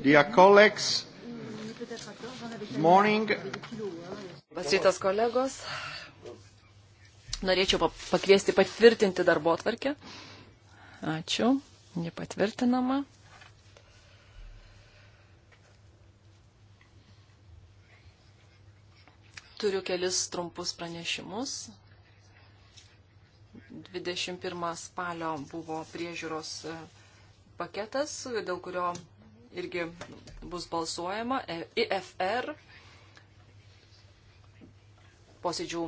Dear colleagues, morning. Pasveitas kolegos. Norėčiau pakviesti patvirtinti darbo atvarkę. Ačiū. Nepatvirtinama. Turiu kelis trumpus pranešimus. 21 spalio buvo priežiūros e, paketas, dėl kurio irgi bus balsuojama, e, IFR posėdžių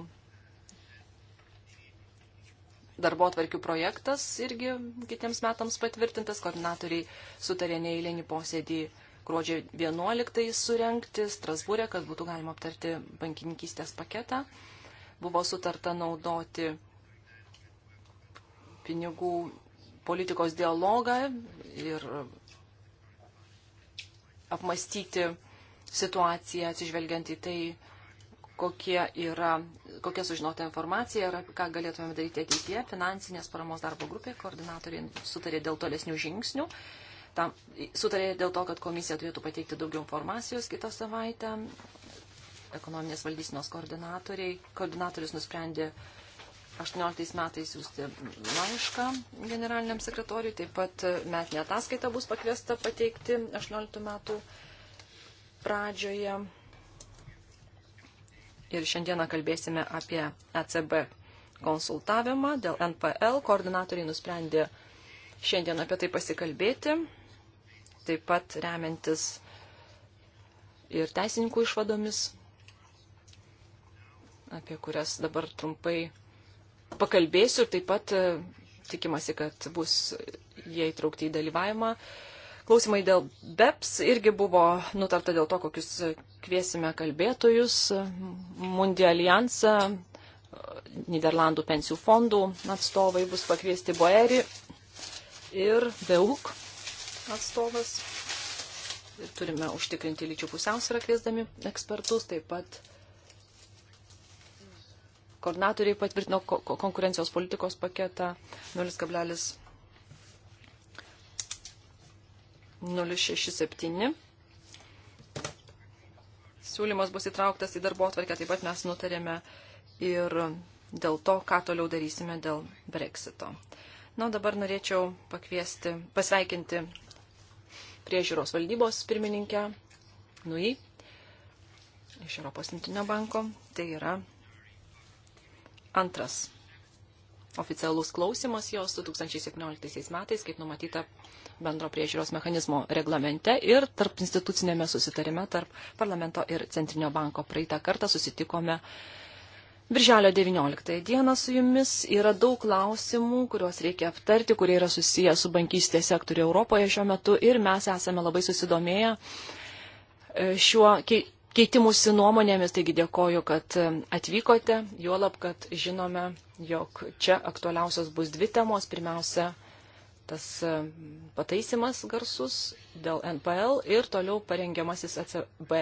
darbo atvarkių projektas irgi kitiems metams patvirtintas, koordinatoriai sutarė neįlinį posėdį gruodžio 11 surenkti Strasbūrė, kad būtų galima aptarti bankininkystės paketą. Buvo sutarta naudoti pinigų politikos dialogą ir apmastyti situaciją, atsižvelgiant į tai, kokie yra, kokia sužinota informacija ir ką galėtumėm daryti ateityje. Finansinės paramos darbo grupė koordinatoriai sutarė dėl tolesnių žingsnių. Tam, sutarė dėl to, kad komisija turėtų pateikti daugiau informacijos kitą savaitę. Ekonominės valdysinos koordinatorius nusprendė 18 metais siūsti laišką generaliniam sekretoriui, taip pat metinė ataskaita bus pakviesta pateikti 18 metų pradžioje. Ir šiandieną kalbėsime apie ECB konsultavimą dėl NPL. Koordinatoriai nusprendė šiandien apie tai pasikalbėti, taip pat remiantis ir teisininkų išvadomis, apie kurias dabar trumpai pakalbėsiu ir taip pat e, tikimasi, kad bus jie įtraukti į dalyvavimą. Klausimai dėl BEPS irgi buvo nutarta dėl to, kokius kviesime kalbėtojus, Mundi Alijansą, Niderlandų pensijų fondų atstovai bus pakviesti Boeri ir Beuk atstovas. Ir turime užtikrinti lyčių pusiausvyrą kviesdami ekspertus, taip pat koordinatoriai patvirtino konkurencijos politikos paketą 0,067. Siūlymas bus įtrauktas į darbo atvarkę, taip pat mes nutarėme ir dėl to, ką toliau darysime dėl Brexito. Na, dabar norėčiau pakviesti, pasveikinti priežiūros valdybos pirmininkę Nui iš Europos Centrinio banko. Tai yra Antras oficialus klausimas jos 2017 metais, kaip numatyta bendro priežiūros mechanizmo reglamente ir tarp institucinėme susitarime tarp parlamento ir Centrinio banko. Praeitą kartą susitikome Birželio 19 dieną su jumis. Yra daug klausimų, kuriuos reikia aptarti, kurie yra susiję su bankystės sektoriu Europoje šiuo metu ir mes esame labai susidomėję e, šiuo keitimusi nuomonėmis, taigi dėkoju, kad atvykote, juolab, kad žinome, jog čia aktualiausios bus dvi temos. Pirmiausia, tas mm, pataisimas garsus dėl NPL ir toliau parengiamasis ACB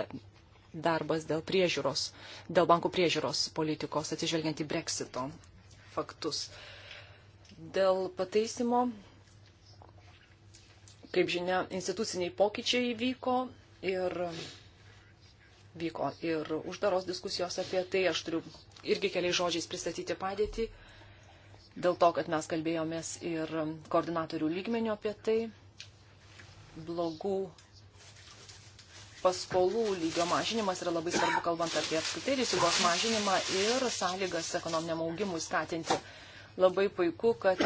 darbas dėl priežiūros, dėl bankų priežiūros politikos, atsižvelgiant į Brexito faktus. Dėl pataisimo, kaip žinia, instituciniai pokyčiai įvyko ir vyko ir uždaros diskusijos apie tai. Aš turiu irgi keliais žodžiais pristatyti padėtį, dėl to, kad mes kalbėjomės ir koordinatorių lygmenio apie tai. Blogų paskolų lygio mažinimas yra labai svarbu, kalbant apie apskritai rizikos mažinimą ir sąlygas ekonominiam augimui skatinti. Labai puiku, kad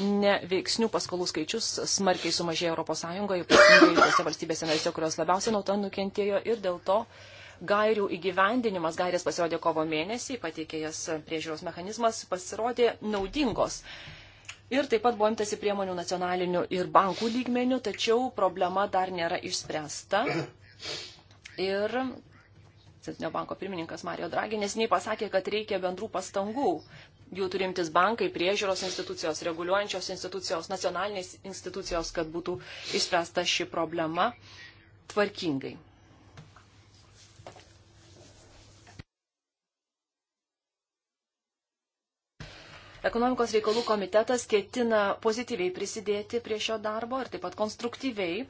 neveiksnių paskolų skaičius smarkiai sumažėjo ES, ypatingai tose valstybėse narėse, kurios labiausiai nuo to nukentėjo ir dėl to gairių įgyvendinimas, gairės pasirodė kovo mėnesį, pateikėjas priežiūros mechanizmas pasirodė naudingos. Ir taip pat buvo imtasi priemonių nacionalinių ir bankų lygmenių, tačiau problema dar nėra išspręsta. Ir Centrinio banko pirmininkas Mario Dragi nesiniai pasakė, kad reikia bendrų pastangų jų turimtis bankai, priežiūros institucijos, reguliuojančios institucijos, nacionalinės institucijos, kad būtų išspręsta ši problema tvarkingai. Ekonomikos reikalų komitetas ketina pozityviai prisidėti prie šio darbo ir taip pat konstruktyviai.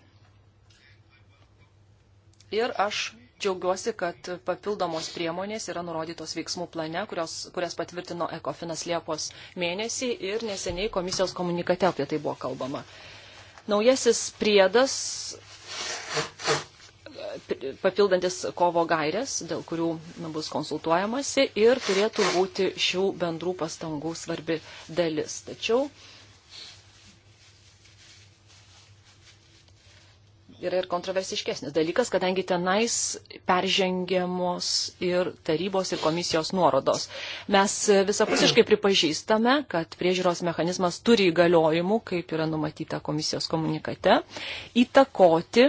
Ir aš Džiaugiuosi, kad papildomos priemonės yra nurodytos veiksmų plane, kurios, kurias patvirtino Ekofinas Liepos mėnesį ir neseniai komisijos komunikate apie tai buvo kalbama. Naujasis priedas, papildantis kovo gairės, dėl kurių bus konsultuojamasi ir turėtų būti šių bendrų pastangų svarbi dalis. Tačiau yra ir kontroversiškesnis dalykas, kadangi tenais peržengiamos ir tarybos, ir komisijos nuorodos. Mes visapusiškai pripažįstame, kad priežiūros mechanizmas turi įgaliojimų, kaip yra numatyta komisijos komunikate, įtakoti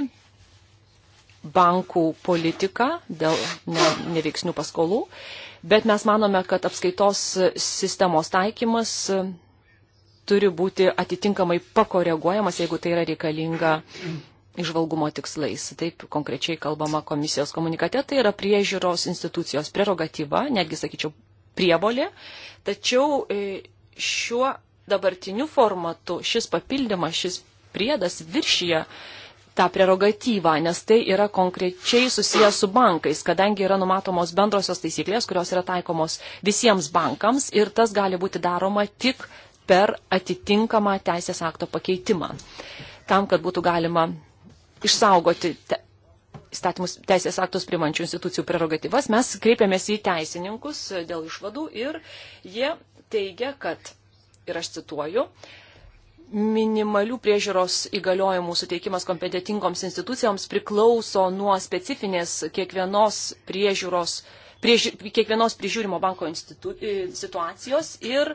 bankų politiką dėl ne, neveiksnių paskolų, bet mes manome, kad apskaitos sistemos taikymas turi būti atitinkamai pakoreguojamas, jeigu tai yra reikalinga išvalgumo tikslais. Taip konkrečiai kalbama komisijos komunikate, tai yra priežiūros institucijos prerogatyva, netgi sakyčiau prievolė, tačiau e, šiuo dabartiniu formatu šis papildymas, šis priedas viršyje tą prerogatyvą, nes tai yra konkrečiai susijęs su bankais, kadangi yra numatomos bendrosios taisyklės, kurios yra taikomos visiems bankams ir tas gali būti daroma tik per atitinkamą teisės akto pakeitimą, tam, kad būtų galima išsaugoti te, įstatymus teisės aktus primančių institucijų prerogatyvas, mes kreipiamės į teisininkus dėl išvadų ir jie teigia, kad, ir aš cituoju, minimalių priežiūros įgaliojimų suteikimas kompetitingoms institucijoms priklauso nuo specifinės kiekvienos priežiūros, prieži, kiekvienos prižiūrimo banko institu, situacijos ir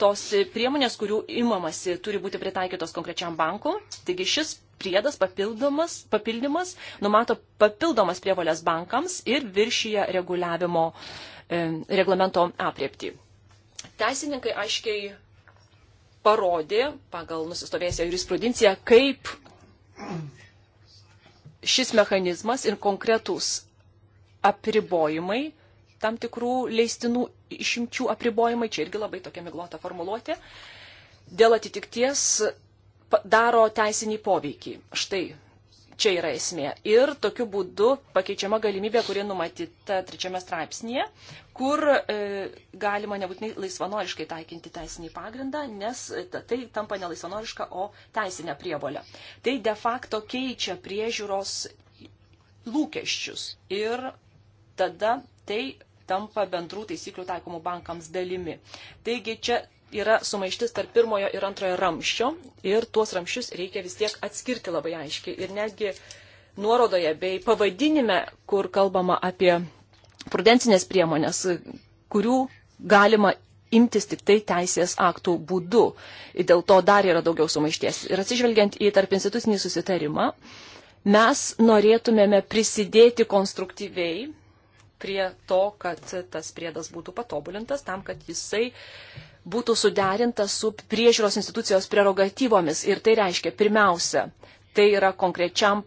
tos priemonės, kurių imamasi, turi būti pritaikytos konkrečiam banku. Taigi šis priedas papildomas, papildymas numato papildomas prievolės bankams ir viršyje reguliavimo e, reglamento apriepti. Teisininkai aiškiai parodė pagal nusistovėjusią jurisprudenciją, kaip šis mechanizmas ir konkretūs apribojimai, tam tikrų leistinų išimčių apribojimai, čia irgi labai tokia miglota formuluotė, dėl atitikties daro teisinį poveikį. Štai čia yra esmė. Ir tokiu būdu pakeičiama galimybė, kuri numatyta trečiame straipsnėje, kur e, galima nebūtinai laisvanoriškai taikinti teisinį pagrindą, nes e, tai tampa ne laisvanoriška, o teisinė prievolė. Tai de facto keičia priežiūros lūkesčius ir tada tai tampa bendrų taisyklių taikomų bankams dalimi. Taigi čia yra sumaištis tarp pirmojo ir antrojo ramščio ir tuos ramščius reikia vis tiek atskirti labai aiškiai. Ir netgi nuorodoje bei pavadinime, kur kalbama apie prudencinės priemonės, kurių galima imtis tik tai teisės aktų būdu. Ir dėl to dar yra daugiau sumaišties. Ir atsižvelgiant į tarp institucinį susitarimą, mes norėtumėme prisidėti konstruktyviai prie to, kad tas priedas būtų patobulintas, tam, kad jisai būtų suderinta su priežiūros institucijos prerogatyvomis. Ir tai reiškia, pirmiausia, tai yra konkrečiam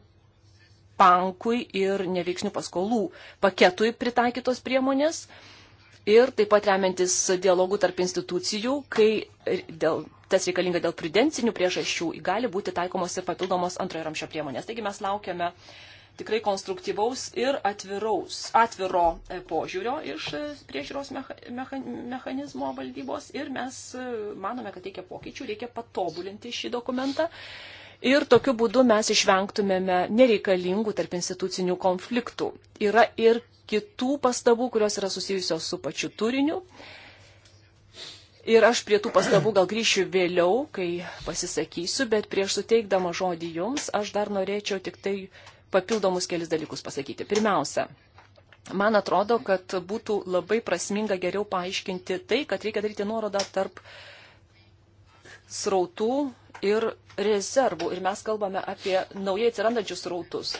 bankui ir neveiksnių paskolų paketui pritaikytos priemonės. Ir taip pat remiantis dialogų tarp institucijų, kai dėl, tas reikalinga dėl prudencinių priežasčių, gali būti taikomos ir papildomos antrojo ramšio priemonės. Taigi mes laukiame uh, tikrai konstruktyvaus ir atviraus, atviro e, požiūrio iš e, priežiūros mecha, mecha, mechanizmo valdybos ir mes e, manome, kad reikia pokyčių, reikia patobulinti šį dokumentą. Ir tokiu būdu mes išvengtumėme nereikalingų tarp institucinių konfliktų. Yra ir kitų pastabų, kurios yra susijusios su pačiu turiniu. Ir aš prie tų pastabų gal grįšiu vėliau, kai pasisakysiu, bet prieš suteikdama žodį jums, aš dar norėčiau tik tai papildomus kelis dalykus pasakyti. Pirmiausia, man atrodo, kad būtų labai prasminga geriau paaiškinti tai, kad reikia daryti nuorodą tarp srautų ir rezervų. Ir mes kalbame apie naujai atsirandančius srautus.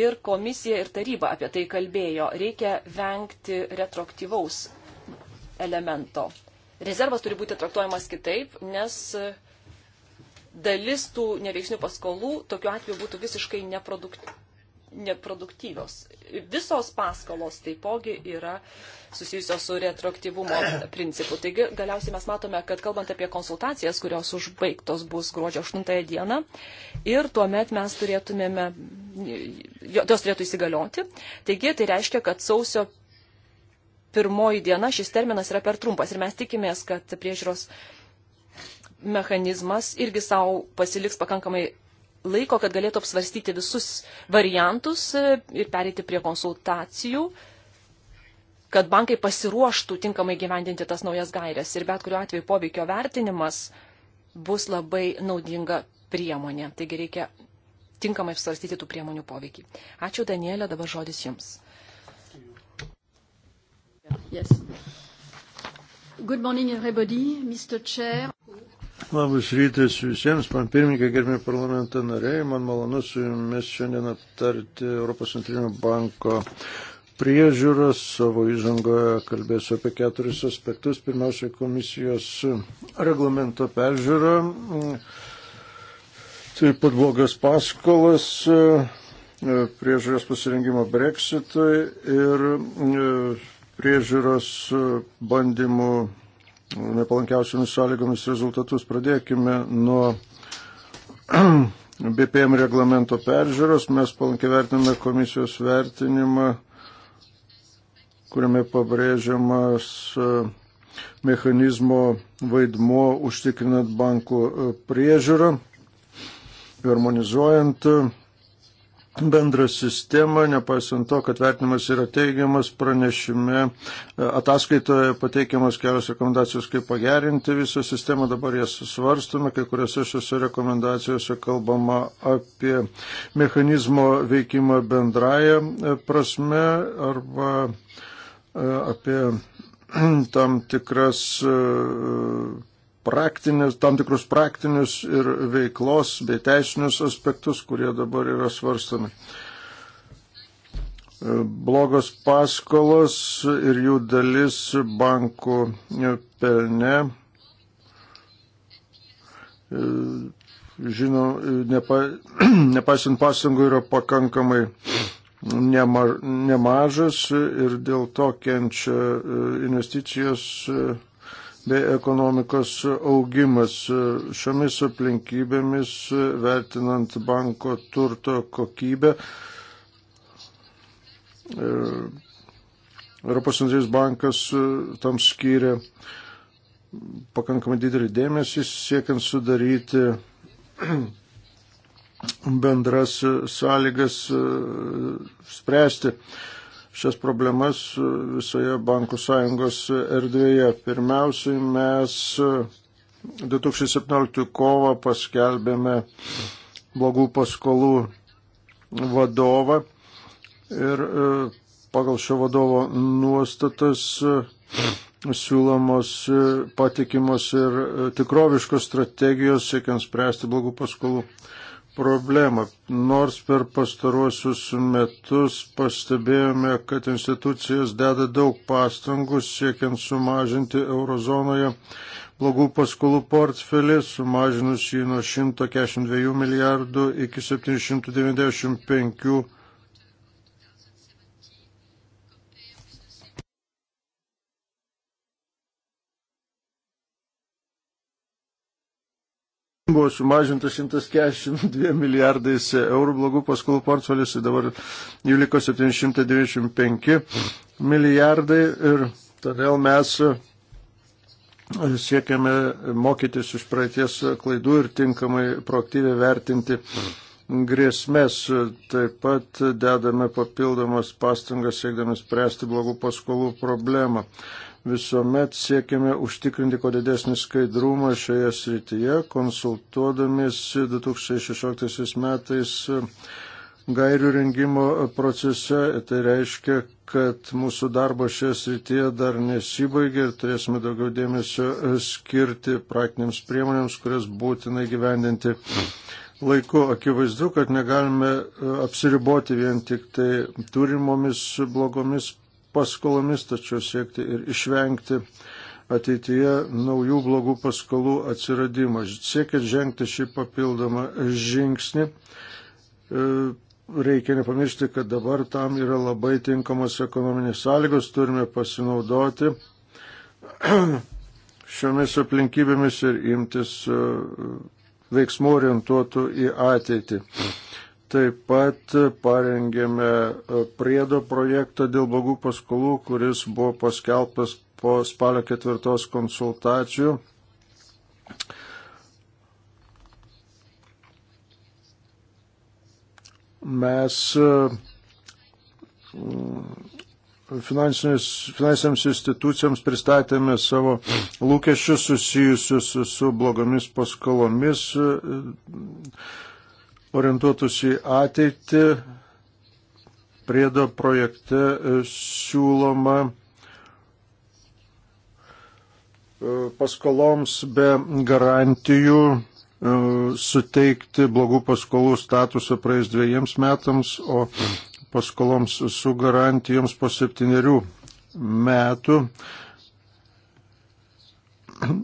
Ir komisija ir taryba apie tai kalbėjo. Reikia vengti retroaktyvaus elemento. Rezervas turi būti traktuojamas kitaip, nes dalis tų neveiksnių paskolų tokiu atveju būtų visiškai neproduktyvi neproduktyvios. Visos paskolos taipogi yra susijusios su retroaktyvumo principu. Taigi galiausiai mes matome, kad kalbant apie konsultacijas, kurios užbaigtos bus gruodžio 8 dieną ir tuomet mes turėtumėme, jos turėtų įsigalioti. Taigi tai reiškia, kad sausio pirmoji diena šis terminas yra per trumpas ir mes tikimės, kad priežiūros mechanizmas irgi savo pasiliks pakankamai laiko, kad galėtų apsvarstyti visus variantus e, ir pereiti prie konsultacijų, kad bankai pasiruoštų tinkamai gyvendinti tas naujas gairias. Ir bet kuriuo atveju poveikio vertinimas bus labai naudinga priemonė. Taigi reikia tinkamai apsvarstyti tų priemonių poveikį. Ačiū, Danielė, dabar žodis Jums. Yes. Good morning, everybody, Mr. Chair. Labas rytas visiems, man pirmininkai, gerbimi parlamento nariai, man malonu su jumis šiandien aptarti Europos centrinio banko priežiūros. Savo įžangoje kalbėsiu apie keturis aspektus. Pirmiausia, komisijos reglamento peržiūra, taip pat blogas paskolas, priežiūros pasirengimo Brexitui ir priežiūros bandymų nepalankiausiamis sąlygomis rezultatus. Pradėkime nuo BPM reglamento peržiūros. Mes palankiai vertiname komisijos vertinimą, kuriame pabrėžiamas e, mechanizmo vaidmo užtikrinant bankų e, priežiūrą, harmonizuojant bendrą sistemą, nepaisant to, kad vertinimas yra teigiamas, pranešime e, ataskaitoje pateikiamas kelios rekomendacijos, kaip pagerinti visą sistemą, dabar jas svarstome, kai kuriuose šiose rekomendacijose kalbama apie mechanizmo veikimą bendrają e, prasme arba e, apie tam tikras praktinius, tam tikrus praktinius ir veiklos bei teisinius aspektus, kurie dabar yra svarstami. Blogos paskolos ir jų dalis bankų pelne. Žinau, nepa, nepaisant pasangų yra pakankamai nema, nemažas ir dėl to kenčia e, investicijos e, bei ekonomikos augimas. Šiomis aplinkybėmis, vertinant banko turto kokybę, Europos Centrinis bankas tam skyrė pakankamai didelį dėmesį, siekiant sudaryti bendras sąlygas spręsti šias problemas visoje bankų sąjungos erdvėje. Pirmiausiai mes 2017 kovą paskelbėme blogų paskolų vadovą ir e, pagal šio vadovo nuostatas e, siūlomos e, patikimos ir tikroviškos strategijos siekiant spręsti blogų paskolų problemą. Nors per pastaruosius metus pastebėjome, kad institucijos deda daug pastangų siekiant sumažinti eurozonoje blogų paskolų portfelį, sumažinus jį nuo 142 milijardų iki 795 milijardų buvo sumažintas 142 milijardais eurų blogų paskolų portfelis, dabar jų liko 795 milijardai ir todėl mes e, siekiame mokytis iš praeities klaidų ir tinkamai proaktyviai vertinti grėsmės. Taip pat dedame papildomas pastangas siekdami spręsti blogų paskolų problemą visuomet siekiame užtikrinti kuo didesnį skaidrumą šioje srityje, konsultuodamiesi 2016 metais gairių rengimo procese. Tai reiškia, kad mūsų darbo šioje srityje dar nesibaigė ir turėsime daugiau dėmesio skirti praktiniams priemonėms, kurias būtinai gyvendinti laiku akivaizdu, kad negalime e, apsiriboti vien tik tai turimomis blogomis paskolomis, tačiau siekti ir išvengti ateityje naujų blogų paskolų atsiradimą. Siekiant žengti šį papildomą žingsnį, e, reikia nepamiršti, kad dabar tam yra labai tinkamos ekonominės sąlygos, turime pasinaudoti šiomis aplinkybėmis ir imtis e, veiksmų orientuotų į ateitį. Taip pat parengėme e, priedo projektą dėl blogų paskolų, kuris buvo paskelbtas po spalio ketvirtos konsultacijų. Mes e, finansinėms institucijams pristatėme savo lūkesčius susijusius su blogomis paskolomis. E, orientuotus į ateitį. Priedo projekte e, siūloma e, paskoloms be garantijų e, suteikti blogų paskolų statusą praeis dviejiems metams, o paskoloms su garantijoms po septyniarių metų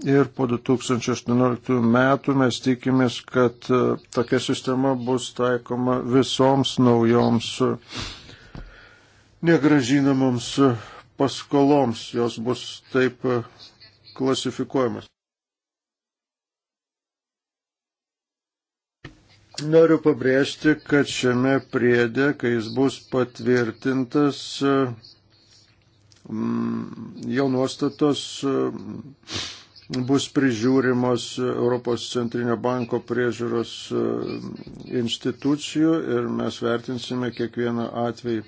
ir po 2018 metų mes tikimės, kad e, tokia sistema bus taikoma visoms naujoms e, negražinamoms e, paskoloms, jos bus taip klasifikuojamas. Noriu pabrėžti, kad šiame priedė, kai jis bus patvirtintas, jau nuostatos bus prižiūrimos Europos centrinio banko priežiūros e, institucijų ir mes vertinsime kiekvieną atvejį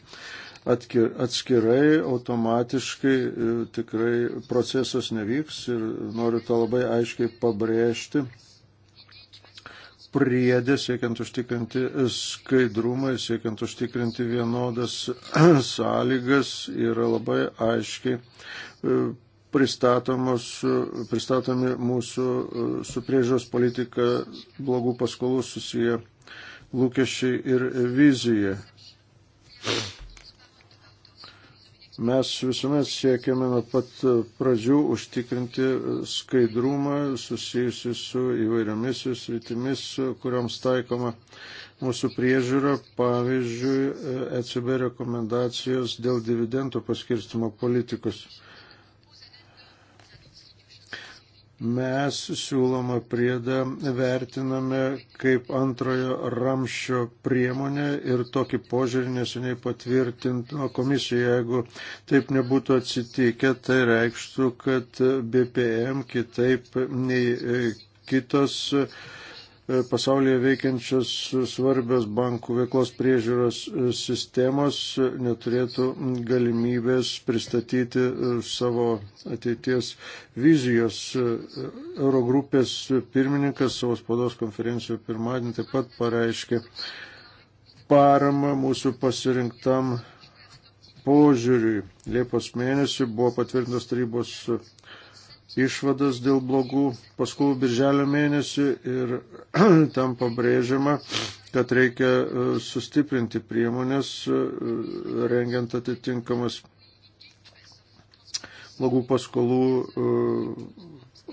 atskirai, automatiškai e, tikrai procesas nevyks ir noriu tą labai aiškiai pabrėžti. Priedė siekiant užtikrinti skaidrumą ir siekiant užtikrinti vienodas sąlygas yra labai aiškiai e, pristatomi mūsų e, su priežiūros politika blogų paskolų susiję lūkesčiai ir vizija. Mes visuomet siekiame nuo pat pradžių užtikrinti skaidrumą susijusi su įvairiomis sritimis, kuriams taikoma mūsų priežiūra, pavyzdžiui, ECB rekomendacijos dėl dividendų paskirstimo politikos. mes siūlomą priedą vertiname kaip antrojo ramščio priemonę ir tokį požiūrį nesuniai patvirtino komisija. Jeigu taip nebūtų atsitikę, tai reikštų, kad BPM kitaip nei kitos E, pasaulyje veikiančios svarbios bankų veiklos priežiūros e, sistemos e, neturėtų galimybės pristatyti savo ateities vizijos. Eurogrupės pirmininkas savo spados konferencijoje pirmadienį taip pat pareiškė paramą mūsų pasirinktam požiūriui. Liepos mėnesį buvo patvirtintas tarybos išvadas dėl blogų paskolų birželio mėnesį ir tam pabrėžiama, kad reikia e, sustiprinti priemonės, e, rengiant atitinkamas blogų paskolų e,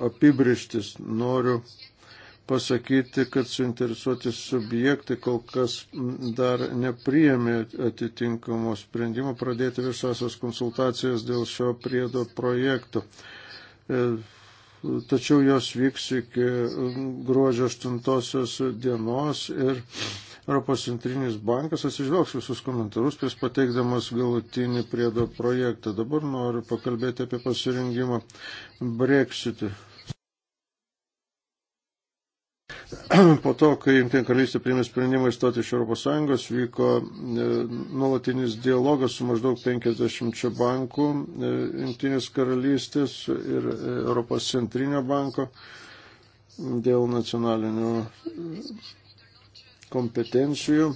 apibrištis. Noriu pasakyti, kad suinteresuoti subjektai kol kas dar nepriėmė atitinkamo sprendimo pradėti visasios konsultacijas dėl šio priedo projekto. E, tačiau jos vyks iki um, gruodžio 8 dienos ir Europos centrinis bankas atsižvelgs visus komentarus prieš pateikdamas galutinį priedo projektą. Dabar noriu pakalbėti apie pasirengimą Brexitui. Po to, kai Junktinė karalystė priėmė sprendimą įstoti iš ES, vyko e, nuolatinis dialogas su maždaug 50 bankų e, Junktinės karalystės ir e, Europos centrinio banko dėl nacionalinių kompetencijų.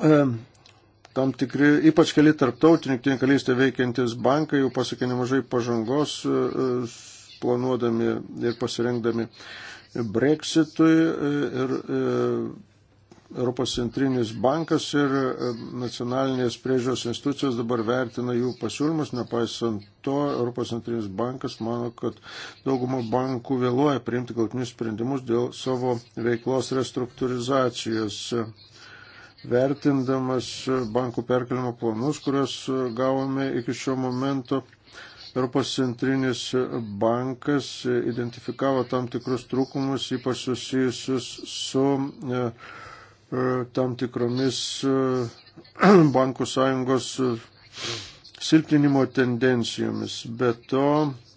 Um tam tikri, ypač keli tarptautiniai, jungtinė karalystė veikiantis bankai jau pasakė nemažai pažangos e, e, planuodami ir pasirengdami Brexitui e, ir Europos centrinis bankas ir nacionalinės priežiūros institucijos dabar vertina jų pasiūlymus, nepaisant to, Europos centrinis bankas mano, kad dauguma bankų vėluoja priimti galtinius sprendimus dėl savo veiklos restruktūrizacijos vertindamas bankų perkelimo planus, kuriuos gavome iki šio momento. Europos centrinis bankas identifikavo tam tikrus trūkumus, ypač susijusius su e, e, tam tikromis e, bankų sąjungos silpninimo tendencijomis. Be to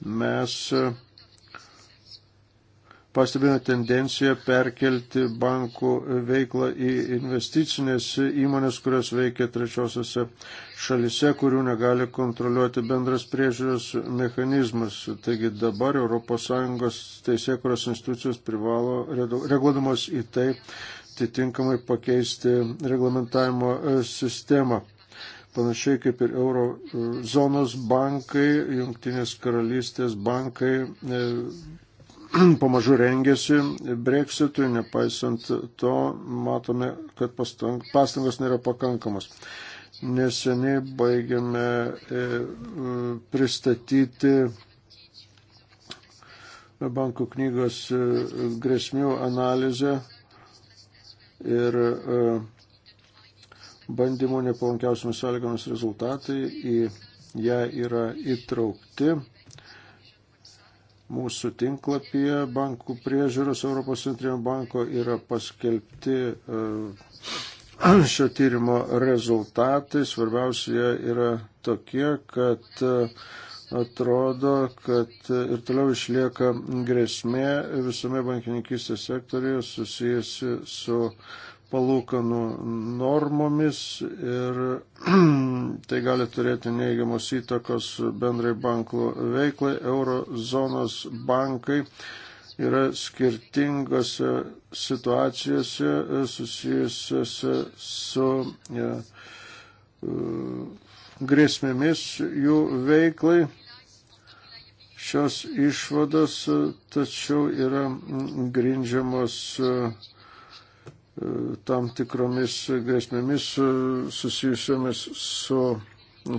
mes pastebime tendenciją perkelti bankų veiklą į investicinės įmonės, kurios veikia trečiosiose šalise, kurių negali kontroliuoti bendras priežiūros mechanizmas. Taigi dabar ES teisėkuros institucijos privalo, reaguodamos į tai, atitinkamai pakeisti reglamentavimo e, sistemą panašiai kaip ir euro zonos bankai, jungtinės karalystės bankai e, pamažu rengiasi breksitui, nepaisant to matome, kad pastangos nėra pakankamos. Neseniai baigiame e, pristatyti bankų knygos e, grėsmių analizę ir e, bandymų nepalankiausiamis sąlygomis rezultatai į ją yra įtraukti mūsų tinklapyje bankų priežiūros Europos centrinio banko yra paskelbti e, šio tyrimo rezultatai. Svarbiausia yra tokie, kad e, atrodo, kad e, ir toliau išlieka grėsmė visame bankininkystės sektorijoje susijusi su palūkanų normomis ir tai gali turėti neigiamos įtakos bendrai bankų veiklai. Eurozonos bankai yra skirtingose situacijose susijusiose su ja, e, grėsmėmis jų veiklai šios išvados tačiau yra grindžiamos tam tikromis grėsmėmis susijusiomis su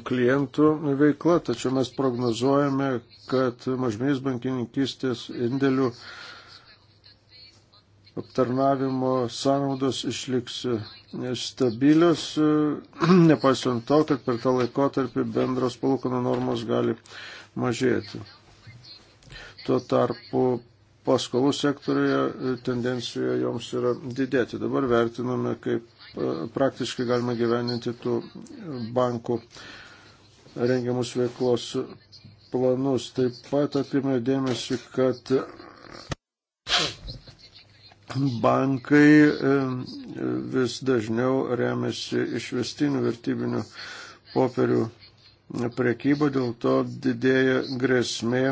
klientų veikla, tačiau mes prognozuojame, kad mažmės bankininkystės indėlių aptarnavimo sąnaudos išliks stabilios, nepaisant to, kad per tą laikotarpį bendros palūkanų normos gali mažėti. Tuo tarpu paskolų sektoriuje e, tendencija joms yra didėti. Dabar vertiname, kaip e, praktiškai galima gyveninti tų bankų rengiamus veiklos planus. Taip pat atkreipime dėmesį, kad bankai e, vis dažniau remiasi išvestinių vertybinių popierių prekybą, dėl to didėja grėsmė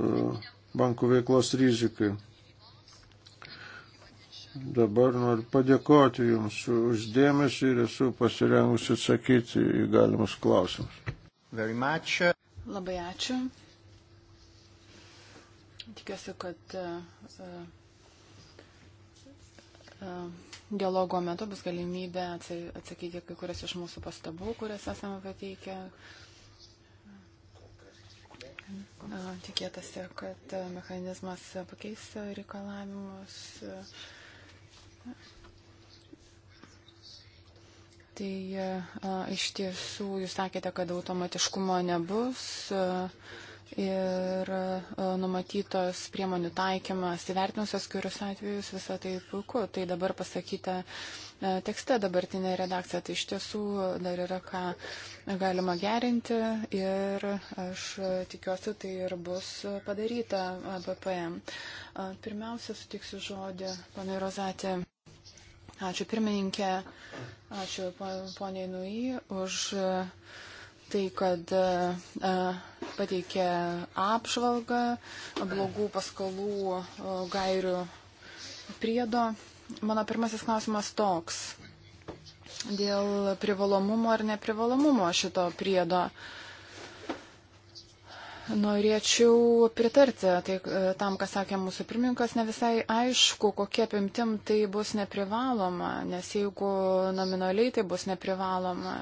E, bankų veiklos rizikai. Dabar noriu padėkoti Jums uždėmesį ir esu pasirengusi atsakyti į galimus klausimus. Labai ačiū. Tikiuosi, kad uh, uh, dialogo metu bus galimybė atsakyti kai kurias iš mūsų pastabų, kurias esame pateikę. Uh, tikėtasi, kad e, mechanizmas pakeis reikalavimus. Tai e, iš tiesų jūs sakėte, kad automatiškumo nebus e, ir numatytos priemonių taikymas įvertinusios skirius atvejus visą tai puiku. Tai dabar pasakyta E, tekste dabartinė redakcija. Tai iš tiesų dar yra ką galima gerinti ir aš tikiuosi tai ir bus padaryta BPM. Pirmiausia, sutiksiu žodį, panai Rozatė. Ačiū pirmininkė, ačiū poniai Nui už tai, kad e, pateikė apžvalgą blogų paskolų e, gairių priedo Mano pirmasis klausimas toks. Dėl privalomumo ar neprivalomumo šito priedo. Norėčiau pritarti tai, tam, ką sakė mūsų pirmininkas, ne visai aišku, kokie apimtim tai bus neprivaloma, nes jeigu nominaliai tai bus neprivaloma,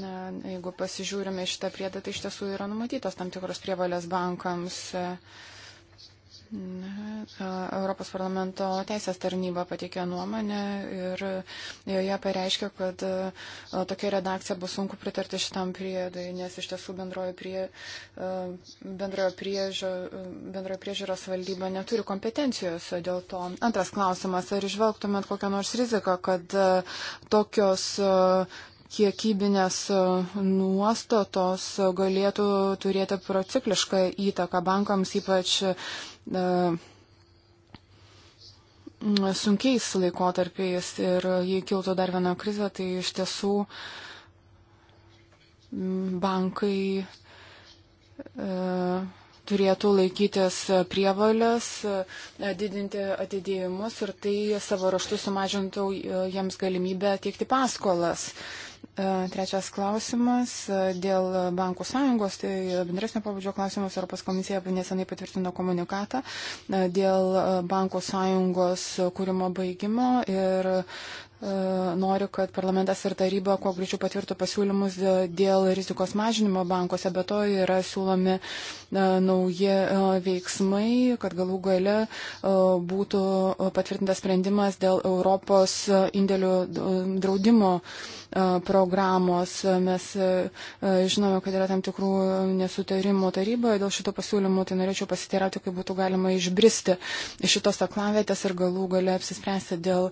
ne, jeigu pasižiūrime šitą priedą, tai iš tiesų yra numatytos tam tikros prievalės bankams. E, Europos parlamento teisės tarnyba pateikė nuomonę ir joje pareiškė, kad tokia redakcija bus sunku pritarti šitam priedui, nes iš tiesų bendrojo, prie, bendrojo, priežio, bendrojo priežiūros valdyba neturi kompetencijos dėl to. Antras klausimas, ar išvelgtumėt kokią nors riziką, kad tokios kiekybinės nuostatos galėtų turėti prociklišką įtaką bankams, ypač E, sunkiais laikotarpiais ir jei kiltų dar viena krizė, tai iš tiesų bankai e, turėtų laikytis prievalės, e, didinti atidėjimus ir tai savo raštų sumažintų jiems galimybę teikti paskolas. Uh, E, trečias klausimas e, dėl bankų sąjungos, tai bendresnio pabudžio klausimas, Europos komisija nesenai patvirtino komunikatą e, dėl bankų sąjungos kūrimo baigimo ir E, noriu, kad parlamentas ir taryba kuo greičiau patvirtų pasiūlymus dėl rizikos mažinimo bankuose, bet to yra siūlomi e, nauji e, veiksmai, kad galų gale būtų patvirtintas sprendimas dėl Europos indėlių draudimo programos. Mes žinome, kad yra tam tikrų nesutarimų taryboje dėl šito pasiūlymo, tai norėčiau pasiteirauti, kaip būtų galima išbristi iš šitos aklavietės ir galų gale apsispręsti dėl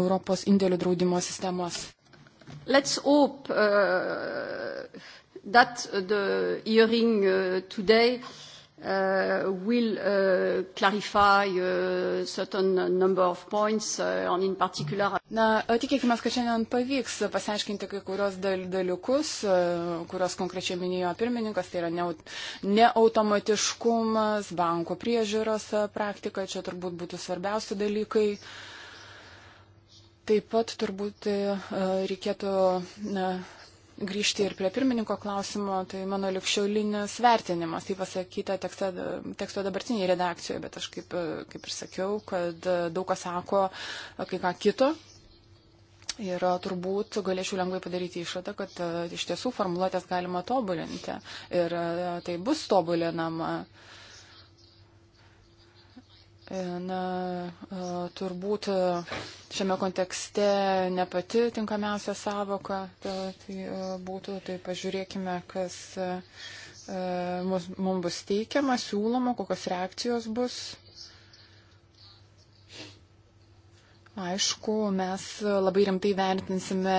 Europos indėlių indėlių draudimo sistemos. Let's hope uh, that the hearing uh, today uh, will uh, clarify uh, certain number of points, uh, and in particular. Na, tikėkime, kad šiandien pavyks pasiaiškinti kai kurios dal dalykus, uh, kurios konkrečiai minėjo pirmininkas, tai yra neautomatiškumas, banko priežiūros uh, praktika, čia turbūt būtų svarbiausi dalykai. Uh, Taip pat turbūt e, e, reikėtų na, e, grįžti ir prie pirmininko klausimo, tai mano likščiaulinis vertinimas, tai pasakyta tekste, teksto dabartiniai redakcijoje, bet aš kaip, kaip ir sakiau, kad daug kas sako kai ką kito. Ir turbūt galėčiau lengvai padaryti išvadą, kad iš tiesų formuluotės galima tobulinti ir tai bus tobulinama. Uh, Na, e, turbūt šiame kontekste ne pati tinkamiausia savoka, tai e, būtų, tai pažiūrėkime, kas e, mums bus teikiama, siūloma, kokios reakcijos bus. Aišku, mes labai rimtai vertinsime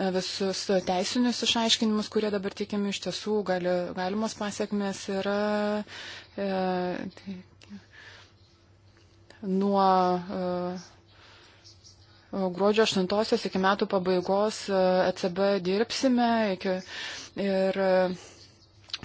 E, visus teisinius išaiškinimus, kurie dabar tikimi iš tiesų gali, galimos pasiekmes yra e, tai, nuo e, gruodžio 8 iki metų pabaigos ECB e dirbsime iki, ir e,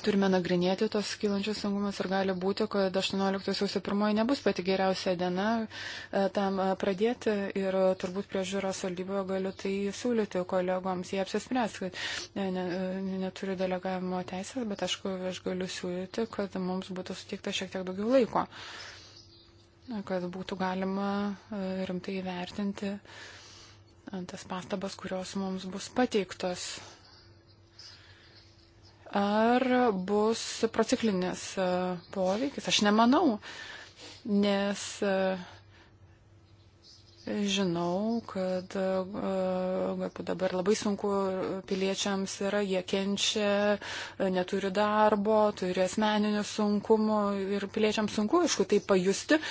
turime nagrinėti tos kylančius sunkumus ir gali būti, kad 18 sausio 1 nebus pati geriausia diena e, tam e, pradėti ir turbūt priežiūros valdyboje galiu tai siūlyti kolegoms. Jie apsispręs, kad e, ne, ne, neturiu delegavimo teisės, bet aišku, aš galiu siūlyti, kad mums būtų suteikta šiek tiek daugiau laiko, kad būtų galima rimtai įvertinti tas pastabas, kurios mums bus pateiktos ar bus prociklinis e, poveikis. Aš nemanau, nes. Uh, Žinau, e, kad dabar labai sunku piliečiams yra, jie kenčia, neturi darbo, turi asmeninių sunkumų ir piliečiams sunku, aišku, tai pajusti,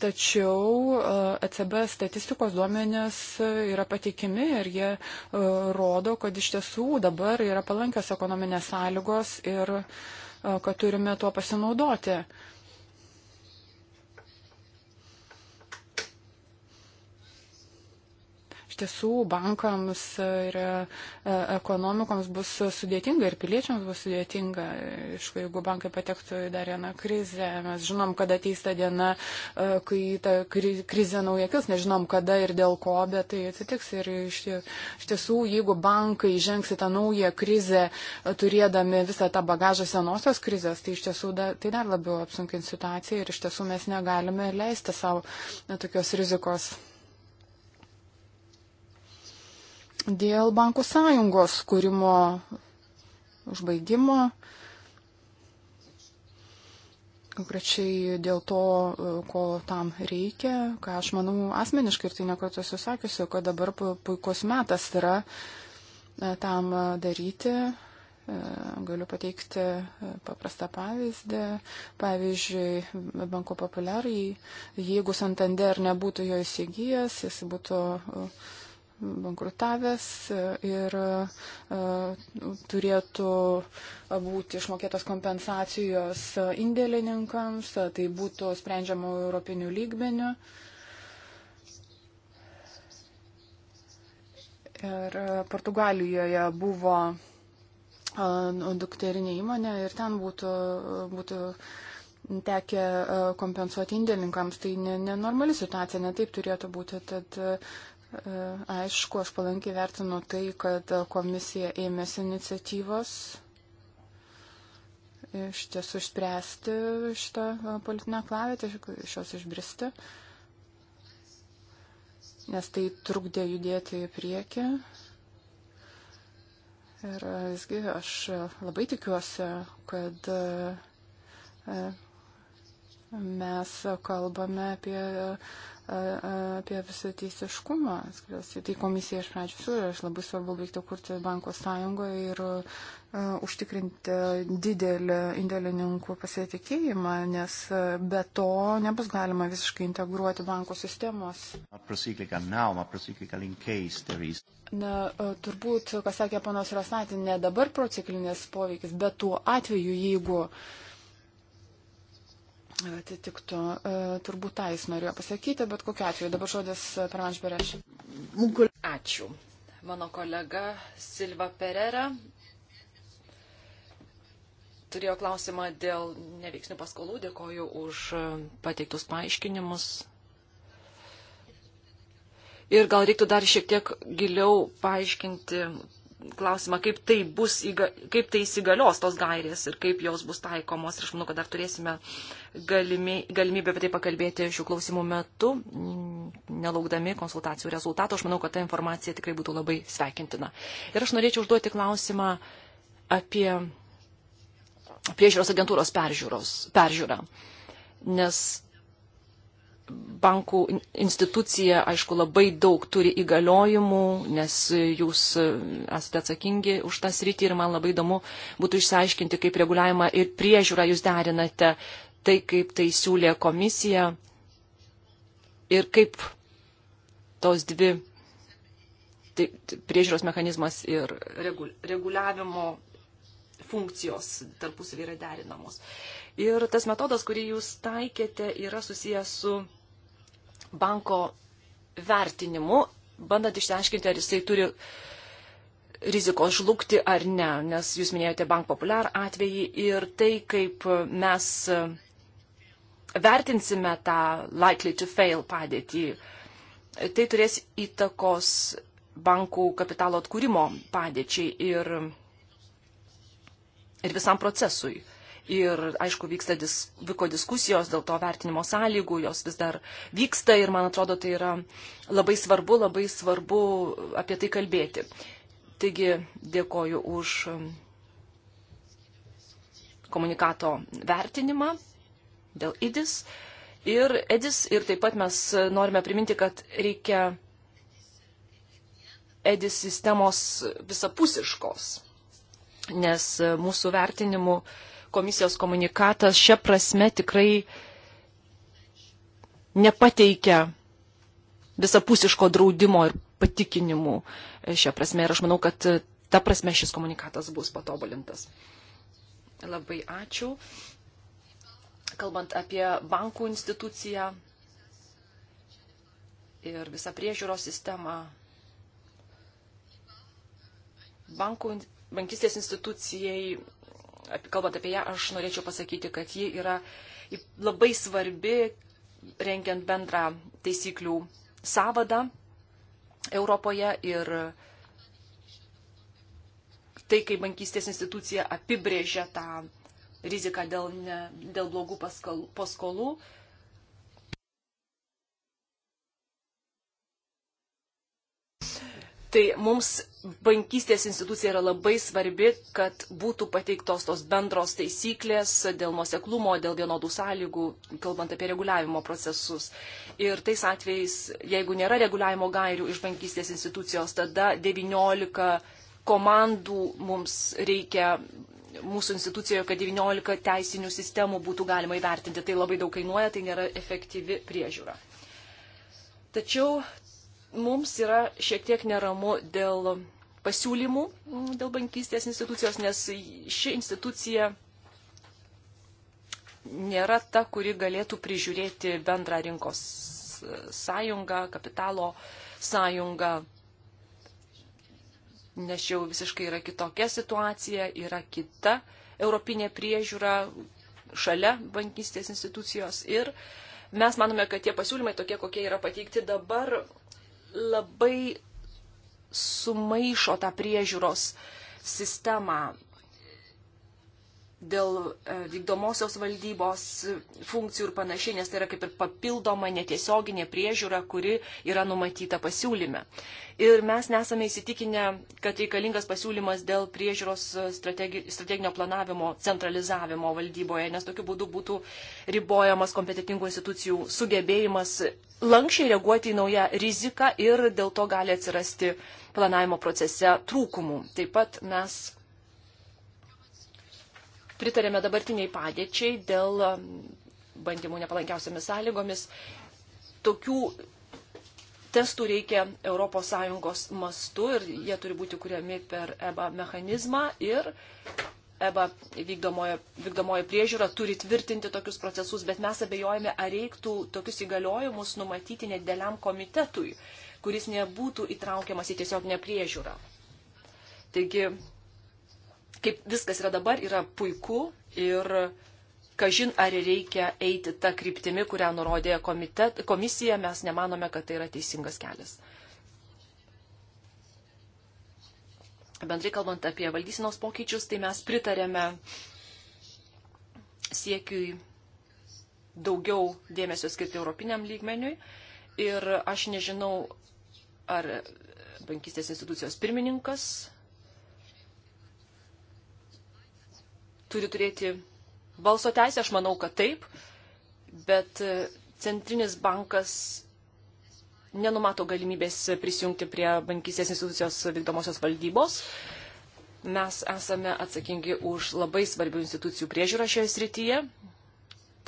tačiau ECB e statistikos duomenės yra patikimi ir jie e, rodo, kad iš tiesų dabar yra palankios ekonominės sąlygos ir kad turime tuo pasinaudoti. Iš tiesų, bankams ir e, ekonomikoms bus sudėtinga ir piliečiams bus sudėtinga. Išku, jeigu bankai patektų į dar vieną krizę, mes žinom, kada ateis ta diena, e, kai ta krizė nauja kils, nežinom kada ir dėl ko, bet tai atsitiks. Ir iš tiesų, jeigu bankai žengs į tą naują krizę, e, turėdami visą tą bagažą senosios krizės, tai iš tiesų da, tai dar labiau apsunkins situaciją ir iš tiesų mes negalime leisti savo tokios rizikos dėl bankų sąjungos kūrimo užbaigimo, konkrečiai dėl to, ko tam reikia, ką aš manau asmeniškai ir tai nekartą esu sakiusi, kad dabar puikus metas yra e, tam daryti. E, galiu pateikti e, paprastą pavyzdį. Pavyzdžiui, banko populiarai, jeigu Santander nebūtų jo įsigijęs, jis būtų uh, bankrutavęs ir e, turėtų būti išmokėtos kompensacijos indėlininkams, tai būtų sprendžiama europinių lygmenių. Ir Portugalijoje buvo e, dukterinė įmonė ir ten būtų, būtų tekę e, kompensuoti indėlinkams. Tai nenormali ne situacija, netaip turėtų būti. Tad E, aišku, aš palankiai vertinu tai, kad komisija ėmėsi iniciatyvos iš tiesų išspręsti šitą e, politinę klavietę, iš jos išbristi, nes tai trukdė judėti į priekį. Ir e, visgi aš labai tikiuosi, kad mes kalbame apie apie visą teisiškumą. Tai komisija iš pradžių siūlė, aš labai svarbu veikti kurti banko sąjungoje ir uh, užtikrinti didelį indėlininkų pasitikėjimą, nes be to nebus galima visiškai integruoti banko sistemos. Na, turbūt, kas sakė panas Rasnatė, ne dabar prociklinis poveikis, bet tuo atveju, jeigu uh, atitiktų. E, turbūt tą jis norėjo pasakyti, bet kokiu atveju. Dabar žodis e, Pervanš Bereš. Ačiū. Mano kolega Silva Perera turėjo klausimą dėl neveiksnių paskolų. Dėkoju už e, pateiktus paaiškinimus. Ir gal reiktų dar šiek tiek giliau paaiškinti klausimą, kaip tai, bus, kaip tai įsigalios tos gairės ir kaip jos bus taikomos. Ir aš manau, kad dar turėsime galimi, galimybę apie tai pakalbėti šių klausimų metu, nelaukdami konsultacijų rezultato. Aš manau, kad ta informacija tikrai būtų labai sveikintina. Ir aš norėčiau užduoti klausimą apie priežiūros agentūros peržiūros, peržiūrą. Nes bankų institucija, aišku, labai daug turi įgaliojimų, nes jūs e, esate atsakingi už tą sritį ir man labai įdomu būtų išsiaiškinti, kaip reguliavimą ir priežiūrą jūs derinate, tai kaip tai siūlė komisija ir kaip tos dvi tai, priežiūros mechanizmas ir reguliavimo funkcijos tarpusavį yra derinamos. Ir tas metodas, kurį jūs taikėte, yra susijęs su banko vertinimu, bandant išsiaiškinti, ar jisai turi rizikos žlugti ar ne, nes jūs minėjote Bank Populiar atvejį ir tai, kaip mes vertinsime tą likely to fail padėtį, tai turės įtakos bankų kapitalo atkūrimo padėčiai ir, ir visam procesui. Ir, aišku, vyksta dis, vyko diskusijos dėl to vertinimo sąlygų, jos vis dar vyksta ir, man atrodo, tai yra labai svarbu, labai svarbu apie tai kalbėti. Taigi, dėkoju už um, komunikato vertinimą dėl IDIS. Ir EDIS, ir taip pat mes norime priminti, kad reikia EDIS sistemos visapusiškos, nes uh, mūsų vertinimu uh, komisijos komunikatas šia prasme tikrai nepateikia visapusiško draudimo ir patikinimų šia prasme. Ir aš manau, kad ta prasme šis komunikatas bus patobulintas. Labai ačiū. Kalbant apie bankų instituciją ir visą priežiūros sistemą, bankų, bankistės institucijai kalbant apie ją, aš norėčiau pasakyti, kad ji yra labai svarbi rengiant bendrą taisyklių savadą Europoje ir tai, kai bankystės institucija apibrėžia tą riziką dėl, ne, dėl blogų paskolų, paskolų Tai mums bankystės institucija yra labai svarbi, kad būtų pateiktos tos bendros taisyklės dėl nuoseklumo, dėl vienodų sąlygų, kalbant apie reguliavimo procesus. Ir tais atvejais, jeigu nėra reguliavimo gairių iš bankystės institucijos, tada 19 komandų mums reikia mūsų institucijoje, kad 19 teisinių sistemų būtų galima įvertinti. Tai labai daug kainuoja, tai nėra efektyvi priežiūra. Tačiau mums yra šiek tiek neramu dėl pasiūlymų dėl bankystės institucijos, nes ši institucija nėra ta, kuri galėtų prižiūrėti bendrą rinkos sąjungą, kapitalo sąjungą, nes jau visiškai yra kitokia situacija, yra kita europinė priežiūra šalia bankystės institucijos ir mes manome, kad tie pasiūlymai tokie, kokie yra pateikti dabar, labai sumaišo tą priežiūros sistemą dėl e, vykdomosios valdybos funkcijų ir panašiai, nes tai yra kaip ir papildoma netiesioginė priežiūra, kuri yra numatyta pasiūlyme. Ir mes nesame įsitikinę, kad reikalingas pasiūlymas dėl priežiūros strategi strateginio planavimo centralizavimo valdyboje, nes tokiu būdu būtų ribojamas kompetitingų institucijų sugebėjimas lankščiai reaguoti į naują riziką ir dėl to gali atsirasti planavimo procese trūkumų. Taip pat mes pritarėme dabartiniai padėčiai dėl um, bandymų nepalankiausiamis sąlygomis. Tokių testų reikia ES mastu ir jie turi būti kuriami per EBA mechanizmą ir EBA vykdomoji priežiūra turi tvirtinti tokius procesus, bet mes abejojame, ar reiktų tokius įgaliojimus numatyti nedėliam komitetui, kuris nebūtų įtraukiamas į tiesioginę priežiūrą. Taigi kaip viskas yra dabar, yra puiku ir kažin ar reikia eiti tą kryptimį, kurią nurodė komitet, komisija, mes nemanome, kad tai yra teisingas kelias. Bendrai kalbant apie valdysinos pokyčius, tai mes pritarėme siekiui daugiau dėmesio skirti europiniam lygmeniui. Ir aš nežinau, ar bankistės institucijos pirmininkas turi turėti balso teisę, aš manau, kad taip, bet e, centrinis bankas nenumato galimybės prisijungti prie bankysės institucijos vykdomosios valdybos. Mes esame atsakingi už labai svarbių institucijų priežiūrą šioje srityje.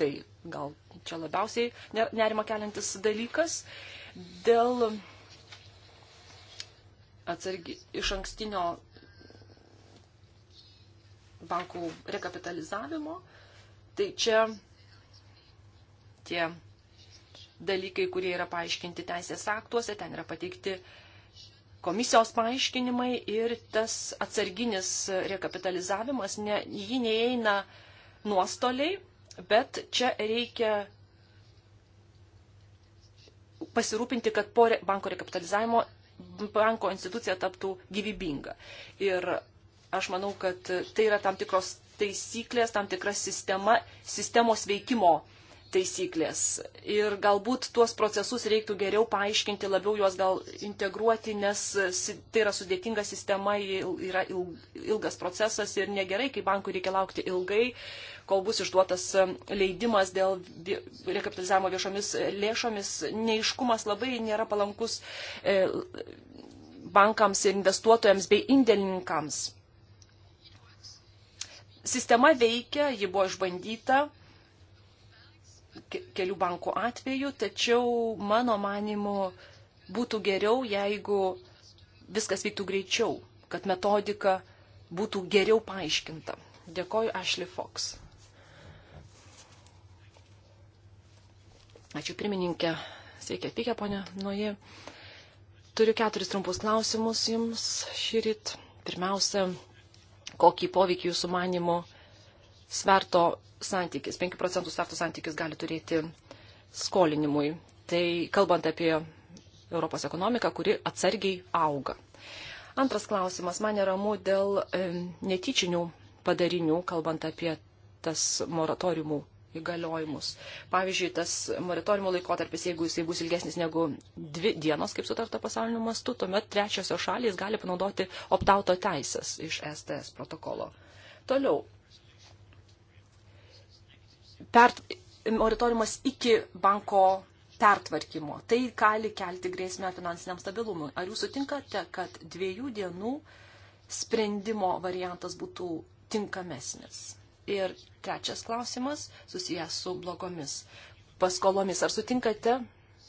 Tai gal čia labiausiai nerima keliantis dalykas. Dėl atsargi, iš ankstinio bankų rekapitalizavimo. Tai čia tie dalykai, kurie yra paaiškinti teisės aktuose, ten yra pateikti komisijos paaiškinimai ir tas atsarginis rekapitalizavimas, ne, jį neįeina nuostoliai, bet čia reikia pasirūpinti, kad po banko rekapitalizavimo banko institucija taptų gyvybinga. Ir aš manau, kad tai yra tam tikros taisyklės, tam tikra sistema, sistemos veikimo taisyklės. Ir galbūt tuos procesus reiktų geriau paaiškinti, labiau juos gal integruoti, nes tai yra sudėtinga sistema, yra ilgas procesas ir negerai, kai bankui reikia laukti ilgai, kol bus išduotas um, leidimas dėl rekapitalizavimo viešomis e, lėšomis. Neiškumas labai nėra palankus e, bankams ir investuotojams bei indėlininkams sistema veikia, ji buvo išbandyta kelių bankų atveju, tačiau mano manimu būtų geriau, jeigu viskas vyktų greičiau, kad metodika būtų geriau paaiškinta. Dėkoju Ashley Fox. Ačiū pirmininkė. Sveiki atvykę, ponė Nuoji. Turiu keturis trumpus klausimus jums šį rytą. Pirmiausia, kokį poveikį jūsų manimo sverto santykis, 5 procentų sverto santykis gali turėti skolinimui. Tai kalbant apie Europos ekonomiką, kuri atsargiai auga. Antras klausimas, man neramu dėl e, netyčinių padarinių, kalbant apie tas moratoriumų įgaliojimus. Pavyzdžiui, tas moratoriumo laikotarpis, jeigu jisai bus ilgesnis negu dvi dienos, kaip sutarta pasauliniu mastu, tuomet trečiosios šalys gali panaudoti optauto teisės iš STS protokolo. Toliau. Per, moratoriumas iki banko pertvarkymo. Tai gali kelti grėsmę finansiniam stabilumui. Ar jūs sutinkate, kad dviejų dienų sprendimo variantas būtų tinkamesnis? Ir trečias klausimas susijęs su blogomis paskolomis. Ar sutinkate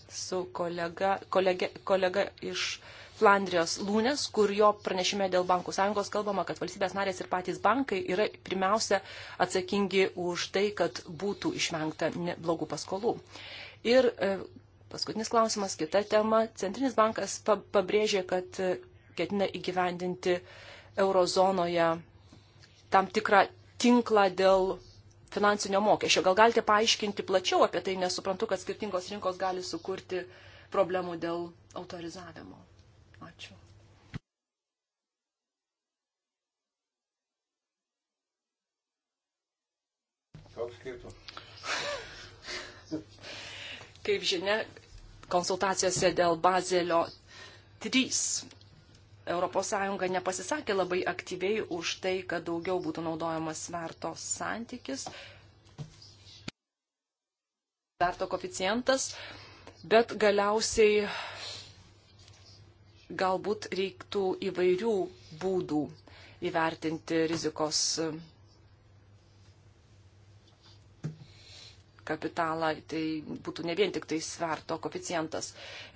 su kolega, kolega, kolega iš Flandrijos Lūnės, kur jo pranešime dėl bankų sąjungos kalbama, kad valstybės narės ir patys bankai yra pirmiausia atsakingi už tai, kad būtų išvengta blogų paskolų. Ir e, paskutinis klausimas, kita tema. Centrinis bankas pabrėžė, kad e, ketina įgyvendinti eurozonoje tam tikrą tinklą dėl finansinio mokesčio. Gal galite paaiškinti plačiau apie tai, nes suprantu, kad skirtingos rinkos gali sukurti problemų dėl autorizavimo. Ačiū. Koks skirtumas? Kaip žinia, konsultacijose dėl Bazelio 3 ES nepasisakė labai aktyviai už tai, kad daugiau būtų naudojamas sverto santykis, sverto koficijantas, bet galiausiai galbūt reiktų įvairių būdų įvertinti rizikos kapitalą, tai būtų ne vien tik tai sverto koficijantas.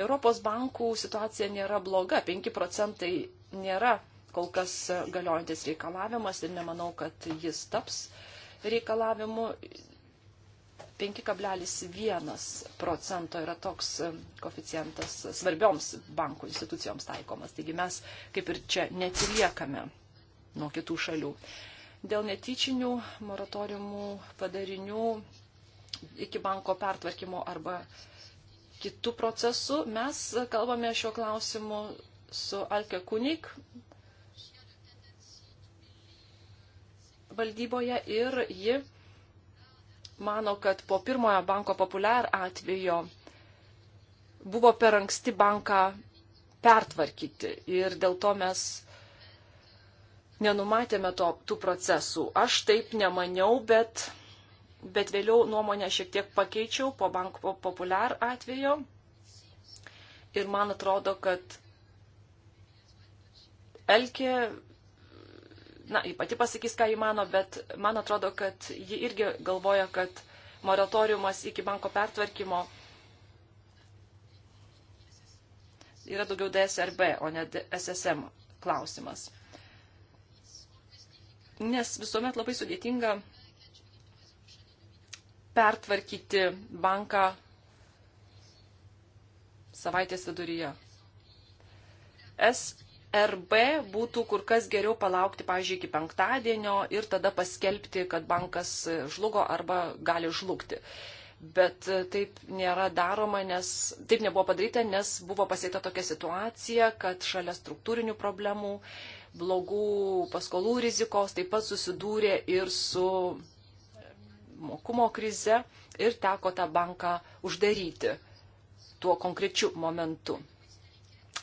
Europos bankų situacija nėra bloga, 5 procentai nėra kol kas galiojantis reikalavimas ir nemanau, kad jis taps reikalavimu. 5,1 procento yra toks koficijantas svarbioms bankų institucijoms taikomas. Taigi mes kaip ir čia neatsiliekame nuo kitų šalių. Dėl netyčinių moratoriumų padarinių iki banko pertvarkymo arba kitų procesų. Mes kalbame šiuo klausimu su Alke Kunik valdyboje ir ji mano, kad po pirmojo banko populiar atvejo buvo per anksti banką pertvarkyti ir dėl to mes nenumatėme to, tų procesų. Aš taip nemaniau, bet bet vėliau nuomonę šiek tiek pakeičiau po banko populiar atvejo. Ir man atrodo, kad Elkė, na, ji pati pasakys, ką ji mano, bet man atrodo, kad ji irgi galvoja, kad moratoriumas iki banko pertvarkymo yra daugiau DSRB, o ne SSM klausimas. Nes visuomet labai sudėtinga pertvarkyti banką savaitės viduryje. SRB būtų kur kas geriau palaukti, pavyzdžiui, iki penktadienio ir tada paskelbti, kad bankas žlugo arba gali žlugti. Bet taip nėra daroma, nes taip nebuvo padaryta, nes buvo pasiekta tokia situacija, kad šalia struktūrinių problemų, blogų paskolų rizikos taip pat susidūrė ir su mokumo krize ir teko tą banką uždaryti tuo konkrečiu momentu.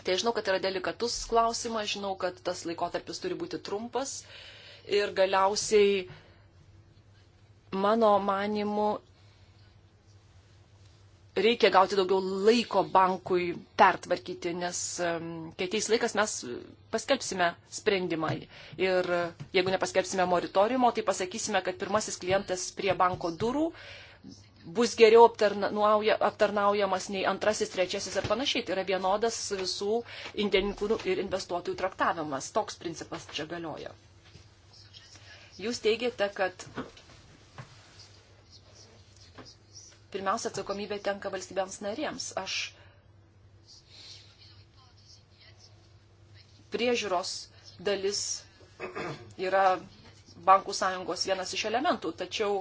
Tai žinau, kad yra delikatus klausimas, žinau, kad tas laikotarpis turi būti trumpas ir galiausiai mano manimu reikia gauti daugiau laiko bankui pertvarkyti, nes kai ateis laikas, mes paskelbsime sprendimą. Ir jeigu nepaskelbsime monitorimo, tai pasakysime, kad pirmasis klientas prie banko durų bus geriau aptarnaujamas nei antrasis, trečiasis ir panašiai. Tai yra vienodas visų indėlininkų ir investuotojų traktavimas. Toks principas čia galioja. Jūs teigiate, kad pirmiausia atsakomybė tenka valstybėms narėms. Aš priežiūros dalis yra bankų sąjungos vienas iš elementų, tačiau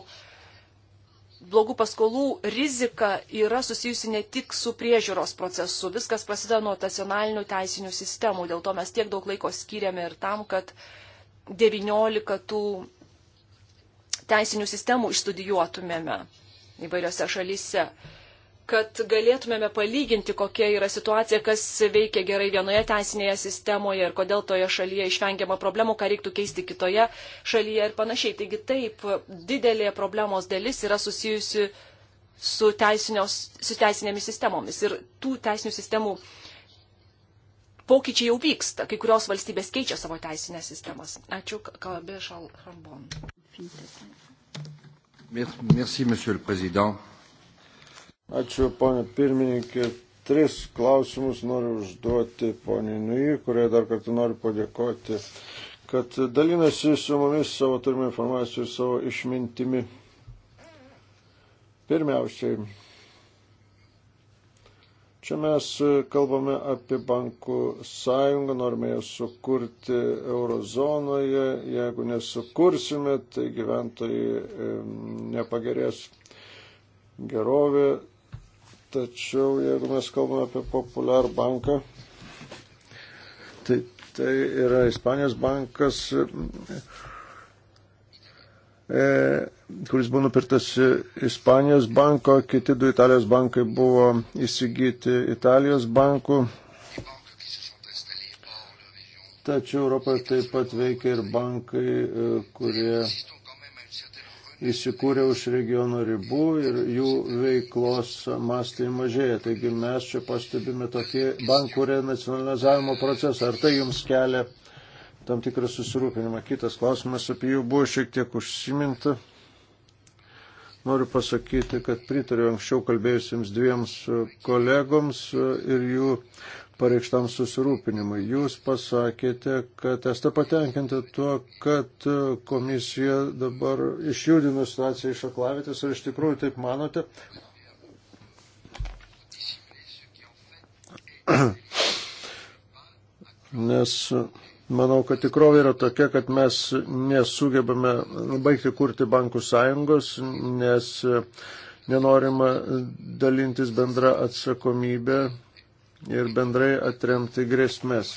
blogų paskolų rizika yra susijusi ne tik su priežiūros procesu. Viskas prasideda nuo nacionalinių teisinių sistemų. Dėl to mes tiek daug laiko skiriame ir tam, kad 19 tų teisinių sistemų išstudijuotumėme įvairiose šalyse, kad galėtumėme palyginti, kokia yra situacija, kas veikia gerai vienoje teisinėje sistemoje ir kodėl toje šalyje išvengiama problemų, ką reiktų keisti kitoje šalyje ir panašiai. Taigi taip, didelė problemos dalis yra susijusi su, su teisinėmis sistemomis ir tų teisinių sistemų pokyčiai jau vyksta, kai kurios valstybės keičia savo teisinės sistemas. Ačiū, kalbė Šal Rambon. Merci, monsieur le président. Ačiū, ponė pirmininkė. Tris klausimus noriu užduoti poniai Nui, kuriai dar kartą noriu padėkoti, kad dalinasi su mumis savo turimą informaciją ir savo išmintimi. Pirmiausiai, Čia mes e, kalbame apie bankų sąjungą, norime ją sukurti eurozonoje. Jeigu nesukursime, tai gyventojai e, nepagerės gerovė. Tačiau jeigu mes kalbame apie populiar banką, tai, tai yra Ispanijos bankas. E, E, kuris buvo nupirtas Ispanijos banko, kiti du Italijos bankai buvo įsigyti Italijos bankų. Tačiau Europoje taip pat veikia ir bankai, e, kurie įsikūrė už regiono ribų ir jų veiklos mastai mažėja. Taigi mes čia pastebime tokį bankų renacionalizavimo procesą. Ar tai jums kelia tam tikrą susirūpinimą. Kitas klausimas apie jų buvo šiek tiek užsiminta. Noriu pasakyti, kad pritariu anksčiau kalbėjusiems dviems kolegoms ir jų pareikštam susirūpinimui. Jūs pasakėte, kad esate patenkinti tuo, kad komisija dabar išjudino situaciją iš aklavitės. Ar iš tikrųjų taip manote? Nes Manau, kad tikrovė yra tokia, kad mes nesugebame baigti kurti bankų sąjungos, nes e, nenorima dalintis bendra atsakomybė ir bendrai atremti grėsmės.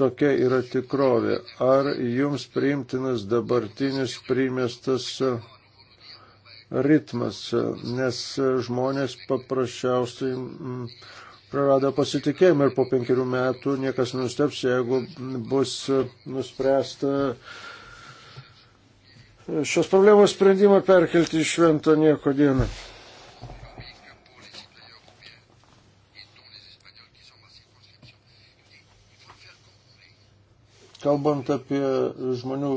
Tokia yra tikrovė. Ar jums priimtinas dabartinis primestas e, ritmas, e, nes žmonės paprasčiausiai prarado pasitikėjimą ir po penkerių metų niekas nusteps, jeigu bus nuspręsta šios problemos sprendimą perkelti į šventą nieko dieną. Kalbant apie žmonių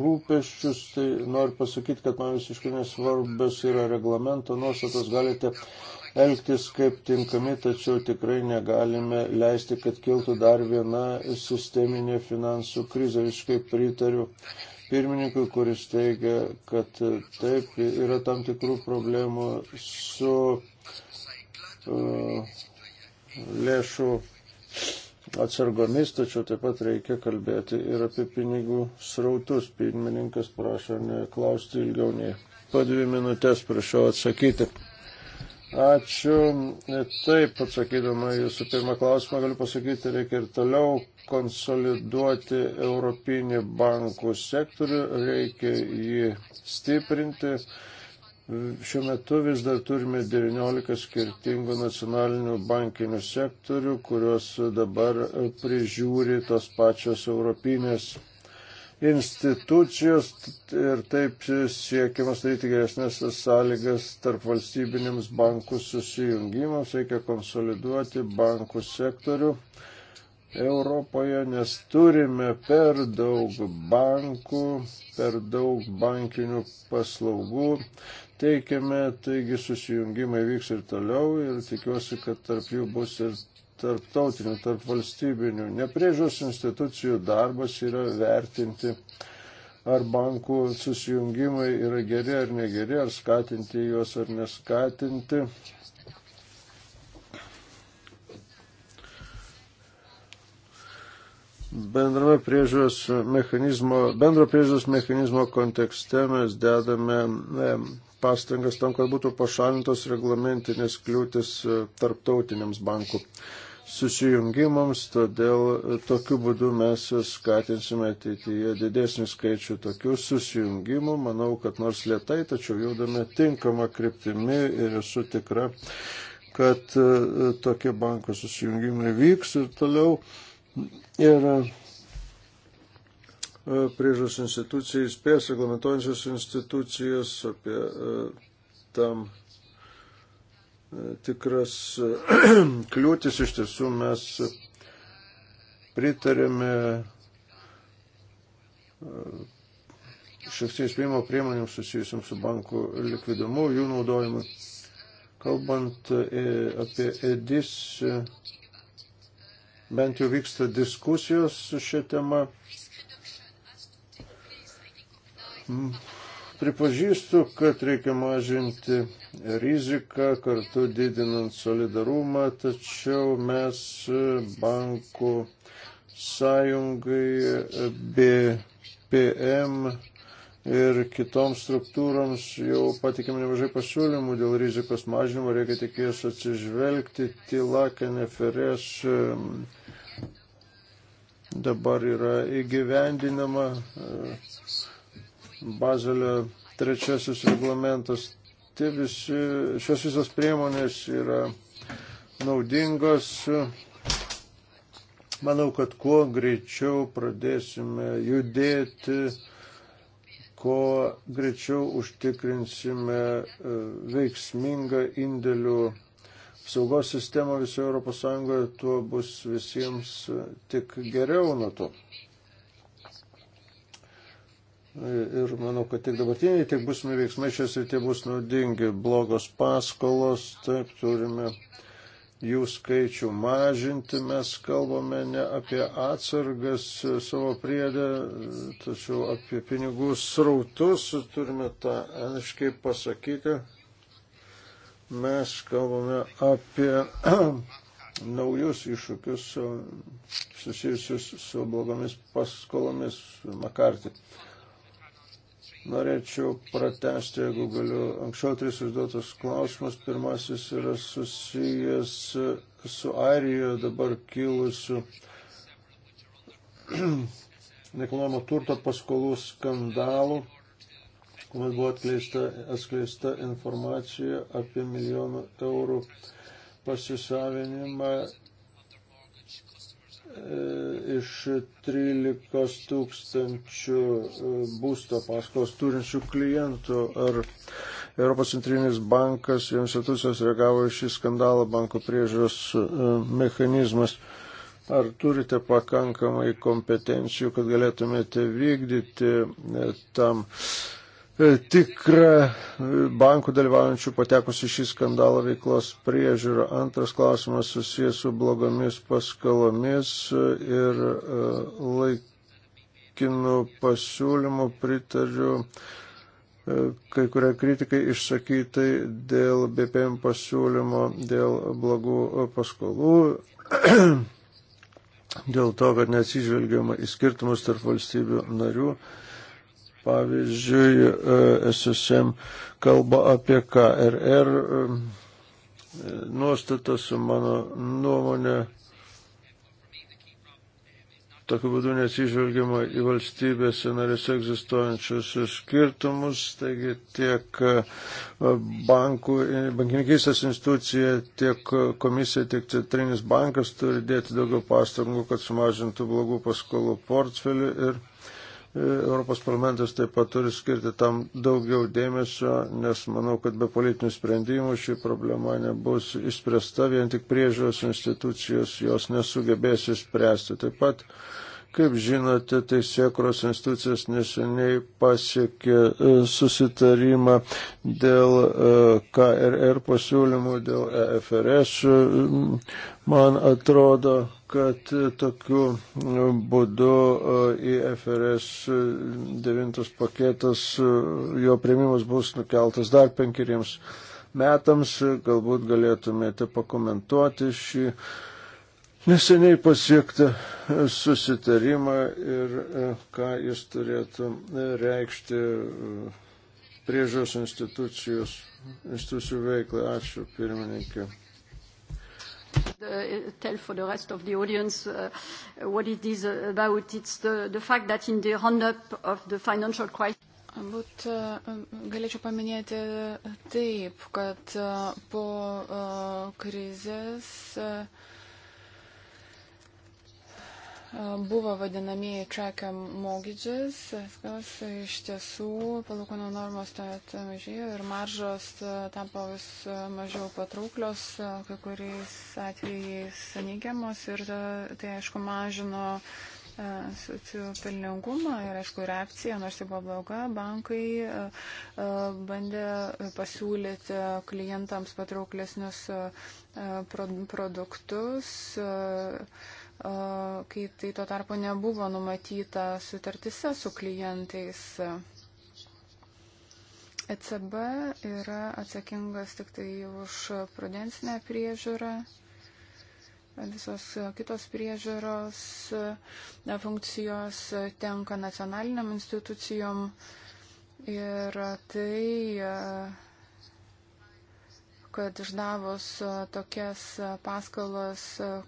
rūpeščius, tai noriu pasakyti, kad man visiškai nesvarbios yra reglamento nuostatos, galite elgtis kaip tinkami, tačiau tikrai negalime leisti, kad kiltų dar viena sisteminė finansų krizė. Visiškai pritariu pirmininkui, kuris teigia, kad taip yra tam tikrų problemų su uh, lėšų atsargomis, tačiau taip pat reikia kalbėti ir apie pinigų srautus. Pirmininkas prašo neklausti ilgiau nei po dvi minutės, prašau atsakyti. Ačiū. Taip, atsakydama jūsų pirmą klausimą, galiu pasakyti, reikia ir toliau konsoliduoti Europinį bankų sektorių, reikia jį stiprinti. Šiuo metu vis dar turime 19 skirtingų nacionalinių bankinių sektorių, kuriuos dabar prižiūri tos pačios europinės institucijos ir taip siekiama sudaryti geresnės sąlygas tarp valstybinėms bankų susijungimams, reikia konsoliduoti bankų sektorių Europoje, nes turime per daug bankų, per daug bankinių paslaugų, teikiame, taigi susijungimai vyks ir toliau ir tikiuosi, kad tarp jų bus ir tarptautinių, tarp valstybinių. Nepriežos institucijų darbas yra vertinti, ar bankų susijungimai yra geri ar negeri, ar skatinti juos ar neskatinti. Bendrame priežiūros mechanizmo, bendro priežiūros mechanizmo kontekste mes dedame ne, pastangas tam, kad būtų pašalintos reglamentinės kliūtis e, tarptautiniams bankų susijungimams, todėl tokiu būdu mes skatinsime ateityje didesnį skaičių tokių susijungimų. Manau, kad nors lietai, tačiau judame tinkamą kryptimį ir esu tikra, kad e, tokie banko susijungimai vyks ir toliau. Ir e, priežos institucijai, spės reglamentuojančios institucijos apie e, tam tikras kliūtis. Iš tiesų mes pritarėme e, šiek tiek įspėjimo priemonėms susijusiam su bankų likvidumu, jų naudojimu. Kalbant e, apie EDIS, e, bent jau vyksta diskusijos su šia tema. Pripažįstu, kad reikia mažinti riziką, kartu didinant solidarumą, tačiau mes e, bankų sąjungai e, BPM ir kitoms struktūroms jau patikėme nemažai pasiūlymų dėl rizikos mažinimo, reikia tik jas atsižvelgti, tilakenė ferės e, dabar yra įgyvendinama. E, Bazelio trečiasis reglamentas. Tie visi, šios visos priemonės yra naudingos. Manau, kad kuo greičiau pradėsime judėti, kuo greičiau užtikrinsime e, veiksmingą indėlių saugos sistemą visoje Europos Sąjungoje, tuo bus visiems e, tik geriau nuo to. Ir manau, kad tiek dabartiniai, tiek būsimi veiksmai šios ir tie bus naudingi. Blogos paskolos, taip turime jų skaičių mažinti. Mes kalbame ne apie atsargas savo priedę, tačiau apie pinigų srautus turime tą aiškiai pasakyti. Mes kalbame apie naujus iššūkius susijusius su blogomis paskolomis Makartį norėčiau pratesti, jeigu galiu. Anksčiau tris užduotas klausimas. Pirmasis yra susijęs su Airijoje dabar kilusiu nekilnojamo turto paskolų skandalu, kuomet buvo atskleista, atskleista informacija apie milijonų eurų pasisavinimą E, iš 13 tūkstančių e, būsto paskolos turinčių klientų. Ar Europos centrinis bankas ir institucijos reagavo į šį skandalą banko priežiūros e, mechanizmas? Ar turite pakankamai kompetencijų, kad galėtumėte vykdyti tam? Uh, E, tikrą e, bankų dalyvaujančių patekus į šį skandalą veiklos priežiūrą. Antras klausimas susijęs su blogomis paskalomis ir e, laikinų pasiūlymų pritariu kai kurie kritikai išsakytai dėl BPM pasiūlymo, dėl blogų paskolų, dėl to, kad neatsižvelgiama į skirtumus tarp valstybių narių. Pavyzdžiui, e, SSM kalba apie KRR e, nuostatas, mano nuomonė, tokiu būdu nesižvelgiama į valstybės narėse egzistuojančius skirtumus, taigi tiek e, bankų, bankininkystės institucija, tiek komisija, tiek centrinis bankas turi dėti daugiau pastangų, kad sumažintų blogų paskolų portfelį ir Europos parlamentas taip pat turi skirti tam daugiau dėmesio, nes manau, kad be politinių sprendimų ši problema nebus išspręsta, vien tik priežiūros institucijos jos nesugebės išspręsti. Taip pat, kaip žinote, teisėkros institucijos neseniai pasiekė e, susitarimą dėl e, KRR pasiūlymų, dėl EFRS. E, man atrodo, kad e, tokiu e, būdu į FRS 9 paketas e, jo prieimimas bus nukeltas dar penkeriems metams. Galbūt galėtumėte pakomentuoti šį neseniai pasiektą susitarimą ir ką jis turėtų reikšti priežos institucijos, institucijų veiklai. Ačiū pirmininkė. Uh, tell for the rest of the audience uh, what it is about. It's the, the fact that in the run-up of the financial crisis. Būt uh, um, galėčiau paminėti taip, kad uh, po uh, krizės uh, buvo vadinamieji tracker mortgages, kas iš tiesų palūkanų normos tuomet mažėjo ir maržos e, tampa vis e, mažiau patrauklios, e, kai kuriais atvejais neigiamos ir tai aišku mažino institucijų pelningumą ir aišku reakcija, nors ji buvo bloga, bankai bandė pasiūlyti klientams patrauklesnius produktus. A, kai tai tuo tarpu nebuvo numatyta sutartise su klientais. ECB yra atsakingas tik tai už prudensinę priežiūrą visos kitos priežiūros e, funkcijos tenka nacionaliniam institucijom ir tai e, kad išdavus tokias paskolas,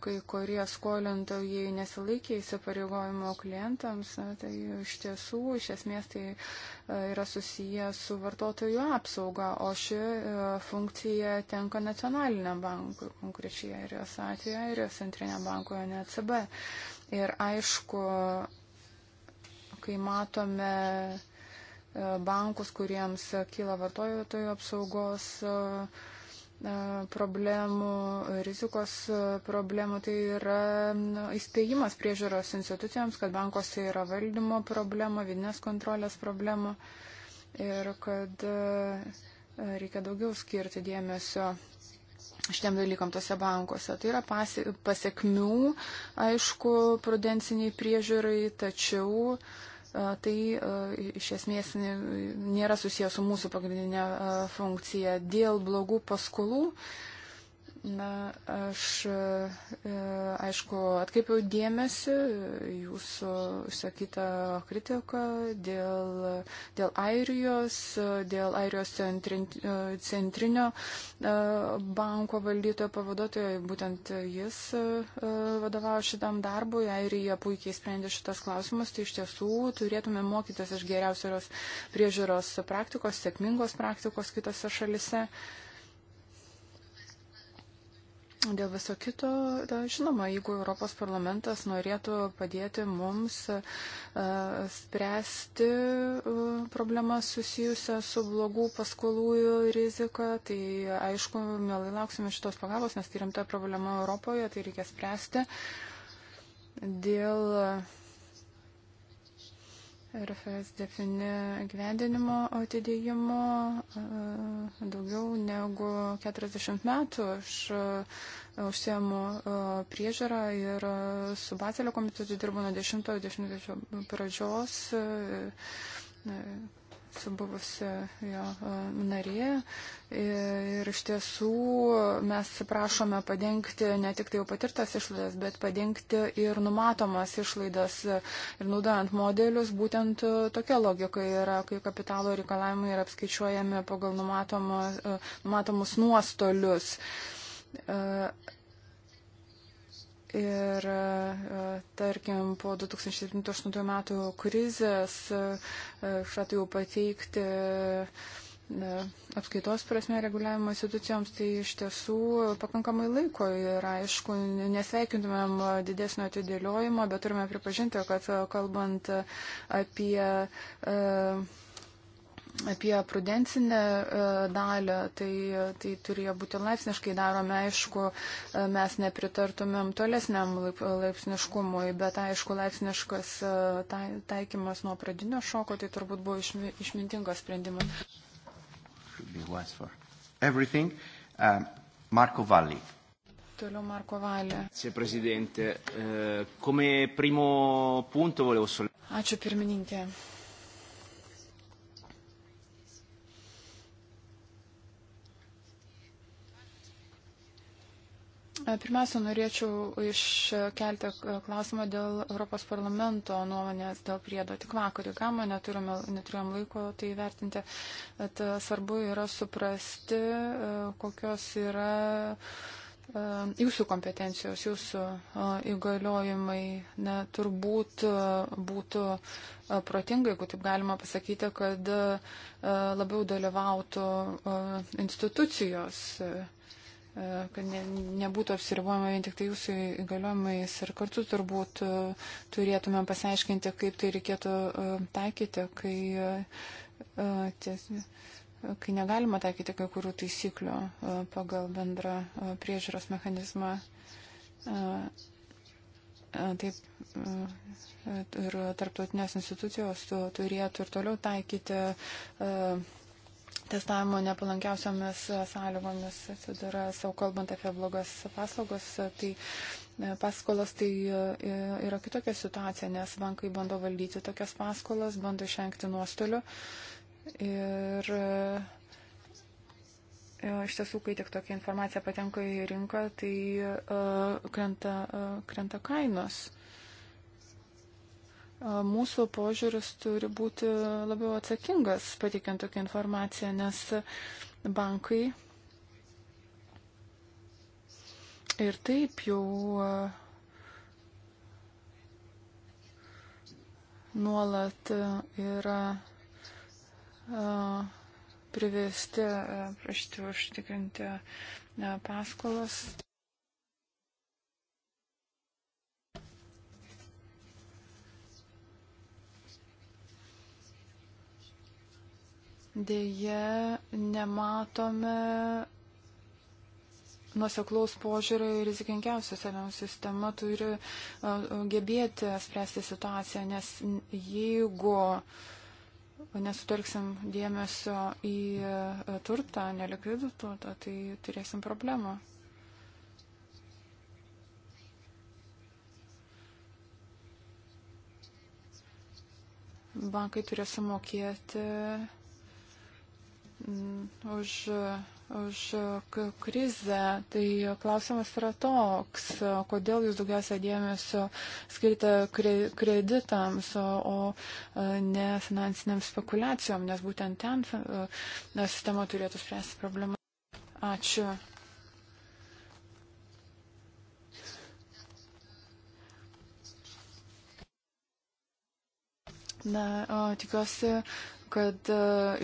kai kurie skolintojai nesilaikė įsipareigojimo klientams, tai iš tiesų, iš esmės tai yra susiję su vartotojų apsauga, o ši funkcija tenka nacionaliniam bankui, konkrečiai Airijos atveju, Airijos centriniam bankui, o ne ECB. Ir aišku, kai matome bankus, kuriems kyla vartotojų apsaugos problemų, rizikos problemų, tai yra įspėjimas priežiūros institucijoms, kad bankose yra valdymo problema, vidinės kontrolės problema ir kad reikia daugiau skirti dėmesio šitiem dalykam tose bankuose. Tai yra pasiekmių, aišku, prudenciniai priežiūrai, tačiau uh, tai iš esmės nėra susijęs su mūsų pagrindinė funkcija. Dėl blogų paskolų uh, Na, aš e, aišku atkreipiau dėmesį jūsų išsakytą kritiką dėl, dėl Airijos, dėl Airijos centrin, e, centrinio e, banko valdytojo pavaduotojo, būtent jis vadovavo šitam darbui, Airija puikiai sprendė šitas klausimas, tai iš tiesų turėtume mokytis iš geriausios priežiūros praktikos, sėkmingos praktikos kitose šalise. Uh, Dėl viso kito, da, žinoma, jeigu Europos parlamentas norėtų padėti mums uh, spręsti uh, problemas susijusią su blogų paskolų rizika, tai aišku, mielai lauksime šitos pagalbos, nes tai rimta problema Europoje, tai reikia spręsti. Dėl uh, RFS defini gyvendinimo atidėjimo e, daugiau negu 40 metų. Aš e, užsiemu e, priežiūrą ir su Bacelio komitetu dirbu nuo 10-20 pradžios su buvusi jo e, narė. E, ir iš tiesų mes prašome padengti ne tik tai jau patirtas išlaidas, bet padengti ir numatomas išlaidas. Ir naudojant modelius, būtent tokia logika yra, kai kapitalo reikalavimai yra apskaičiuojami pagal e, numatomus nuostolius Ir e, tarkim, po 2007-2008 metų krizės, e, šiuo jau pateikti e, apskaitos prasme reguliavimo institucijoms, tai iš tiesų pakankamai laiko ir aišku, nesveikintumėm didesnio atidėliojimo, bet turime pripažinti, kad kalbant apie apie prudencinę e, dalį, tai, tai turėjo būti laipsniškai darome, aišku, e, mes nepritartumėm tolesniam laipsniškumui, bet aišku, laipsniškas e, tai, taikymas nuo pradinio šoko, tai turbūt buvo išmi, išmintingas sprendimas. Um, Marko Valli. Toliau Marko Valli. Grazie Presidente. Eh, come primo punto volevo sollevare. Ačiū pirmininkė. Pirmiausia, norėčiau iškelti klausimą dėl Europos parlamento nuomonės dėl priedo. Tik vakar, ką man neturime, neturėjom laiko tai vertinti, bet e, svarbu yra suprasti, e, kokios yra e, jūsų kompetencijos, jūsų įgaliojimai. Ne, turbūt būtų protinga, jeigu taip galima pasakyti, kad labiau dalyvautų institucijos E, kad ne, nebūtų apsiribuojama vien tik tai jūsų įgaliojimais ir kartu turbūt e, turėtumėm pasiaiškinti, kaip tai reikėtų e, taikyti, kai, ties, kai negalima taikyti kai kurių taisyklių pagal bendrą priežiūros mechanizmą. Taip, ir tarptautinės institucijos turėtų ir toliau taikyti uh, testavimo nepalankiausiamis sąlygomis atsiduria savo kalbant apie blogas paslaugas, tai e, paskolas tai e, yra kitokia situacija, nes bankai bando valdyti tokias paskolas, bando išvengti nuostolių. Ir e, iš tiesų, kai tik tokia informacija patenka į rinką, tai krenta, krenta kainos mūsų požiūris turi būti labiau atsakingas, pateikiant tokią informaciją, nes bankai ir taip jau nuolat yra privesti prašyti užtikrinti paskolas. dėje nematome nuoseklaus požiūrio į rizikingiausią savimų sistemą turi gebėti spręsti situaciją, nes jeigu nesutelksim dėmesio į turtą, nelikvidų turtą, tai turėsim problemą. Bankai turės sumokėti Mm, už, už krizę. Tai klausimas yra toks, kodėl jūs daugiausia dėmesio skirite kreditams, o, o ne finansiniam spekulacijom, nes būtent ten e, sistema turėtų spręsti problemą. Ačiū. Na, o, tikiuosi, kad e,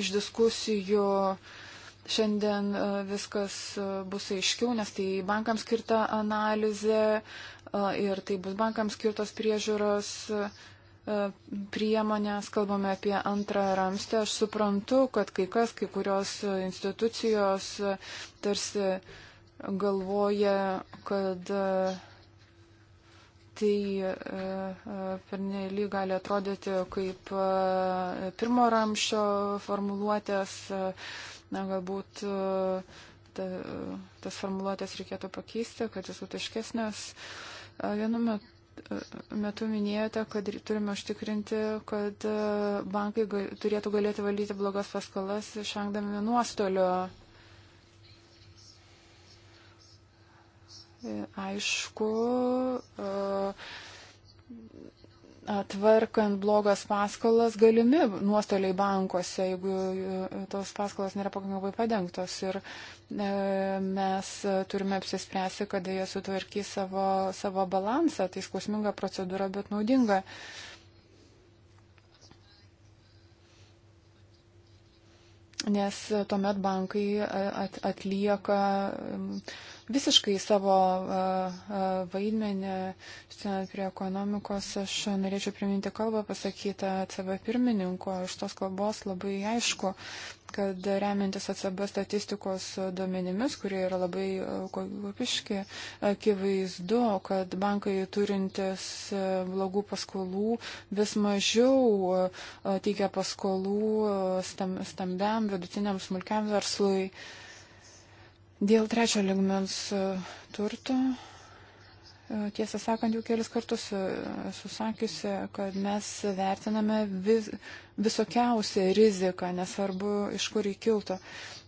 iš diskusijų šiandien e, viskas e, bus aiškiau, nes tai bankams skirta analizė ir tai bus bankams skirtos priežiūros priemonės, kalbame apie antrą ramstę. Aš suprantu, kad kai kas, kai kurios institucijos tarsi galvoja, kad uh, tai e, e, pernelyg gali atrodyti kaip e, pirmo ramšio formuluotės, na galbūt ta, tas formuluotės reikėtų pakeisti, kad jis būtų iškesnės. Vienu metu metu minėjote, kad turime užtikrinti, kad bankai turėtų galėti valdyti blogas paskolas, išvengdami nuostolio. aišku, e, tvarkant blogas paskolas galimi nuostoliai bankuose, jeigu e, tos paskolas nėra pakankamai padengtos. Ir e, mes turime apsispręsti, kada jie sutvarkys savo, savo balansą. Tai skausminga procedūra, bet naudinga. Nes tuomet bankai atlieka visiškai savo vaidmenį prie ekonomikos. Aš norėčiau priminti kalbą pasakytą ACB pirmininko. Iš tos kalbos labai aišku, kad remiantis ACB statistikos duomenimis, kurie yra labai kopiški, akivaizdu, kad bankai turintis blogų paskolų vis mažiau teikia paskolų stambiam, vidutiniam, smulkiam verslui. Uh, Dėl trečio ligmens e, turto, e, tiesą sakant, jau kelis kartus e, esu sakiusi, kad mes vertiname vis, visokiausią riziką, nesvarbu iš kur įkiltų.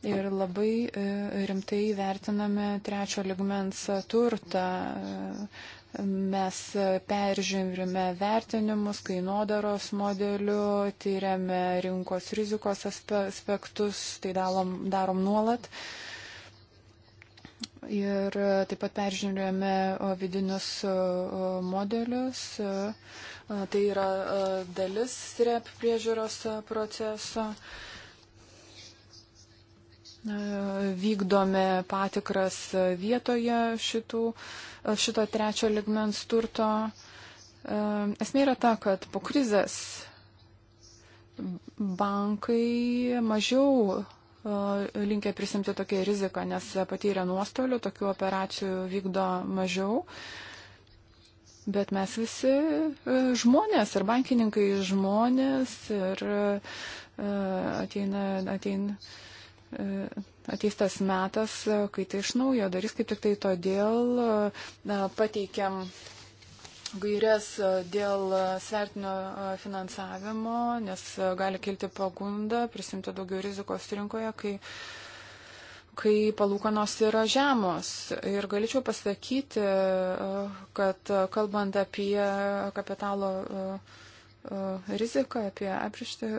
Ir labai rimtai vertiname trečio ligmens turtą. Mes peržiūrime vertinimus, kainodaros modeliu, tyriame rinkos rizikos aspektus, tai darom, darom nuolat. Uh, Ir e, taip pat peržiūrėjome e, vidinius e, modelius. Tai yra dalis rep priežiūros proceso. Vykdome patikras vietoje šitų, šito trečio ligmens turto. Esmė yra ta, kad po krizės bankai mažiau E, linkę prisimti tokią riziką, nes patyrė nuostolių, tokių operacijų vykdo mažiau. Bet mes visi e, žmonės ir bankininkai žmonės ir e, ateina, ateina, ateis tas metas, kai tai iš naujo darys, kaip tik tai todėl pateikiam gairias e, dėl e, svertinio e, finansavimo, nes gali kilti pagunda prisimti daugiau rizikos rinkoje, kai, kai palūkanos yra žemos. Ir galėčiau pasakyti, kad kalbant apie kapitalo riziką, apie aprištį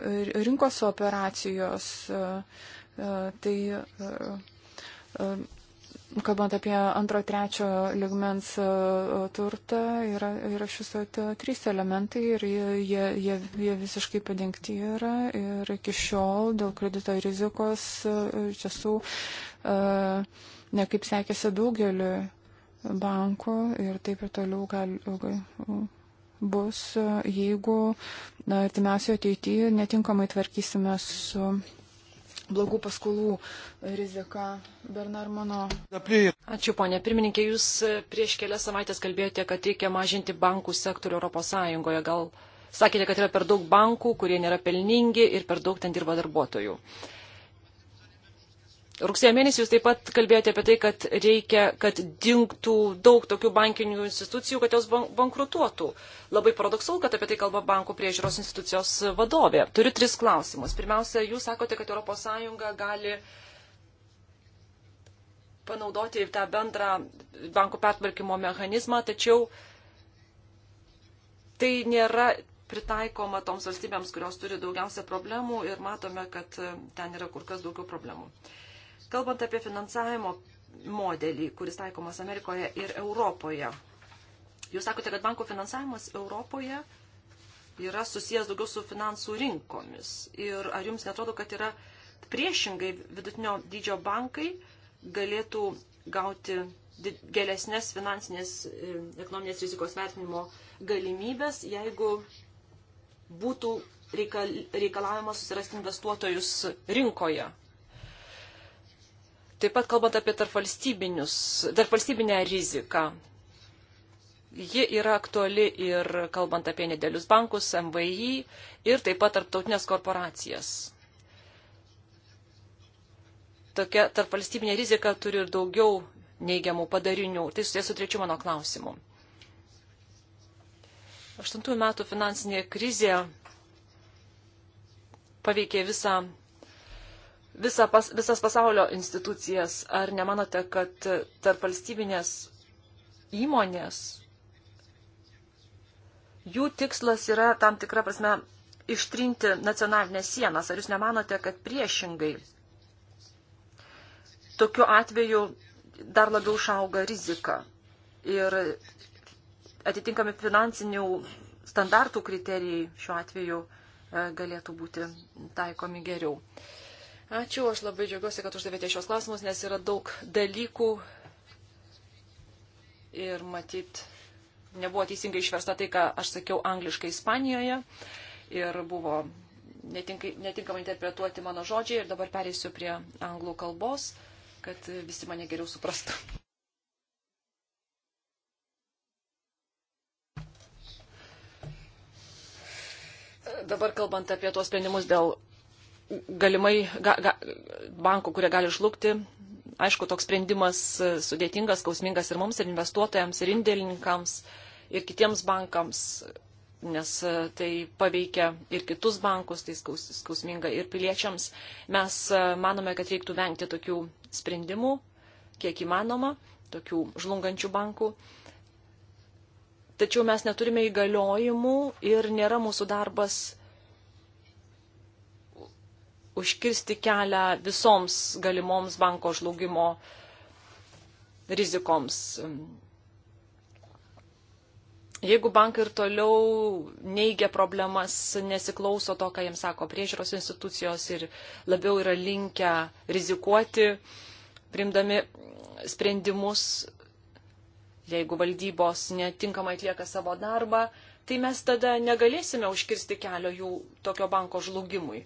rinkos operacijos, tai kalbant apie antro, trečio ligmens e, turtą, yra, yra šis e, trys elementai ir jie, jie, jie visiškai padengti yra. Ir iki šiol dėl kredito rizikos e, iš tiesų nekaip sekėsi daugeliu bankų ir taip ir toliau gali, bus, jeigu artimiausio ateityje netinkamai tvarkysime su blogų paskolų rizika. Bernard Mano. Ačiū, ponė pirmininkė. Jūs e, prieš kelias savaitės kalbėjote, kad reikia mažinti bankų sektorių ES. Gal sakėte, kad yra per daug bankų, kurie nėra pelningi ir per daug ten dirba darbuotojų. Uh, Rugsėjo mėnesį jūs taip pat kalbėjote apie tai, kad reikia, kad dinktų daug tokių bankinių institucijų, kad jos bankrutuotų. Labai paradoksalu, kad apie tai kalba bankų priežiūros institucijos vadovė. Turiu tris klausimus. Pirmiausia, jūs sakote, kad ES gali panaudoti tą bendrą bankų pertvarkymo mechanizmą, tačiau tai nėra pritaikoma toms valstybėms, kurios turi daugiausia problemų ir matome, kad ten yra kur kas daugiau problemų. Uh, Kalbant apie finansavimo modelį, kuris taikomas Amerikoje ir Europoje. Jūs sakote, kad bankų finansavimas Europoje yra susijęs daugiau su finansų rinkomis. Ir ar jums netrodo, kad yra priešingai vidutinio dydžio bankai galėtų gauti gėlesnės finansinės e, ekonominės rizikos vertinimo galimybės, jeigu būtų reikalavimas susirasti investuotojus rinkoje, Taip pat kalbant apie tarpvalstybinę riziką. Ji yra aktuali ir kalbant apie nedėlius bankus, MVI ir taip pat tarptautinės korporacijas. Tokia tarpvalstybinė rizika turi ir daugiau neigiamų padarinių. Tai susijęs su trečiu mano klausimu. Aštuntųjų metų finansinė krizė paveikė visą visa pas, visas pasaulio institucijas. Ar nemanote, kad tarp valstybinės įmonės jų tikslas yra tam tikrą prasme ištrinti nacionalinės sienas? Ar jūs nemanote, kad priešingai tokiu atveju dar labiau šauga rizika ir atitinkami finansinių standartų kriterijai šiuo atveju e, galėtų būti taikomi geriau. Ačiū, aš labai džiaugiuosi, kad uždavėte šios klausimus, nes yra daug dalykų ir matyt, nebuvo teisingai išversta tai, ką aš sakiau angliškai Ispanijoje ir buvo netinkai, netinkamai interpretuoti mano žodžiai ir dabar pereisiu prie anglų kalbos, kad visi mane geriau suprastų. Dabar kalbant apie tuos sprendimus dėl galimai ga, ga, bankų, kurie gali žlugti. Aišku, toks sprendimas e, sudėtingas, skausmingas ir mums, ir investuotojams, ir indėlininkams, ir kitiems bankams, nes e, tai paveikia ir kitus bankus, tai skaus, skausminga ir piliečiams. Mes e, manome, kad reiktų vengti tokių sprendimų, kiek įmanoma, tokių žlungančių bankų. Tačiau mes neturime įgaliojimų ir nėra mūsų darbas užkirsti kelią visoms galimoms banko žlugimo rizikoms. Jeigu bankai ir toliau neigia problemas, nesiklauso to, ką jiems sako priežiūros institucijos ir labiau yra linkę rizikuoti, primdami sprendimus, jeigu valdybos netinkamai atlieka savo darbą, tai mes tada negalėsime užkirsti kelio jų tokio banko žlugimui.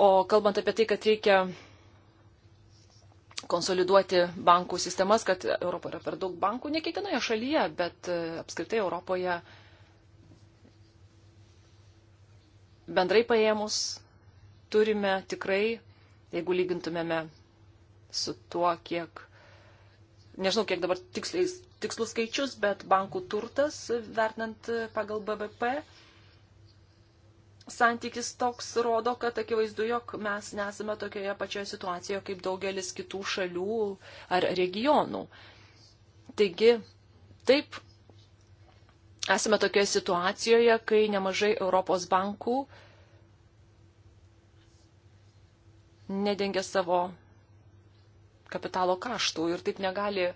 O kalbant apie tai, kad reikia konsoliduoti bankų sistemas, kad Europoje yra per daug bankų, ne kiekvienoje šalyje, bet e, apskritai Europoje bendrai paėmus turime tikrai, jeigu lygintumėme su tuo, kiek, nežinau, kiek dabar tiksliai, tikslus skaičius, bet bankų turtas, vertinant pagal BVP, santykis toks rodo, kad akivaizdu, jog mes nesame tokioje pačioje situacijoje kaip daugelis kitų šalių ar regionų. Taigi, taip, esame tokioje situacijoje, kai nemažai Europos bankų nedengia savo kapitalo kaštų ir taip negali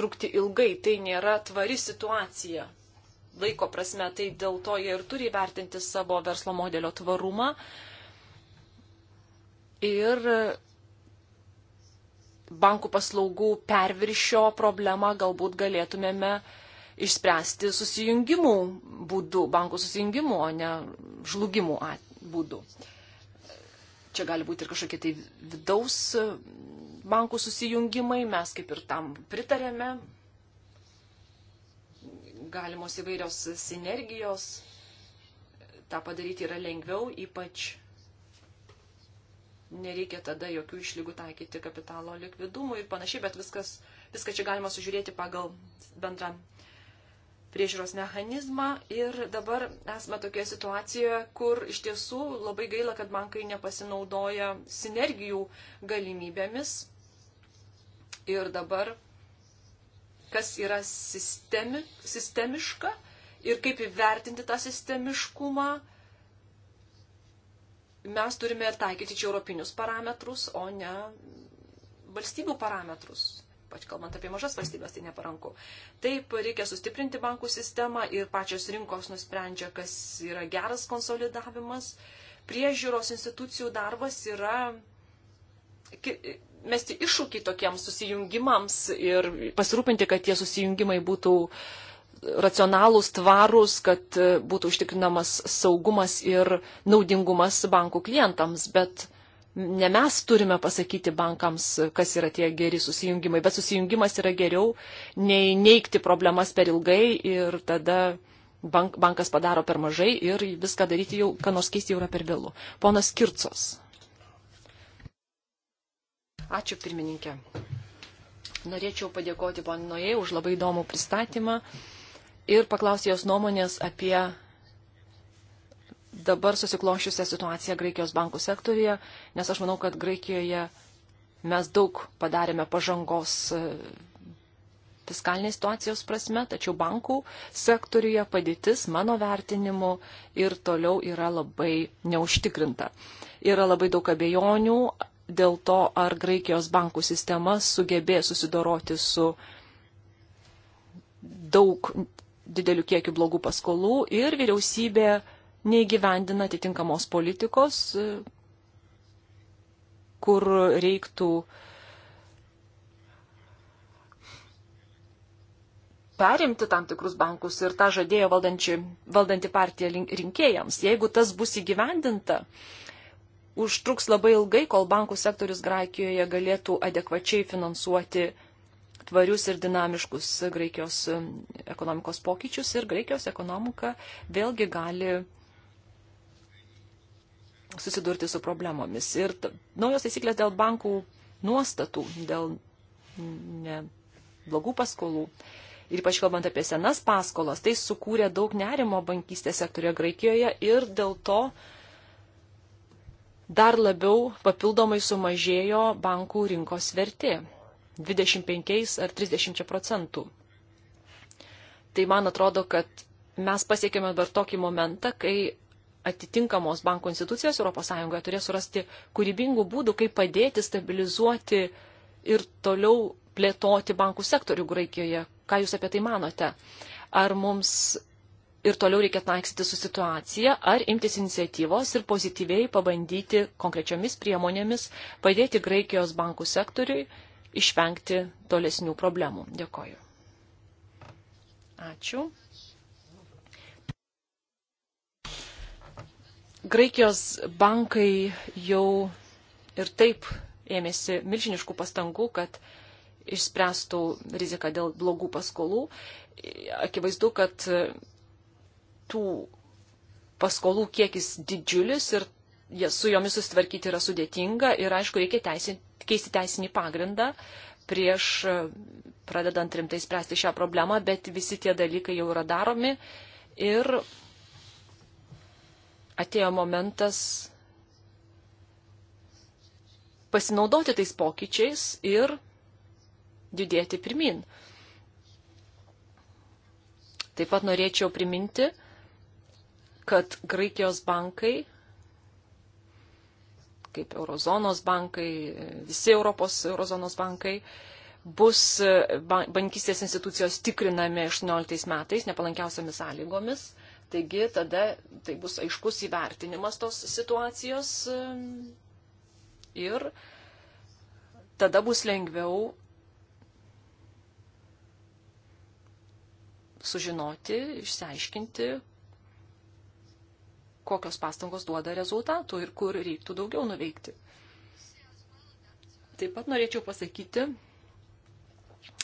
trukti ilgai. Tai nėra tvari situacija laiko prasme, tai dėl to jie ir turi vertinti savo verslo modelio tvarumą. Ir bankų paslaugų perviršio problemą galbūt galėtumėme išspręsti susijungimų būdu, bankų susijungimų, o ne žlugimų būdu. Čia gali būti ir kažkokie tai vidaus bankų susijungimai, mes kaip ir tam pritarėme, galimos įvairios sinergijos. Ta padaryti yra lengviau, ypač nereikia tada jokių išlygų taikyti kapitalo likvidumui ir panašiai, bet viskas, viską čia galima sužiūrėti pagal bendrą priežiūros mechanizmą. Ir dabar esame tokioje situacijoje, kur iš tiesų labai gaila, kad bankai nepasinaudoja sinergijų galimybėmis. Ir dabar kas yra sistemi, sistemiška ir kaip įvertinti tą sistemiškumą. Mes turime taikyti čia europinius parametrus, o ne valstybių parametrus. Pač kalbant apie mažas valstybės, tai neparanku. Taip, reikia sustiprinti bankų sistemą ir pačios rinkos nusprendžia, kas yra geras konsolidavimas. Priežiūros institucijų darbas yra mesti iššūkį tokiems susijungimams ir pasirūpinti, kad tie susijungimai būtų racionalūs, tvarūs, kad e, būtų užtikrinamas saugumas ir naudingumas bankų klientams. Bet ne mes turime pasakyti bankams, kas yra tie geri susijungimai, bet susijungimas yra geriau nei neikti problemas per ilgai ir tada bank, bankas padaro per mažai ir viską daryti jau, ką nors keisti jau yra per vėlų. Ponas Kircos. Ačiū pirmininkė. Norėčiau padėkoti panoje už labai įdomų pristatymą ir paklausti jos nuomonės apie dabar susiklošiusią situaciją Graikijos bankų sektorija, nes aš manau, kad Graikijoje mes daug padarėme pažangos e, fiskalinės situacijos prasme, tačiau bankų sektoriuje padėtis mano vertinimu ir toliau yra labai neužtikrinta. Yra labai daug abejonių, dėl to, ar Graikijos bankų sistema sugebė susidoroti su daug didelių kiekių blogų paskolų ir vyriausybė neįgyvendina atitinkamos politikos, kur reiktų perimti tam tikrus bankus ir tą žadėjo valdanti partija rinkėjams. Jeigu tas bus įgyvendinta, užtruks labai ilgai, kol bankų sektorius Graikijoje galėtų adekvačiai finansuoti tvarius ir dinamiškus Graikijos um, ekonomikos pokyčius ir Graikijos ekonomika vėlgi gali susidurti su problemomis. Ir naujos taisyklės dėl bankų nuostatų, dėl ne, blogų paskolų ir ypač kalbant apie senas paskolas, tai sukūrė daug nerimo bankystės sektorioje Graikijoje ir dėl to dar labiau papildomai sumažėjo bankų rinkos vertė 25 ar 30 procentų. Tai man atrodo, kad mes pasiekėme dar tokį momentą, kai atitinkamos bankų institucijos ES turės surasti kūrybingų būdų, kaip padėti stabilizuoti ir toliau plėtoti bankų sektorių Graikijoje. Ką Jūs apie tai manote? Ar mums ir toliau reikia taikstyti su situacija, ar imtis iniciatyvos ir pozityviai pabandyti konkrečiomis priemonėmis padėti Graikijos bankų sektoriui išvengti tolesnių problemų. Dėkoju. Ačiū. Graikijos bankai jau ir taip ėmėsi milžiniškų pastangų, kad išspręstų riziką dėl blogų paskolų. Akivaizdu, kad tų paskolų kiekis didžiulis ir su jomis susitvarkyti yra sudėtinga ir aišku, reikia teisi, keisti teisinį pagrindą prieš e, pradedant rimtai spręsti šią problemą, bet visi tie dalykai jau yra daromi ir atėjo momentas pasinaudoti tais pokyčiais ir judėti pirmin. Taip pat norėčiau priminti, kad Graikijos bankai, kaip Eurozonos bankai, visi Europos Eurozonos bankai, bus bankystės institucijos tikrinami 18 metais nepalankiausiamis sąlygomis. Taigi tada tai bus aiškus įvertinimas tos situacijos e, ir tada bus lengviau sužinoti, išsiaiškinti, kokios pastangos duoda rezultatų ir kur reiktų daugiau nuveikti. Taip pat norėčiau pasakyti,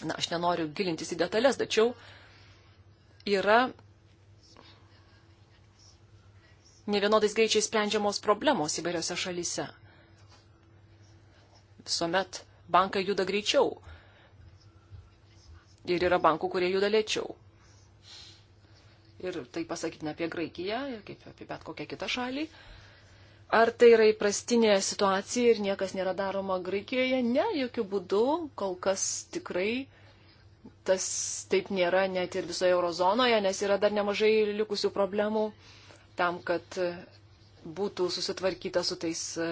na, aš nenoriu gilintis į detalės, tačiau yra nevienodais greičiai sprendžiamos problemos įvairiose šalyse. Visuomet bankai juda greičiau ir yra bankų, kurie juda lėčiau ir tai pasakytina apie Graikiją ir kaip apie bet kokią kitą šalį. Ar tai yra įprastinė situacija ir niekas nėra daroma Graikijoje? Ne, jokių būdų, kol kas tikrai tas taip nėra net ir visoje eurozonoje, nes yra dar nemažai likusių problemų tam, kad e, būtų susitvarkyta su tais e,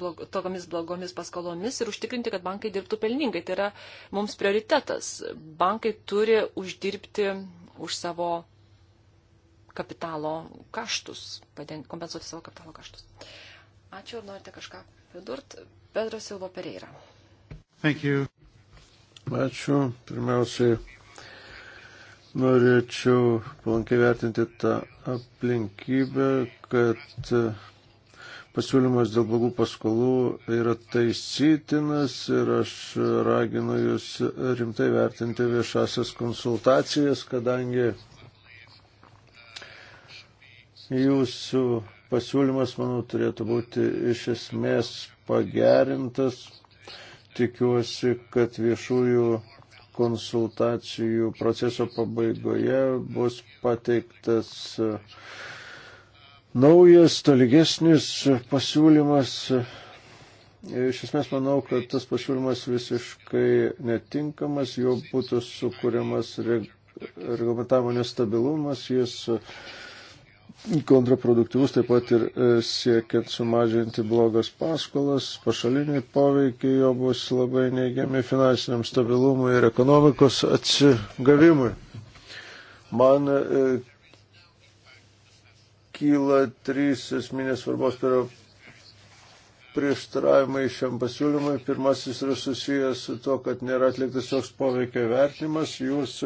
blog, tokiamis blogomis paskolomis ir užtikrinti, kad bankai dirbtų pelningai. Tai yra mums prioritetas. Bankai turi uždirbti už savo kapitalo kaštus, kompensuoti savo kapitalo kaštus. Ačiū, ar norite kažką pridurti? Pedro Silva Pereira. Ačiū. Pirmiausiai norėčiau palankiai vertinti tą aplinkybę, kad e, pasiūlymas dėl blogų paskolų yra taisytinas ir aš raginu jūs rimtai vertinti viešasias konsultacijas, kadangi Jūsų pasiūlymas, manau, turėtų būti iš esmės pagerintas. Tikiuosi, kad viešųjų konsultacijų proceso pabaigoje bus pateiktas e, naujas, tolygesnis pasiūlymas. Iš esmės manau, kad tas pasiūlymas visiškai netinkamas, jo būtų sukūriamas reglamentavimo nestabilumas, jis kontraproduktyvus taip pat ir e, siekiant sumažinti blogas paskolas, pašaliniai poveikiai jo bus labai neigiami finansiniam stabilumui ir ekonomikos atsigavimui. Man e, kyla trys esminės svarbos per tai prieštaravimai šiam pasiūlymui. Pirmasis yra susijęs su to, kad nėra atliktas toks poveikio vertimas. Jūs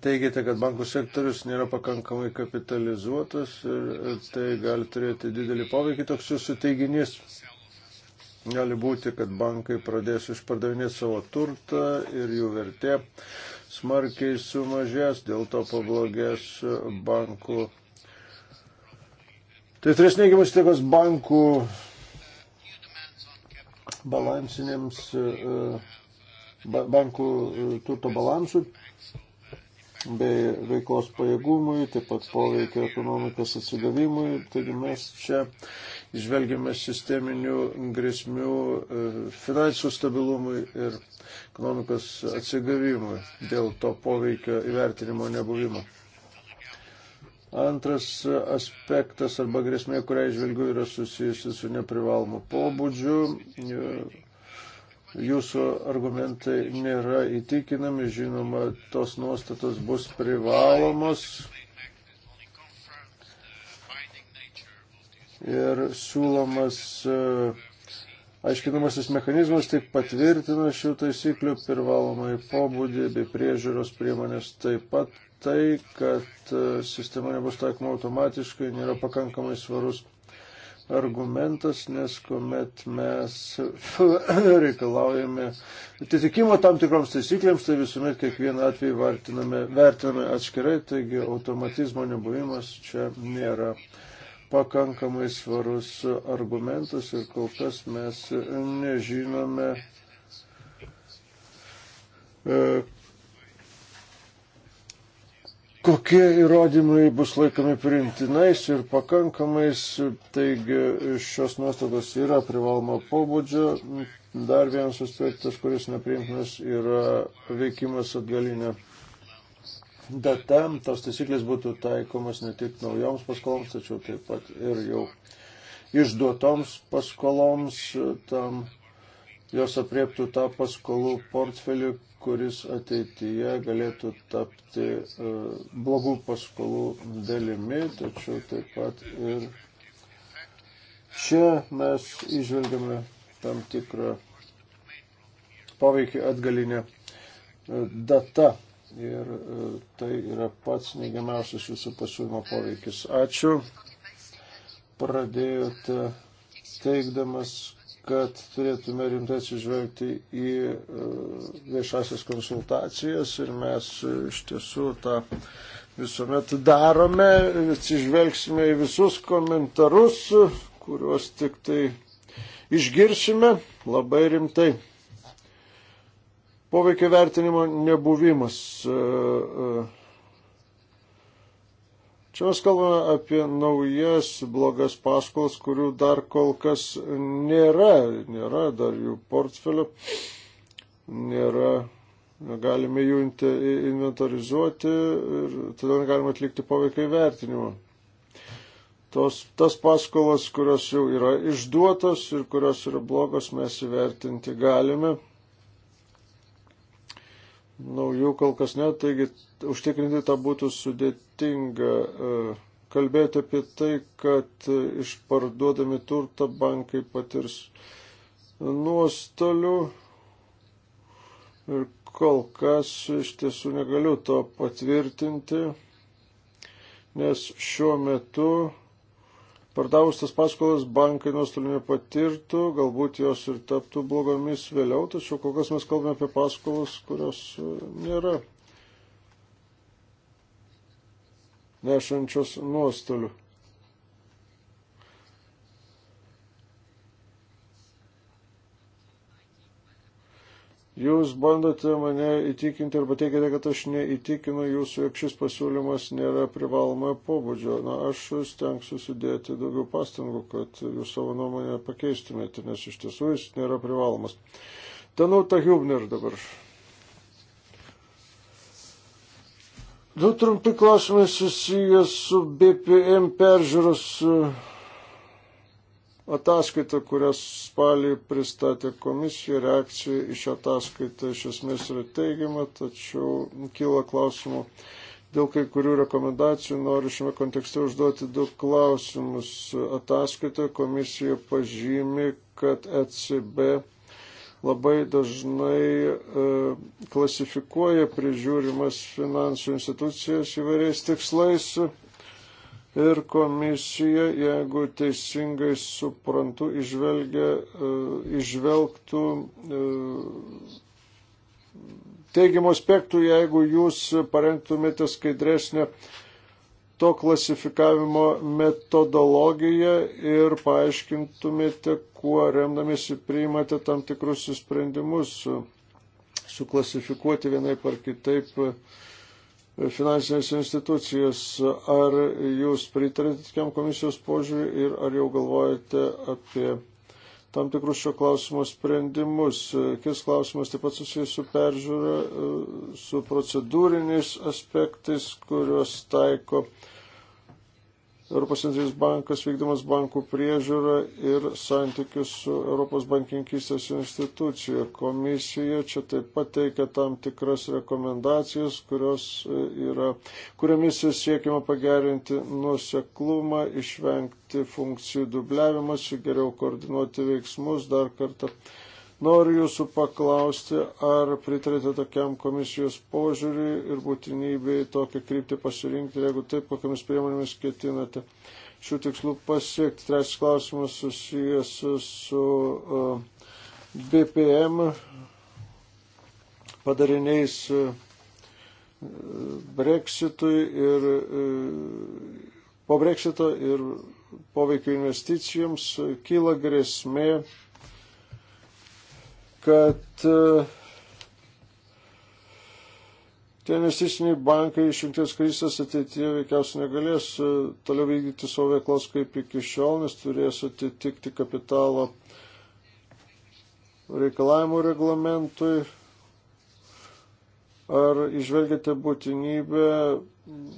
Teigiate, kad bankų sektorius nėra pakankamai kapitalizuotas ir tai gali turėti didelį poveikį toks jūsų teiginys. Gali būti, kad bankai pradės išpardavinėti savo turtą ir jų vertė smarkiai sumažės, dėl to pablogės bankų. Tai turės neigiamus įtakos bankų balansinėms, e, bankų e, turto balansui bei veiklos pajėgumui, taip pat poveikia ekonomikos atsigavimui. Taigi mes čia išvelgiame sisteminių grėsmių e, finansų stabilumui ir ekonomikos atsigavimui dėl to poveikio įvertinimo nebuvimo. Antras aspektas arba grėsmė, kurią išvelgiu, yra susijusi su neprivalomu pobūdžiu Jūsų argumentai nėra įtikinami, žinoma, tos nuostatos bus privalomos ir siūlomas e, aiškinamasis mechanizmas tik patvirtina šių taisyklių privalomai pobūdį bei priežiūros priemonės taip pat tai, kad e, sistema nebus taikoma automatiškai, nėra pakankamai svarus argumentas, nes kuomet mes reikalaujame atitikimo tam tikroms taisyklėms, tai visuomet kiekvieną atvejį vertiname, vertiname atskirai, taigi automatizmo nebuvimas čia nėra pakankamai svarus argumentas ir kol kas mes nežinome, e, kokie įrodymai bus laikomi priimtinais ir pakankamais. Taigi šios nuostatos yra privaloma pobūdžio. Dar vienas aspektas, kuris nepriimtinas, yra veikimas atgalinė data. Tos taisyklės būtų taikomas ne tik naujoms paskoloms, tačiau taip pat ir jau išduotoms paskoloms tam jos apriektų tą paskolų portfelį, kuris ateityje galėtų tapti e, blogų paskolų dalimi, tačiau taip pat ir čia mes išvelgiame tam tikrą poveikį atgalinę e, datą. Ir e, tai yra pats neigiamiausias jūsų pasiūlymo poveikis. Ačiū. Pradėjote teikdamas, kad turėtume rimtai atsižvelgti į e, viešasias konsultacijas ir mes e, iš tiesų tą visuomet darome, atsižvelgsime į visus komentarus, kuriuos tik tai išgirsime labai rimtai. Poveikio vertinimo nebuvimas. Uh, uh, Čia mes kalbame apie naujas blogas paskolas, kurių dar kol kas nėra, nėra dar jų portfelio, nėra, negalime jų inventorizuoti ir tada negalime atlikti poveikio įvertinimo. Tos, tas paskolas, kurios jau yra išduotos ir kurios yra blogos, mes įvertinti galime, naujų kol kas net, taigi užtikrinti tą būtų sudėtinga. E, kalbėti apie tai, kad išparduodami turtą bankai patirs nuostolių ir kol kas iš tiesų negaliu to patvirtinti, nes šiuo metu Pardavus tas paskolas bankai nuostolių nepatirtų, galbūt jos ir taptų blogomis vėliau, tačiau kol kas mes kalbame apie paskolas, kurios e, nėra nešančios nuostolių. Jūs bandote mane įtikinti arba teigiate, kad aš neįtikinu jūsų, jog šis pasiūlymas nėra privalomojo pobūdžio. Na, aš stengsiu sudėti daugiau pastangų, kad jūs savo nuomonę pakeistumėte, nes iš tiesų jis nėra privalomas. Danuta Hubner dabar. Du trumpi klausimai susijęs su BPM peržiūros. Uh, Ataskaita, kurias spalį pristatė komisija, reakcija iš ataskaitą iš esmės yra teigiama, tačiau kyla klausimų dėl kai kurių rekomendacijų. Noriu šiame kontekste užduoti du klausimus. Ataskaitoje komisija pažymi, kad ECB labai dažnai e, klasifikuoja prižiūrimas finansų institucijas įvairiais tikslais Ir komisija, jeigu teisingai suprantu, išvelgia, e, išvelgtų e, teigiamų aspektų, jeigu jūs parengtumėte skaidresnę to klasifikavimo metodologiją ir paaiškintumėte, kuo remdamėsi priimate tam tikrus sprendimus suklasifikuoti vienaip ar kitaip uh, finansinės institucijas. Ar jūs pritarėte tokiam komisijos požiūriui ir ar jau galvojate apie tam tikrus šio klausimo sprendimus? Kis klausimas taip pat susijęs su peržiūra, e, su procedūriniais aspektais, kuriuos taiko Europos centrinis bankas vykdamas bankų priežiūrą ir santykius su Europos bankininkystės institucija. Komisija čia taip pat teikia tam tikras rekomendacijas, kurios e, yra, kuriamis siekiama pagerinti nuoseklumą, išvengti funkcijų dubliavimas, geriau koordinuoti veiksmus, dar kartą Noriu jūsų paklausti, ar pritarėte tokiam komisijos požiūriui ir būtinybei tokią kryptį pasirinkti, jeigu taip, kokiamis priemonėmis ketinate šių tikslų pasiekti. Trečias klausimas susijęs su uh, BPM padariniais uh, Brexitui ir uh, po Brexito ir poveikio investicijoms kyla grėsmė kad e, tie investiciniai bankai iš jungtinės krysės ateityje veikiausiai negalės e, toliau vykdyti savo veiklos kaip iki šiol, nes turės atitikti kapitalo reikalavimų reglamentui. Ar išvelgiate būtinybę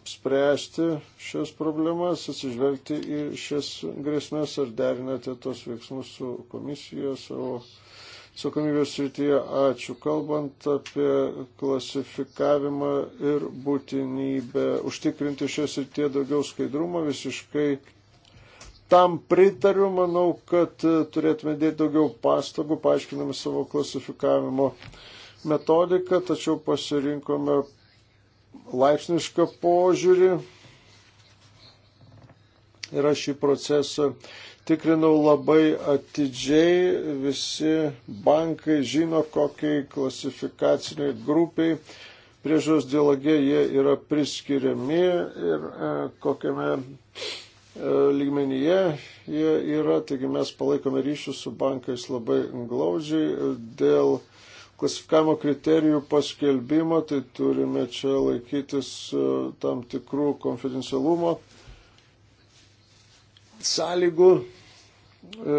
spręsti šias problemas, atsižvelgti į šias grėsmės, ar derinate tos veiksmus su komisija savo? Ar atsakomybės srityje. Ačiū. Kalbant apie klasifikavimą ir būtinybę užtikrinti šią srityje daugiau skaidrumo, visiškai tam pritariu. Manau, kad turėtume dėti daugiau pastangų, paaiškinami savo klasifikavimo metodiką, tačiau pasirinkome laipsnišką požiūrį. Ir aš šį procesą tikrinau labai atidžiai, visi bankai žino, kokiai klasifikaciniai grupiai priežos dialogė jie yra priskiriami ir e, kokiame e, lygmenyje jie yra. Taigi mes palaikome ryšius su bankais labai glaudžiai dėl klasifikavimo kriterijų paskelbimo, tai turime čia laikytis e, tam tikrų konfidencialumo sąlygų e,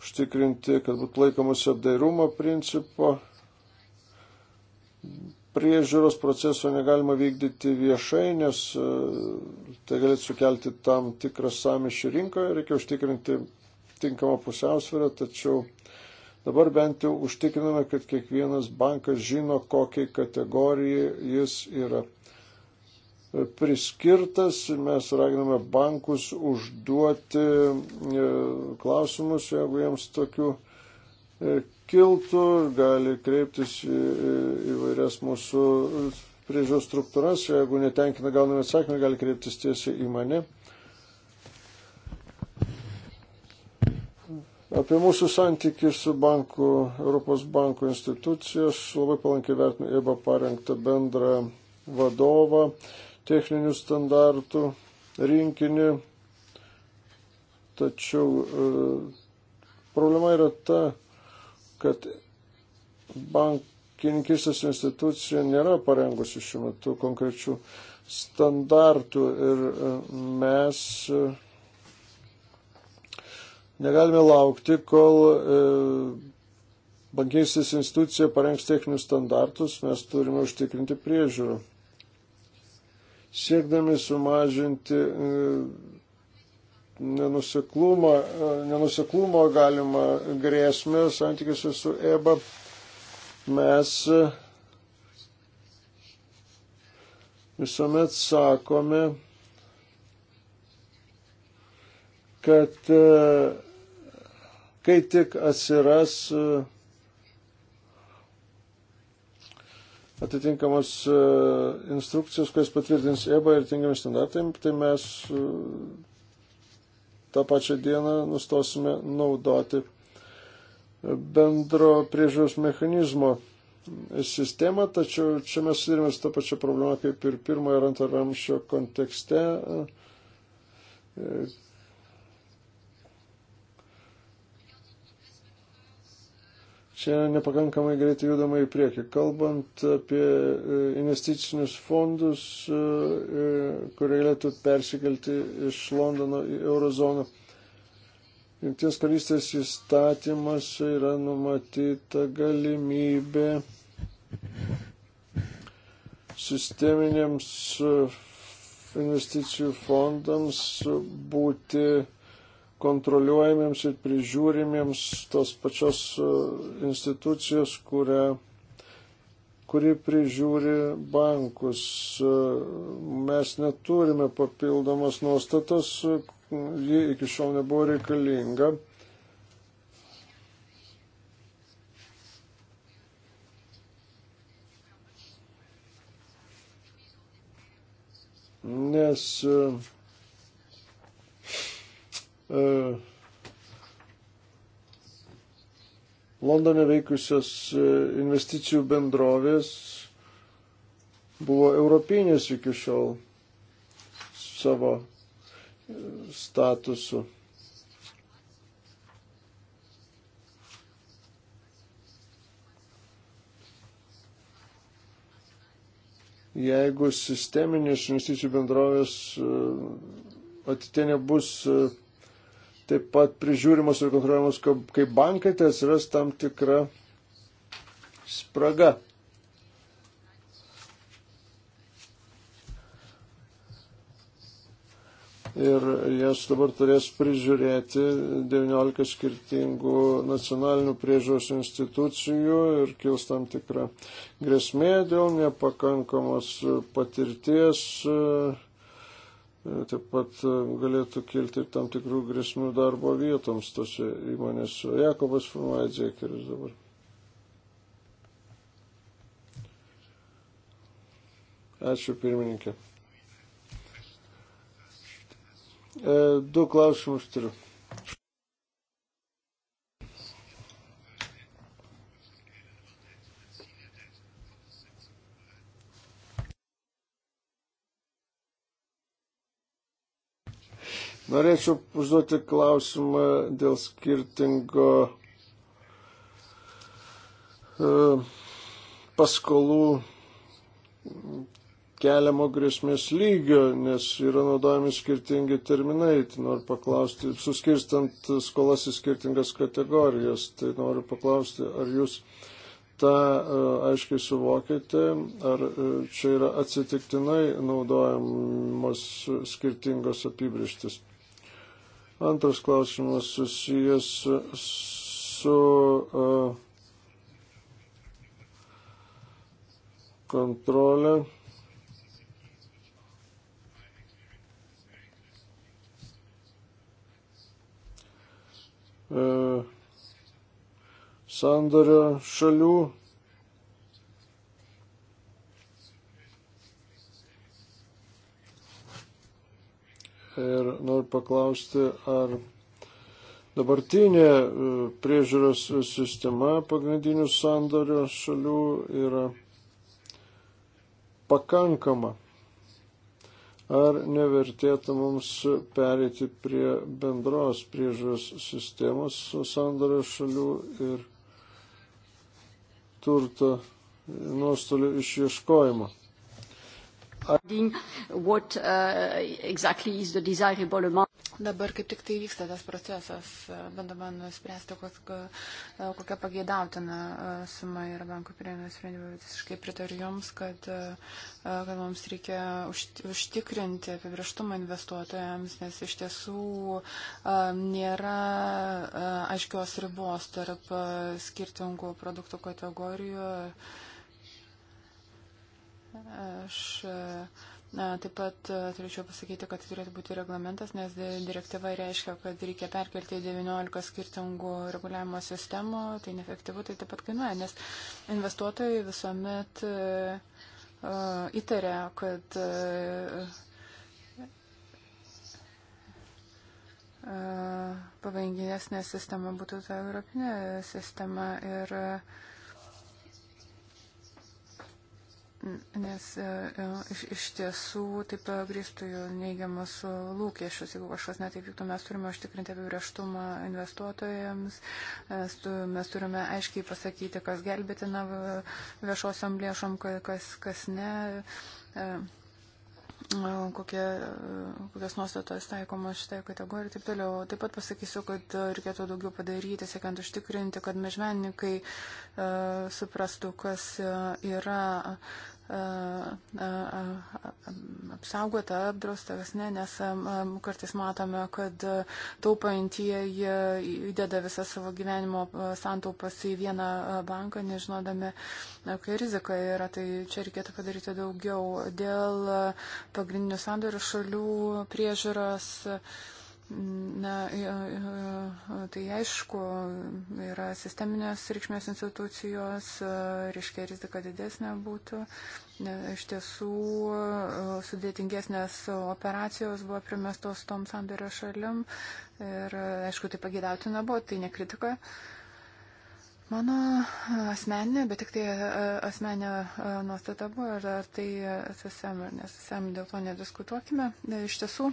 užtikrinti, kad būtų laikomasi apdairumo principo. Priežiūros proceso negalima vykdyti viešai, nes e, tai galėtų sukelti tam tikrą samišį rinkoje, reikia užtikrinti tinkamą pusiausvyrą, tačiau dabar bent jau užtikriname, kad kiekvienas bankas žino, kokiai kategorijai jis yra priskirtas. Mes raginame bankus užduoti e, klausimus, jeigu jiems tokių e, kiltų, gali kreiptis į įvairias mūsų priežiūros struktūras, jeigu netenkina gaunami atsakymai, gali kreiptis tiesiai į mane. Apie mūsų santykių su banku, Europos banko institucijos labai palankiai vertinu EBA parengtą bendrą vadovą techninių standartų rinkinį, tačiau e, problema yra ta, kad bankininkistės institucija nėra parengusi šiuo metu konkrečių standartų ir e, mes e, negalime laukti, kol bankininkistės institucija parengs techninius standartus, mes turime užtikrinti priežiūrą siekdami sumažinti e, e, nenuseklumo, nenuseklumo galima grėsmę santykiuose su EBA, mes e, visuomet sakome, kad kai tik atsiras atitinkamas e, instrukcijas, kurias patvirtins EBA ir tinkami standartai, tai mes e, tą pačią dieną nustosime naudoti bendro priežiūros mechanizmo sistemą, tačiau čia mes turime su tą pačią problemą kaip ir pirmojo ir antrojo ramščio kontekste, e, Čia nepakankamai greitai judama į priekį. Kalbant apie e, investicinius fondus, e, e, kurie galėtų persikelti iš Londono į Eurozoną. Jungtinės karalystės įstatymas yra numatyta galimybė sisteminėms investicijų fondams būti kontroliuojamiems ir prižiūrimiems tos pačios e, institucijos, kurią, kuri prižiūri bankus. E, mes neturime papildomos nuostatos, e, ji iki šiol nebuvo reikalinga. Nes uh, E, Londone veikusios e, investicijų bendrovės buvo europinės iki šiol savo statusu. Jeigu sisteminės investicijų bendrovės e, atitė nebus taip pat prižiūrimos ir kontroliuojamos kaip bankai, tai atsiras tam tikra spraga. Ir jas dabar turės prižiūrėti 19 skirtingų nacionalinių priežiūros institucijų ir kils tam tikra grėsmė dėl nepakankamos patirties E, taip pat e, galėtų kilti ir tam tikrų grėsmių darbo vietoms tose įmonėse. Jakobas formuoja dziekeris dabar. Ačiū pirmininkė. E, du klausimus turiu. Norėčiau užduoti klausimą dėl skirtingo e, paskolų keliamo grėsmės lygio, nes yra naudojami skirtingi terminai. Tai noriu paklausti, suskirstant skolas į skirtingas kategorijas, tai noriu paklausti, ar jūs tą e, aiškiai suvokite, ar e, čia yra atsitiktinai naudojamos skirtingos apibrištis. Antras klausimas susijęs su, su kontrolė. Sandario šalių ir noriu paklausti, ar dabartinė e, priežiūros sistema pagrindinių sandorių šalių yra pakankama. Ar nevertėtų mums pereiti prie bendros priežiūros sistemos sandorio šalių ir turto nuostolių išieškojimo? What, uh, exactly is the desirable amount. Dabar kaip tik tai vyksta tas procesas, e, bandoma nuspręsti, e, kokia pageidautina e, suma yra bankų priemė sprendimų. Visiškai pritariu Jums, kad, kad mums reikia užtikrinti apibrieštumą investuotojams, nes iš tiesų nėra aiškios ribos tarp skirtingų produktų kategorijų. Aš na, taip pat e, turėčiau pasakyti, kad tai turėtų būti reglamentas, nes direktyva reiškia, kad reikia perkelti 19 skirtingų reguliavimo sistemų, tai neefektyvu, tai taip pat kainuoja, nes investuotojai visuomet uh, e, e, įtarė, kad uh, pavanginėsnė sistema būtų ta europinė sistema ir uh, Nes e, e, iš, iš tiesų taip e, grįstų jų neigiamas lūkesčius. Jeigu kažkas netaip vyktų, mes turime užtikrinti apibrieštumą investuotojams, mes, tu, mes turime aiškiai pasakyti, kas gelbėtina viešosiam lėšom, kas, kas ne, kokie, kokios nuostatos taikomos šitai kategorijai ir taip toliau. Taip pat pasakysiu, kad reikėtų daugiau padaryti, siekiant užtikrinti, kad mežmenininkai suprastų, kas yra apsaugota, apdrausta, kas ne, nes kartais matome, kad taupantieji įdeda visą savo gyvenimo santaupas į vieną banką, nežinodami, kokia rizika yra. Tai čia reikėtų padaryti daugiau dėl pagrindinių sandorių šalių priežiūros. Uh, Na, tai aišku, yra sisteminės reikšmės institucijos, reiškia rizika didesnė būtų. Iš tiesų, sudėtingesnės operacijos buvo primestos tom sandario šalim ir, aišku, tai pagėdautina buvo, tai nekritika. Mano asmeninė, bet tik tai asmeninė nuostata buvo, ar, ar tai SSM ar nesSM, dėl to nediskutuokime. Iš tiesų.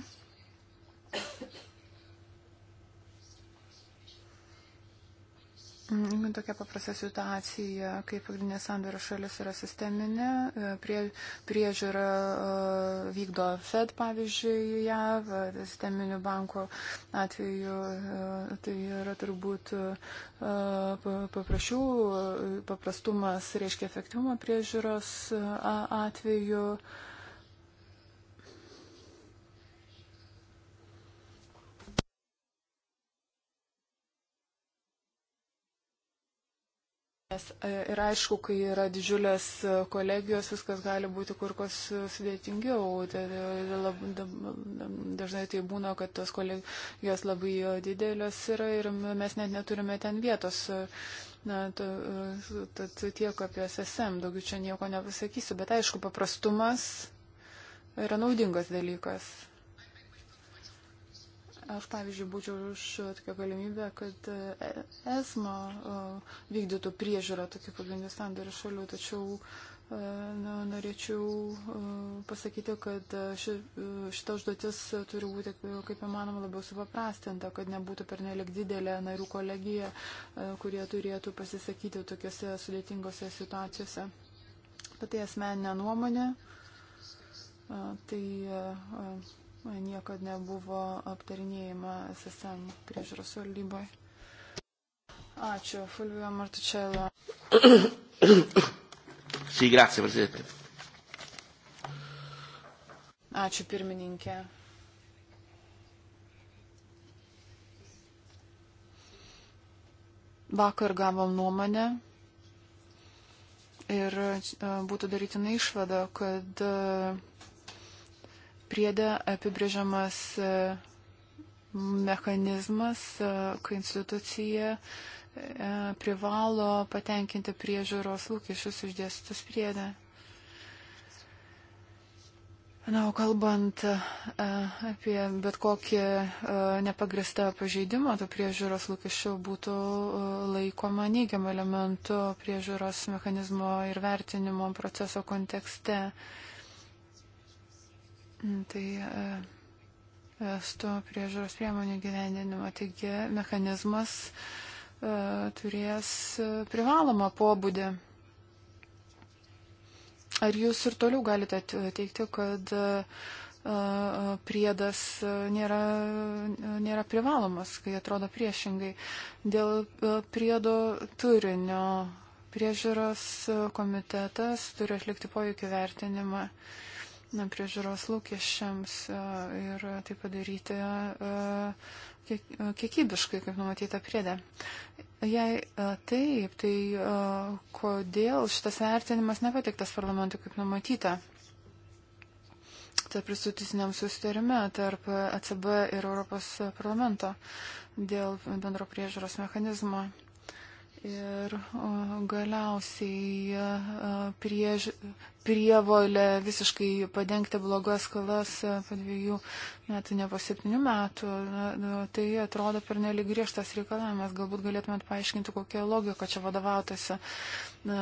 Mhm. Tokia paprasta situacija, kai pagrindinė sandorio šalis yra sisteminė, e, prie, priežiūra e, vykdo Fed, pavyzdžiui, JAV, e, sisteminių bankų atveju tai yra turbūt paprašių, paprastumas reiškia efektyvumo priežiūros atveju. Nes e, ir aišku, kai yra didžiulės e, kolegijos, viskas gali būti kur kas e, sudėtingiau. Dažnai tai būna, kad tos kolegijos labai didelės yra ir mes net neturime ten vietos. Na, tad tiek apie SSM, daugiau čia nieko nepasakysiu. Bet aišku, paprastumas yra naudingas dalykas. Aš, pavyzdžiui, būčiau už tokią galimybę, kad ESMA e, vykdytų priežiūrą tokių pagrindinių standartų šalių, tačiau e, na, norėčiau e, pasakyti, kad ši, šita užduotis turi būti kaip įmanoma labiau supaprastinta, kad nebūtų pernelik didelė narių kolegija, kurie turėtų pasisakyti tokiuose sudėtingose situacijose. Bet tai asmeninė nuomonė. Tai niekad nebuvo aptarinėjama SSM priežiūros valdyboje. Ačiū, Fulvio Martučelo. Sì, grazie Presidente. Ačiū pirmininkė. Vakar gavom nuomonę ir e, būtų darytina išvada, kad e, priedė apibrėžiamas e, mechanizmas, e, kai institucija e, privalo patenkinti priežiūros lūkesčius išdėstus priedę. Na, o kalbant apie bet kokį nepagristą pažeidimą, to priežiūros lūkesčių būtų laikoma neigiamų elementų priežiūros mechanizmo ir vertinimo proceso kontekste. Mm, tai estų e, priežaros priemonių gyvendinimo. Taigi mechanizmas e, turės e, privalomą pobūdį. Ar jūs ir toliau galite teikti, kad priedas nėra, nėra privalomas, kai atrodo priešingai. Dėl priedo turinio priežiūros komitetas turi atlikti poveikį vertinimą. Uh, priežiūros lūkesčiams e, ir tai padaryti e, e, kiekybiškai, kaip numatyta priedė. Jei taip, tai kodėl šitas vertinimas nepatiktas parlamentui, kaip numatyta? tarp pristatysiniam susitarime tarp ECB ir Europos parlamento dėl bendro priežiūros mechanizmo. Ir galiausiai priež, prievolė visiškai padengti blogas skolas po dviejų metų, ne po septynių metų, tai atrodo per nelik griežtas reikalavimas. Galbūt galėtumėt paaiškinti, kokia logika čia vadovautasi. Na,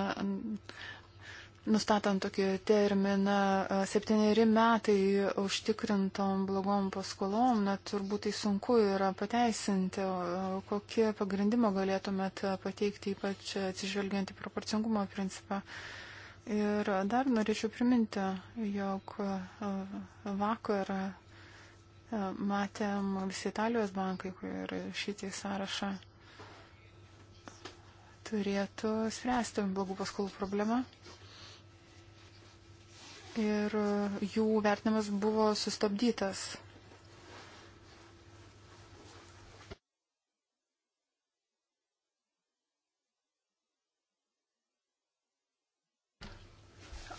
nustatant tokį terminą, e, septyneri metai užtikrintom blogom paskolom, na turbūt tai sunku yra pateisinti, kokie pagrindimo galėtumėt pateikti, ypač atsižvelgiant į proporcingumo principą. Ir dar norėčiau priminti, jog e, vakar e, matėm visi Italijos bankai, kurie yra šitie sąrašą, turėtų spręsti blogų paskolų problemą ir e, jų vertinimas buvo sustabdytas.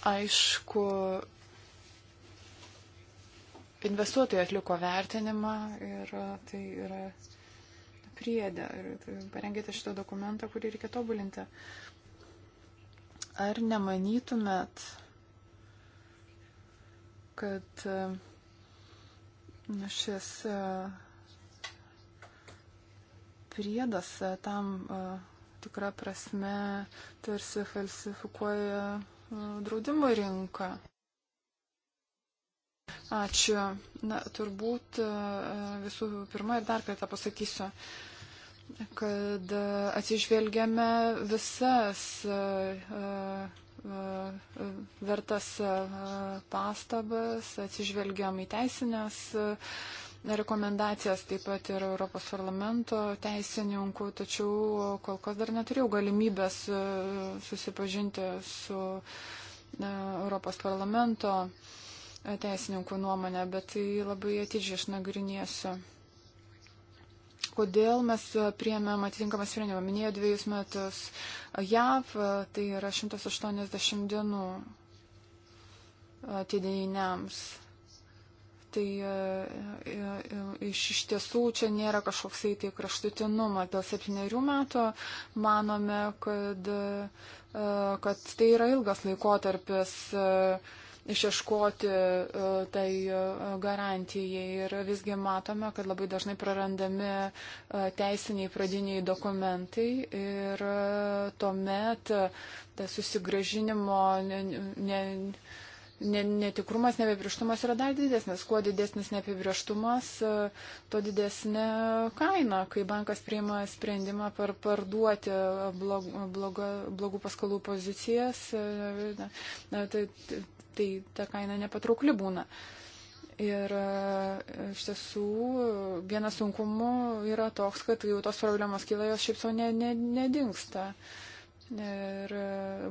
Aišku, investuotojai atliko vertinimą ir e, tai yra priedę ir tai parengėte šitą dokumentą, kurį reikia tobulinti. Ar nemanytumėt, kad e, šis e, priedas e, tam tikrą prasme tarsi falsifikuoja draudimo rinką. Ačiū. Na, turbūt visų pirma ir dar kartą pasakysiu, kad atsižvelgiame visas vertas e, pastabas, atsižvelgiam į teisinės e, rekomendacijas, taip pat ir Europos parlamento teisininkų, tačiau kol kas dar neturėjau galimybės e, susipažinti su Europos parlamento teisininkų nuomonė, bet tai labai atidžiai išnagrinėsiu kodėl mes e, priemėm atitinkamą sprendimą. Minėjo dviejus metus JAV, e, tai yra 180 dienų e, atidėjiniams. Tai iš, iš tiesų čia nėra kažkoksai tai kraštutinumas. Dėl septyniarių metų manome, kad, kad tai yra ilgas laikotarpis. Uh, išieškoti e, tai e, garantijai. Ir visgi matome, kad labai dažnai prarandami e, teisiniai pradiniai dokumentai ir tuomet tas susigražinimo. Ne, ne, ne, netikrumas, nebebrieštumas yra dar didesnis. Kuo didesnis neapibrieštumas, e, tuo didesnė kaina, kai bankas priima sprendimą par parduoti blog, bloga, blogų paskolų pozicijas, e, tai, tai, tai ta kaina nepatraukli būna. Ir e, iš tiesų vienas sunkumų yra toks, kad jau tos problemos kyla, jos šiaip savo ne, ne, nedingsta. Ne Ir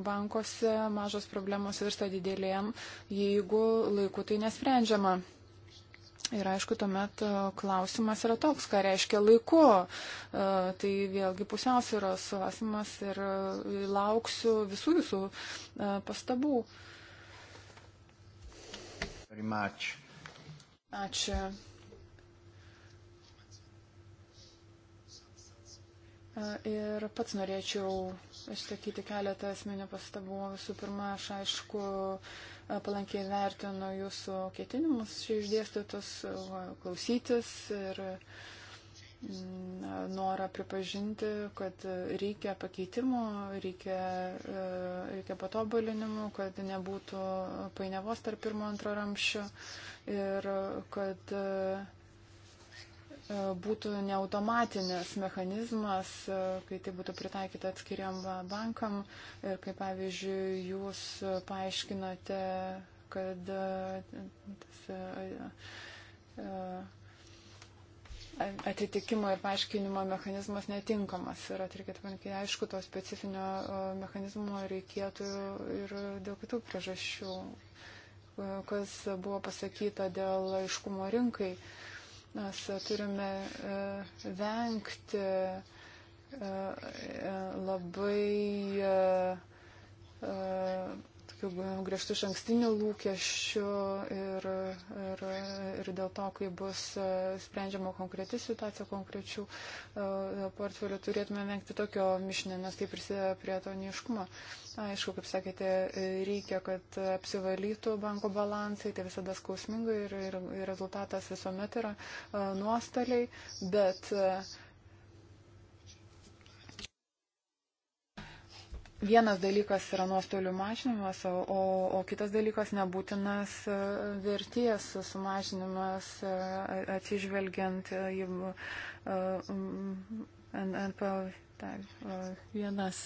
bankuose mažos problemos virsta didelėm, jeigu laiku tai nesprendžiama. Ir aišku, tuomet e, klausimas yra toks, ką reiškia laiku. E, tai vėlgi pusiausvėros klausimas ir e, lauksiu visų jūsų pastabų. Ačiū. Ir pats norėčiau išsakyti keletą asmenio pastabų. Visų pirma, aš aišku, e, palankiai vertinu jūsų ketinimus čia išdėstytus, klausytis ir mm, norą pripažinti, kad reikia pakeitimų, reikia, e, reikia patobulinimų, kad nebūtų painiavos tarp pirmo antro ramščio ir kad E, būtų neautomatinės mechanizmas, e, kai tai būtų pritaikyta atskiriam bankam ir kaip pavyzdžiui jūs paaiškinote, kad e, tas atitikimo ir paaiškinimo mechanizmas netinkamas yra, tai reikėtų palikti, aišku, to specifinio mechanizmo reikėtų ir dėl kitų priežasčių, kas buvo pasakyta dėl aiškumo rinkai. Uh, Mes turime e, vengti e, e, labai tokių e, griežtų iš ankstinių lūkesčių ir, ir, ir dėl to, kai bus e, sprendžiama konkreti situacija konkrečių e, portfelių, turėtume vengti tokio mišinio, nes tai prisideda prie to neiškumo. Aišku, kaip sakėte, reikia, kad apsivalytų banko balansai, tai visada skausminga ir, ir, ir rezultatas visuomet yra nuostoliai, bet uh, vienas dalykas yra nuostolių mažinimas, o, o, o kitas dalykas nebūtinas e, verties sumažinimas e, atsižvelgiant į e, NPO vienas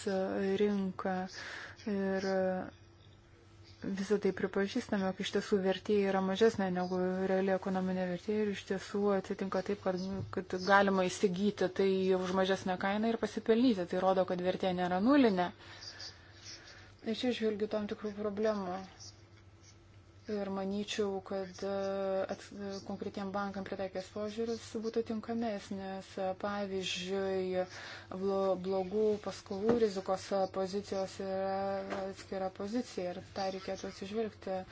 rinką. Ir visą tai pripažįstame, jog iš tiesų vertė yra mažesnė negu reali ekonominė vertė ir iš tiesų atsitinka taip, kad, kad galima įsigyti tai už mažesnę kainą ir pasipelnyti. Tai rodo, kad vertė nėra nulinė. Ne. Ir čia žvelgiu tam tikrų problemų. Ir manyčiau, kad e, ats, konkretiem bankam pritaikęs požiūris būtų tinkamesnis. Pavyzdžiui, blogų paskolų rizikos pozicijos yra atskira pozicija ir tą reikėtų atsižvelgti e,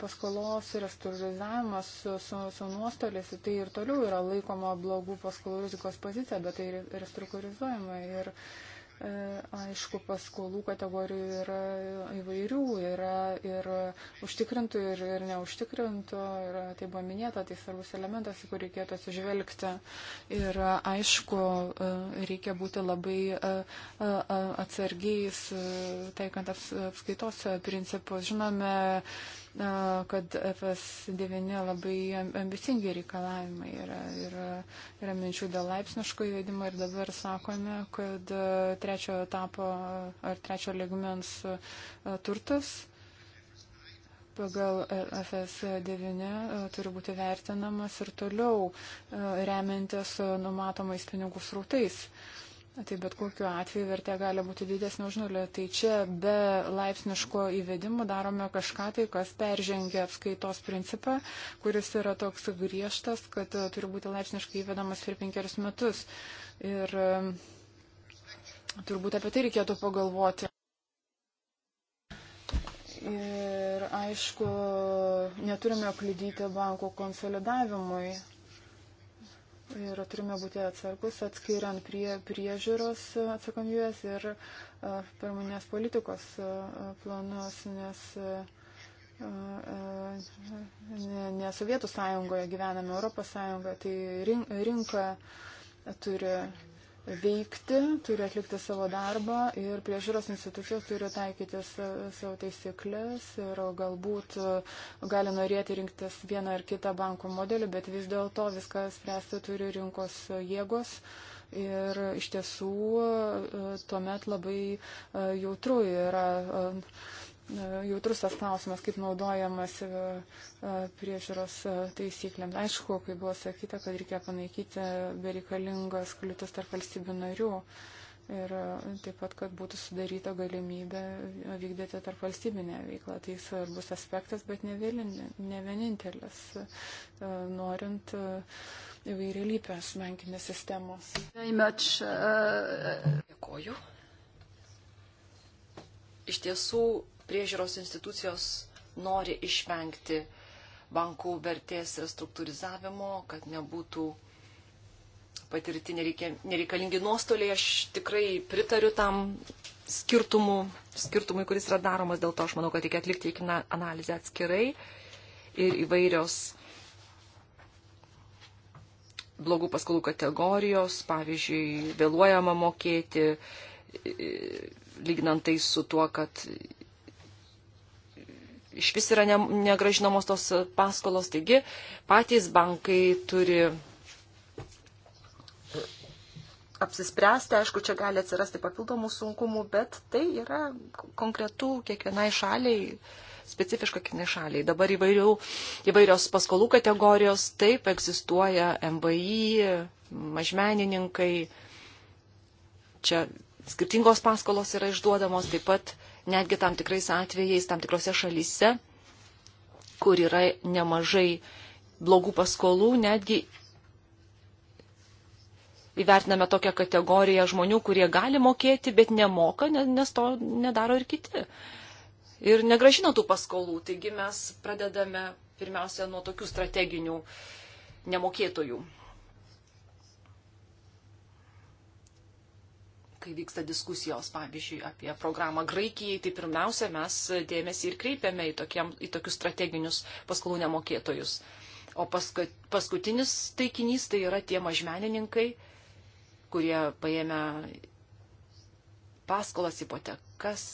paskolos restruktūrizavimas su, su, su nuostolis, tai ir toliau yra laikoma blogų paskolų rizikos pozicija, bet tai restruktūrizuojama. Ir, ir E, aišku, paskolų kategorijų yra įvairių, yra ir užtikrintų, ir, ir neužtikrintų, ir tai buvo minėta, tai svarbus elementas, į kurį reikėtų atsižvelgti. Ir aišku, e, reikia būti labai e, atsargiais, taikant apskaitos principus. Žinome, kad FS9 labai ambicingi reikalavimai yra. Yra, yra minčių dėl laipsniško įvedimo ir dabar sakome, kad e, trečio etapo ar trečio ligmens e, turtas pagal e, FS9 turi būti vertinamas ir toliau remiantis numatomais pinigų srautais. Uh, Tai bet kokiu atveju vertė gali būti didesnė už nulį. Tai čia be laipsniško įvedimo darome kažką tai, kas peržengia apskaitos principą, kuris yra toks griežtas, kad e, turi būti laipsniškai įvedamas per penkerius metus. Ir e, turbūt apie tai reikėtų pagalvoti. Ir aišku, neturime kliudyti bankų konsolidavimui. Ir turime būti atsargus, atskiriant prie priežiūros atsakomybės ir pramonės politikos planus, nes ne Sovietų sąjungoje gyvename Europos sąjungoje, tai rinka turi veikti, turi atlikti savo darbą ir priežiūros institucijos turi taikyti savo taisyklės ir galbūt gali norėti rinktis vieną ar kitą bankų modelį, bet vis dėlto viską spręsti turi rinkos jėgos. Ir iš tiesų e, tuomet labai e, jautru yra e, E, jautrus tas klausimas, kaip naudojamas e, e, priežiūros taisyklėms. Aišku, kai buvo sakyta, kad reikia panaikyti bereikalingas kliūtis tarp valstybių narių ir taip pat, kad būtų sudaryta galimybė vykdyti tarp valstybinę veiklą. Tai svarbus aspektas, bet ne, vėlin, ne vienintelis, norint įvairialypės bankinės sistemos. Uh, Dėkoju. Iš tiesų, priežiūros institucijos nori išvengti bankų vertės restruktūrizavimo, kad nebūtų patirti nereikia, nereikalingi nuostoliai. Aš tikrai pritariu tam skirtumų, skirtumui, kuris yra daromas, dėl to aš manau, kad reikia atlikti kiekvieną analizę atskirai ir įvairios blogų paskolų kategorijos, pavyzdžiui, vėluojama mokėti, lyginant tai su tuo, kad iš vis yra ne, negražinamos tos paskolos, taigi patys bankai turi apsispręsti, aišku, čia gali atsirasti papildomų sunkumų, bet tai yra konkretų kiekvienai šaliai, specifiška kiekvienai šaliai. Dabar įvairių, įvairios paskolų kategorijos taip egzistuoja MBI, mažmenininkai, čia skirtingos paskolos yra išduodamos, taip pat uh, netgi tam tikrais atvejais, tam tikrose šalyse, kur yra nemažai blogų paskolų, netgi įvertiname tokią kategoriją žmonių, kurie gali mokėti, bet nemoka, nes to nedaro ir kiti. Ir negražina tų paskolų. Taigi mes pradedame pirmiausia nuo tokių strateginių nemokėtojų. kai vyksta diskusijos, pavyzdžiui, apie programą Graikijai, tai pirmiausia, mes dėmesį ir kreipiame į, tokiem, į tokius strateginius paskolų nemokėtojus. O paska, paskutinis taikinys tai yra tie mažmenininkai, kurie paėmė paskolas ipotekas.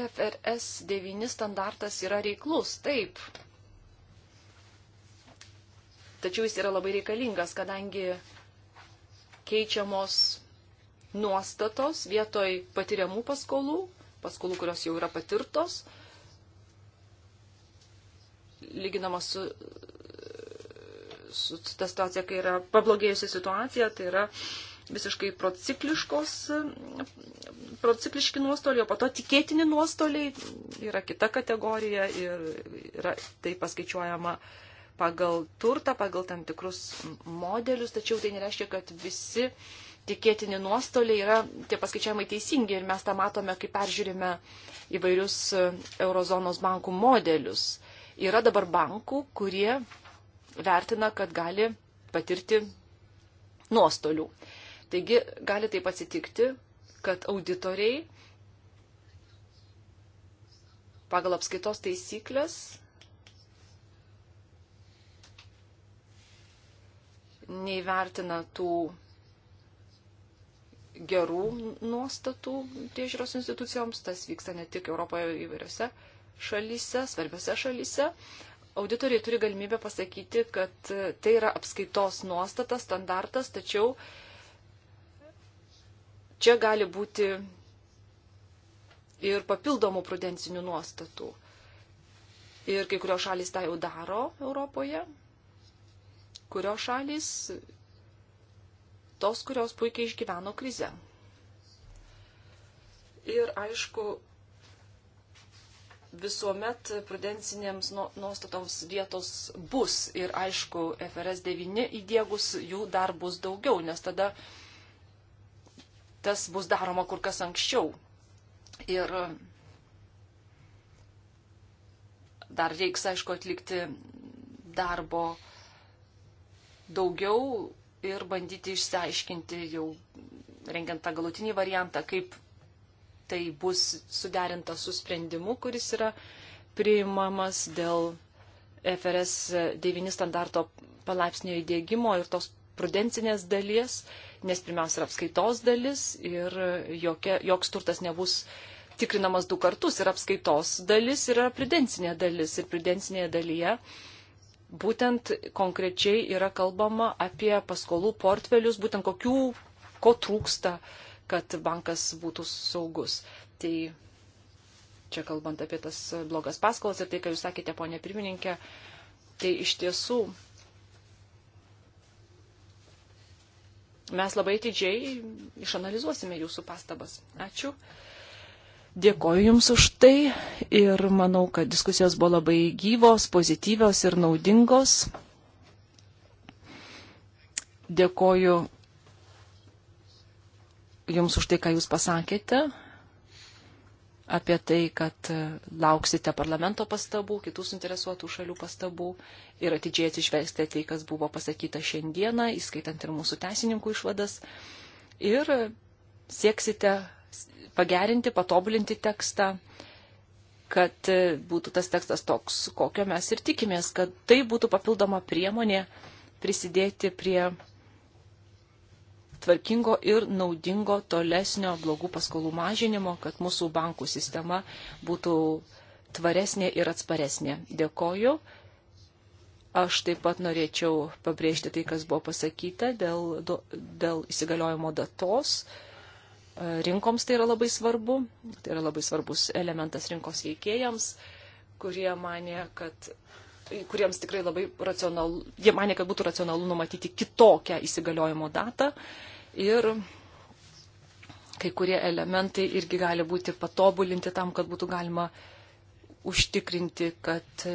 IFRS 9 standartas yra reiklus, taip, tačiau jis yra labai reikalingas, kadangi keičiamos nuostatos vietoj patiriamų paskolų, paskolų, kurios jau yra patirtos, lyginama su, su ta situacija, kai yra pablogėjusi situacija, tai yra visiškai procikliškos, procikliški nuostoliai, o po to tikėtini nuostoliai yra kita kategorija ir yra tai paskaičiuojama uh, pagal turtą, pagal tam tikrus modelius, tačiau tai nereiškia, kad visi tikėtini nuostoliai yra tie paskaičiavimai teisingi ir mes tą matome, kai peržiūrime įvairius e, eurozonos bankų modelius. Yra dabar bankų, kurie vertina, kad gali patirti nuostolių. Taigi gali taip atsitikti, kad auditoriai pagal apskaitos taisyklės neįvertina tų gerų nuostatų priežiūros institucijoms, tas vyksta ne tik Europoje įvairiose šalyse, svarbiose šalyse. Auditoriai turi galimybę pasakyti, kad tai yra apskaitos nuostata, standartas, tačiau čia gali būti ir papildomų prudencinių nuostatų. Ir kai kurios šalys tą tai jau daro Europoje, kurio šalis tos, kurios puikiai išgyveno krizę. Ir aišku, visuomet prudencinėms nu, nuostatoms vietos bus ir aišku, FRS 9 įdėgus jų dar bus daugiau, nes tada tas bus daroma kur kas anksčiau. Ir dar reiks, aišku, atlikti darbo daugiau ir bandyti išsiaiškinti jau rengiant tą galutinį variantą, kaip tai bus suderinta su sprendimu, kuris yra priimamas dėl FRS 9 standarto palaipsnio įdėgymo ir tos prudencinės dalies, nes pirmiausia yra apskaitos dalis ir jokia, joks turtas nebus tikrinamas du kartus. Yra apskaitos dalis ir yra prudencinė dalis. Ir prudencinėje dalyje uh, būtent konkrečiai yra kalbama apie paskolų portfelius, būtent kokių, ko trūksta, kad bankas būtų saugus. Tai čia kalbant apie tas blogas paskolas ir tai, ką jūs sakėte, ponė pirmininkė, tai iš tiesų mes labai atidžiai išanalizuosime jūsų pastabas. Ačiū. Dėkoju Jums už tai ir manau, kad diskusijos buvo labai gyvos, pozityvios ir naudingos. Dėkoju Jums už tai, ką Jūs pasakėte, apie tai, kad lauksite parlamento pastabų, kitų suinteresuotų šalių pastabų ir atidžiai atsižvelgsite tai, kas buvo pasakyta šiandieną, įskaitant ir mūsų teisininkų išvadas. Ir sieksite pagerinti, patobulinti tekstą, kad būtų tas tekstas toks, kokio mes ir tikimės, kad tai būtų papildoma priemonė prisidėti prie tvarkingo ir naudingo tolesnio blogų paskolų mažinimo, kad mūsų bankų sistema būtų tvaresnė ir atsparesnė. Dėkoju. Aš taip pat norėčiau pabrėžti tai, kas buvo pasakyta dėl, dėl įsigaliojimo datos. Uh, rinkoms tai yra labai svarbu, tai yra labai svarbus elementas rinkos veikėjams, kurie manė, kad kuriems tikrai labai racionalu, jie manė, kad būtų racionalu numatyti kitokią įsigaliojimo datą ir kai kurie elementai irgi gali būti patobulinti tam, kad būtų galima užtikrinti, kad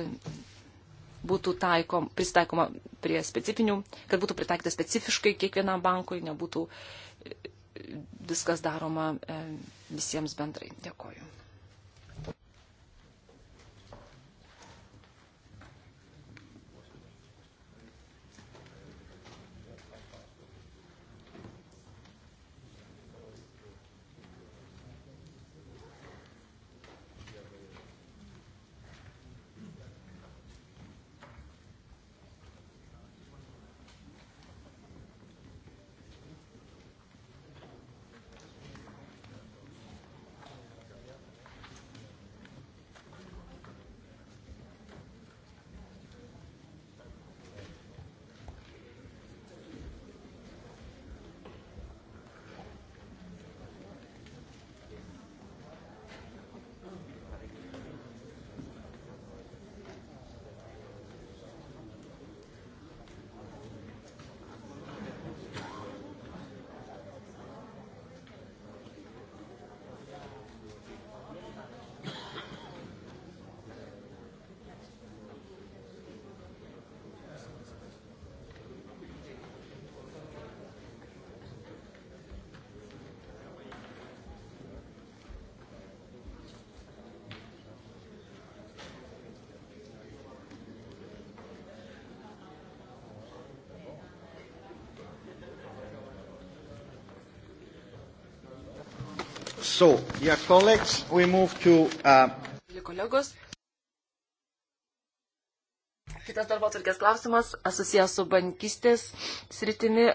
būtų taikom, pristaikoma prie specifinių, kad būtų pritaikyta specifiškai kiekvienam bankui, nebūtų uh, viskas daroma e, visiems bendrai. Dėkoju. So, dear colleagues, we move to. Uh... Kolegos. Kitas darbo atvarkės klausimas susijęs su bankistės sritimi,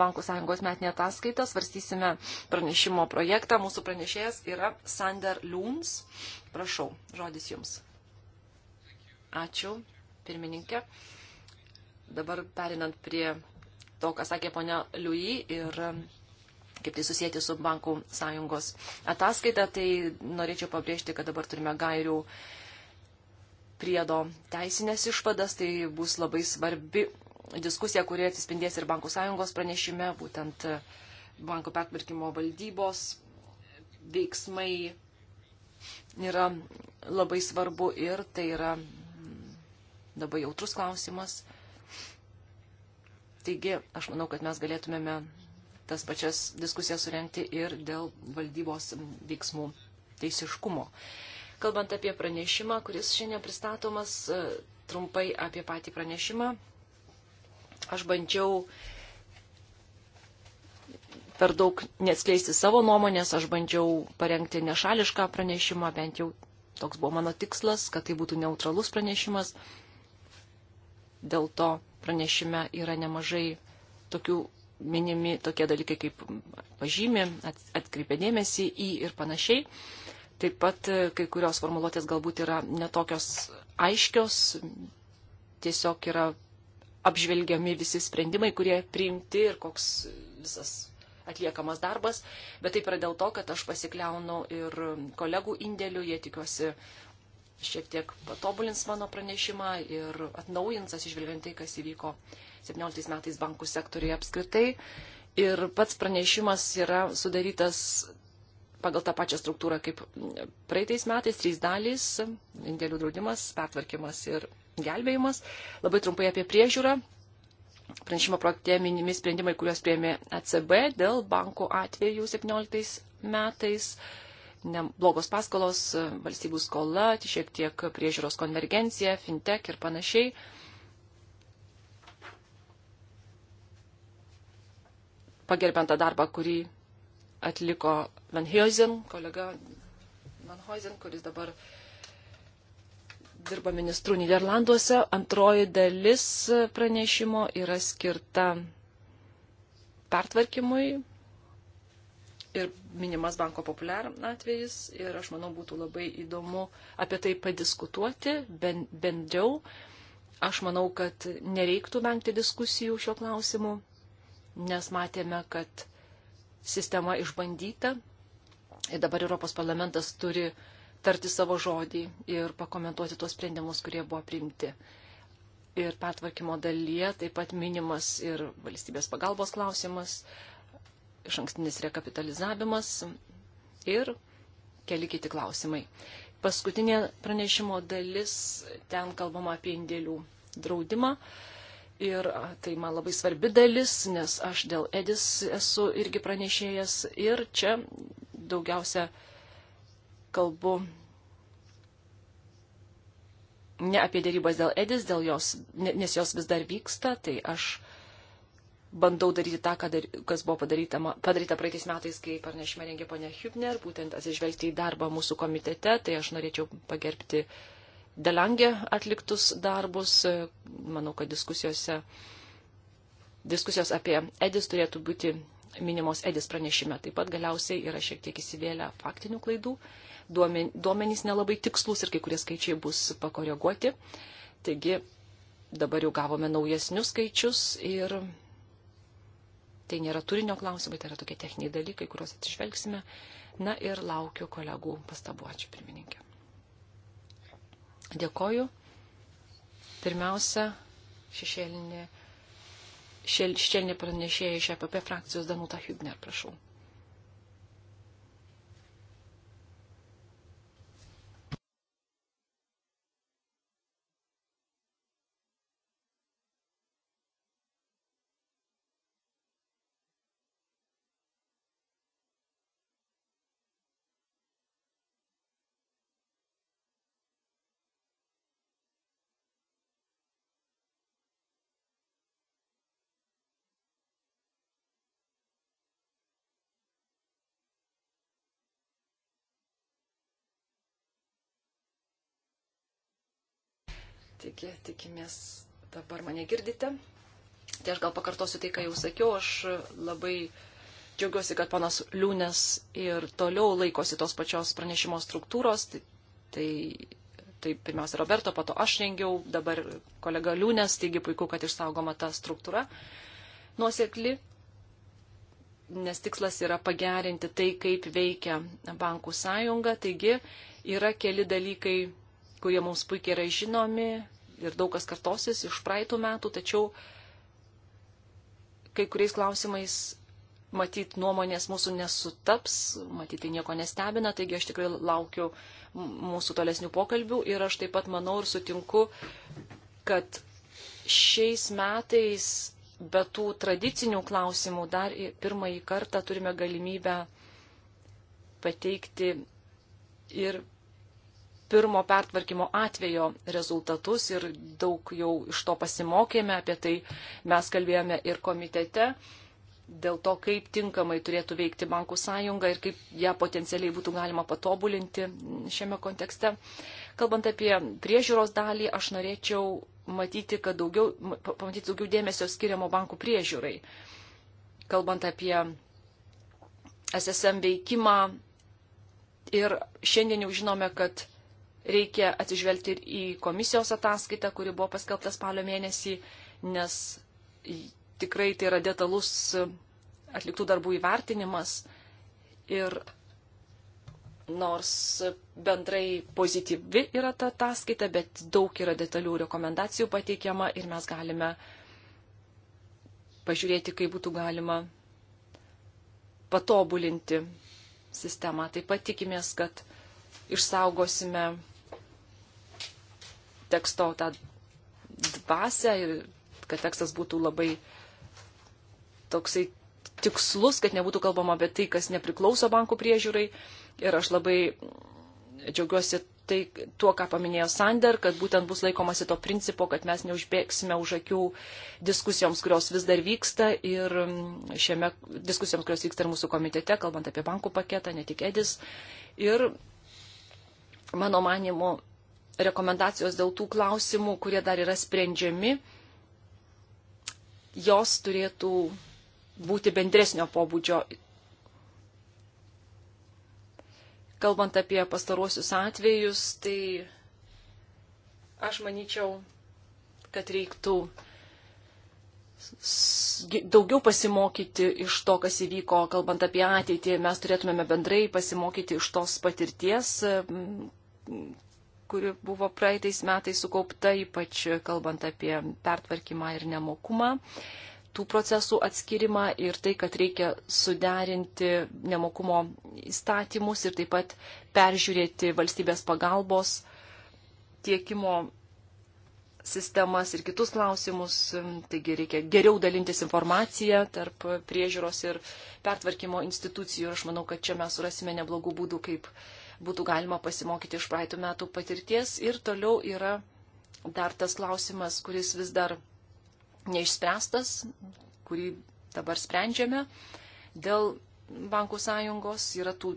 Bankų sąjungos metinė ataskaita, svarstysime pranešimo projektą. Mūsų pranešėjas yra Sander Lūns. Prašau, žodis jums. Ačiū, pirmininkė. Dabar perinant prie to, ką sakė ponia Liui ir kaip tai susijęti su bankų sąjungos ataskaita, tai norėčiau pabrėžti, kad dabar turime gairių priedo teisinės išvadas, tai bus labai svarbi diskusija, kurie atsispindės ir bankų sąjungos pranešime, būtent bankų pertvarkymo valdybos veiksmai yra labai svarbu ir tai yra labai jautrus klausimas. Taigi, aš manau, kad mes galėtumėme tas pačias diskusijas surenkti ir dėl valdybos veiksmų teisiškumo. Kalbant apie pranešimą, kuris šiandien pristatomas, e, trumpai apie patį pranešimą, aš bandžiau per daug neskleisti savo nuomonės, aš bandžiau parengti nešališką pranešimą, bent jau toks buvo mano tikslas, kad tai būtų neutralus pranešimas. Dėl to pranešime yra nemažai tokių minimi tokie dalykai kaip pažymė, atkreipia dėmesį į ir panašiai. Taip pat e, kai kurios formuluotės galbūt yra netokios aiškios, tiesiog yra apžvelgiami visi sprendimai, kurie priimti ir koks visas atliekamas darbas, bet taip yra dėl to, kad aš pasikliaunu ir kolegų indėliu, jie tikiuosi šiek tiek patobulins mano pranešimą ir atnaujins, atsižvelgiant tai, kas įvyko 17 metais bankų sektoriai apskritai. Ir pats pranešimas yra sudarytas pagal tą pačią struktūrą kaip praeitais metais, trys dalys - indėlių draudimas, pertvarkymas ir gelbėjimas. Labai trumpai apie priežiūrą. Pranešimo projekte minimi sprendimai, kuriuos prieėmė ECB dėl bankų atvejų 17 metais. Blogos paskolos, valstybių skola, šiek tiek priežiūros konvergencija, fintech ir panašiai. pagerbiant tą darbą, kurį atliko Van Huyzen, kolega Van Huyzen, kuris dabar dirba ministrų Niderlanduose. Antroji dalis pranešimo yra skirta pertvarkymui ir minimas banko populiar atvejis ir aš manau būtų labai įdomu apie tai padiskutuoti bendriau. Aš manau, kad nereiktų vengti diskusijų šiuo klausimu nes matėme, kad sistema išbandyta ir dabar Europos parlamentas turi tarti savo žodį ir pakomentuoti tuos sprendimus, kurie buvo priimti. Ir pertvarkymo dalyje taip pat minimas ir valstybės pagalbos klausimas, iš ankstinis rekapitalizavimas ir keli kiti klausimai. Paskutinė pranešimo dalis, ten kalbama apie indėlių draudimą. Uh, Ir tai man labai svarbi dalis, nes aš dėl Edis esu irgi pranešėjas ir čia daugiausia kalbu ne apie dėrybas dėl Edis, dėl jos, nes jos vis dar vyksta, tai aš bandau daryti tą, kas buvo padaryta, padaryta praeitais metais, kai parnešime rengė ponia Hübner, būtent atsižvelgti į darbą mūsų komitete, tai aš norėčiau pagerbti uh, Delangė atliktus darbus. Manau, kad diskusijose, diskusijos apie Edis turėtų būti minimos Edis pranešime. Taip pat galiausiai yra šiek tiek įsivėlę faktinių klaidų. Duomenys nelabai tikslus ir kai kurie skaičiai bus pakoreguoti. Taigi dabar jau gavome naujesnius skaičius ir tai nėra turinio klausimai, tai yra tokie techniniai dalykai, kuriuos atsižvelgsime. Na ir laukiu kolegų pastabuočių pirmininkė. Dėkoju. Pirmiausia, šešėlinė, šešėlinė pranešėja iš EPP frakcijos Danuta Hübner, prašau. Taigi, tikimės, dabar mane girdite. Tai aš gal pakartosiu tai, ką jau sakiau. Aš labai džiaugiuosi, kad panas Liūnės ir toliau laikosi tos pačios pranešimo struktūros. Tai, tai, tai pirmiausia Roberto, po to aš rengiau, dabar kolega Liūnės, taigi puiku, kad išsaugoma ta struktūra nuosekli, nes tikslas yra pagerinti tai, kaip veikia bankų sąjunga. Taigi yra keli dalykai, kurie mums puikiai yra žinomi, ir daug kas kartosis iš praeitų metų, tačiau kai kuriais klausimais matyt nuomonės mūsų nesutaps, matyt tai nieko nestebina, taigi aš tikrai laukiu mūsų tolesnių pokalbių ir aš taip pat manau ir sutinku, kad šiais metais be tų tradicinių klausimų dar pirmąjį kartą turime galimybę pateikti ir pirmo pertvarkymo atvejo rezultatus ir daug jau iš to pasimokėme, apie tai mes kalbėjome ir komitete, dėl to, kaip tinkamai turėtų veikti bankų sąjunga ir kaip ją potencialiai būtų galima patobulinti šiame kontekste. Kalbant apie priežiūros dalį, aš norėčiau matyti, kad daugiau, pamatyti daugiau dėmesio skiriamo bankų priežiūrai. Kalbant apie SSM veikimą, Ir šiandien jau žinome, kad reikia atsižvelgti ir į komisijos ataskaitą, kuri buvo paskelbta spalio mėnesį, nes tikrai tai yra detalus e, atliktų darbų įvertinimas ir nors bendrai pozityvi yra ta ataskaita, bet daug yra detalių rekomendacijų pateikiama ir mes galime pažiūrėti, kaip būtų galima patobulinti sistemą. Taip pat tikimės, kad išsaugosime teksto tą dvasę ir kad tekstas būtų labai toksai tikslus, kad nebūtų kalbama apie tai, kas nepriklauso bankų priežiūrai. Ir aš labai džiaugiuosi tai tuo, ką paminėjo Sander, kad būtent bus laikomasi to principo, kad mes neužbėgsime už akių diskusijoms, kurios vis dar vyksta ir mm, šiame diskusijoms, kurios vyksta ir mūsų komitete, kalbant apie bankų paketą, ne tik Edis. Ir mano manimu, rekomendacijos dėl tų klausimų, kurie dar yra sprendžiami, jos turėtų būti bendresnio pobūdžio. Kalbant apie pastaruosius atvejus, tai aš manyčiau, kad reiktų daugiau pasimokyti iš to, kas įvyko, kalbant apie ateitį, mes turėtumėme bendrai pasimokyti iš tos patirties, kuri buvo praeitais metais sukaupta, ypač kalbant apie pertvarkymą ir nemokumą, tų procesų atskirimą ir tai, kad reikia suderinti nemokumo įstatymus ir taip pat peržiūrėti valstybės pagalbos tiekimo sistemas ir kitus klausimus. Taigi reikia geriau dalintis informaciją tarp priežiūros ir pertvarkymo institucijų ir aš manau, kad čia mes surasime neblogų būdų, kaip būtų galima pasimokyti iš praeitų metų patirties. Ir toliau yra dar tas klausimas, kuris vis dar neišspręstas, kurį dabar sprendžiame. Dėl bankų sąjungos yra tų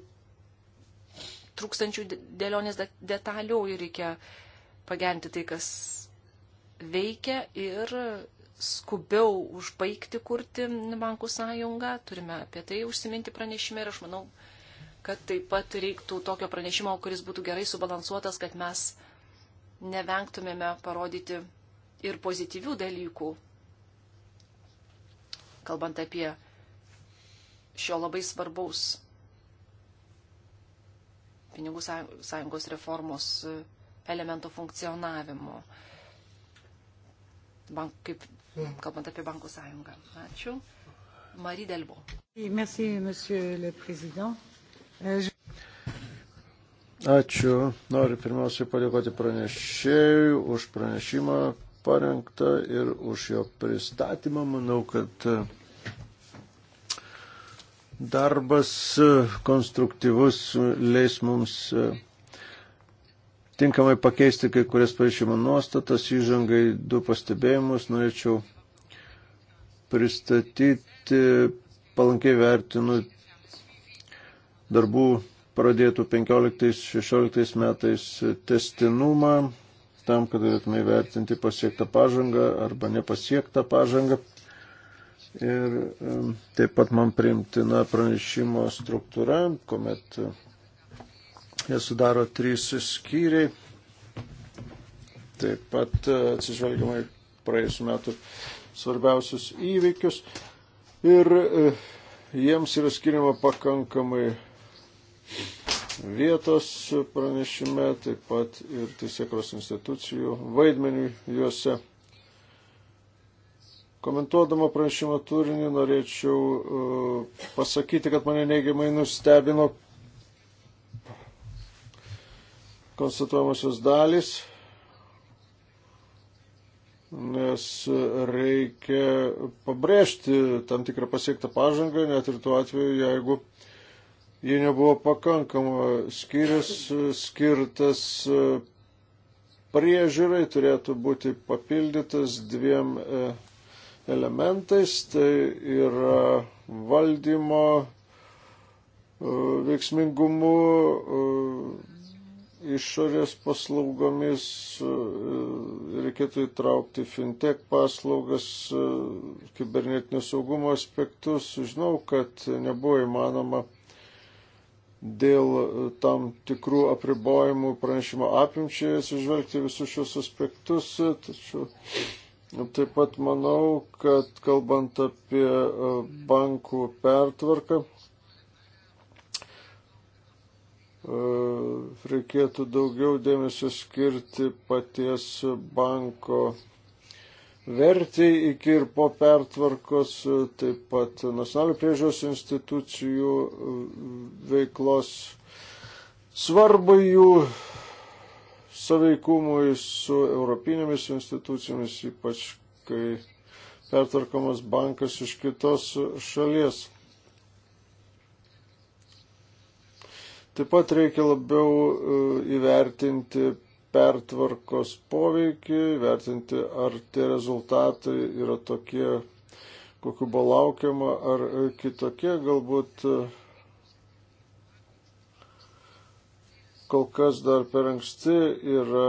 trūkstančių dėlionės detalių ir reikia pagerinti tai, kas veikia ir skubiau užbaigti kurti bankų sąjungą. Turime apie tai užsiminti pranešime ir aš manau, kad taip pat reiktų tokio pranešimo, kuris būtų gerai subalansuotas, kad mes nevengtumėme parodyti ir pozityvių dalykų, kalbant apie šio labai svarbaus pinigų sąjungos reformos e, elemento funkcionavimo. Bank, kaip, hmm. kalbant apie bankų sąjungą. Ačiū. Marie Delbo. Merci, monsieur le président. Ačiū. Noriu pirmiausiai padėkoti pranešėjui už pranešimą parengtą ir už jo pristatymą. Manau, kad e, darbas e, konstruktyvus leis mums e, tinkamai pakeisti kai kurias pareiškimo nuostatas, įžangai du pastebėjimus norėčiau pristatyti palankiai vertinu darbų pradėtų 15-16 metais testinumą, tam, kad galėtume įvertinti pasiektą pažangą arba nepasiektą pažangą. Ir taip pat man priimtina pranešimo struktūra, kuomet jie sudaro trys skyriai. Taip pat e, atsižvelgiamai praėjusiu metu svarbiausius įvykius. Ir e, jiems yra skiriama pakankamai vietos pranešime, taip pat ir teisėkros institucijų vaidmeniui juose. Komentuodama pranešimo turinį norėčiau uh, pasakyti, kad mane neigiamai nustebino konstatuojamosios dalys, nes reikia pabrėžti tam tikrą pasiektą pažangą, net ir tuo atveju, jeigu uh, ji nebuvo pakankama. Skyrius skirtas e, priežiūrai turėtų būti papildytas dviem e, elementais. Tai yra valdymo e, veiksmingumu išorės paslaugomis reikėtų įtraukti fintech paslaugas, kibernetinio saugumo aspektus. Žinau, kad nebuvo įmanoma dėl e, tam tikrų apribojimų pranešimo apimčiai atsižvelgti visus šios aspektus. E, tačiau e, taip pat manau, kad kalbant apie bankų pertvarką, reikėtų daugiau dėmesio skirti paties banko vertį iki ir po pertvarkos, taip pat nacionalinių priežiūros institucijų e, veiklos svarbai jų saveikumui su europinėmis institucijomis, ypač kai pertvarkomas bankas iš kitos šalies. Taip pat reikia labiau e, įvertinti pertvarkos poveikį, vertinti, ar tie rezultatai yra tokie, kokiu buvo laukiama, ar kitokie, galbūt e, kol kas dar per anksti ir e,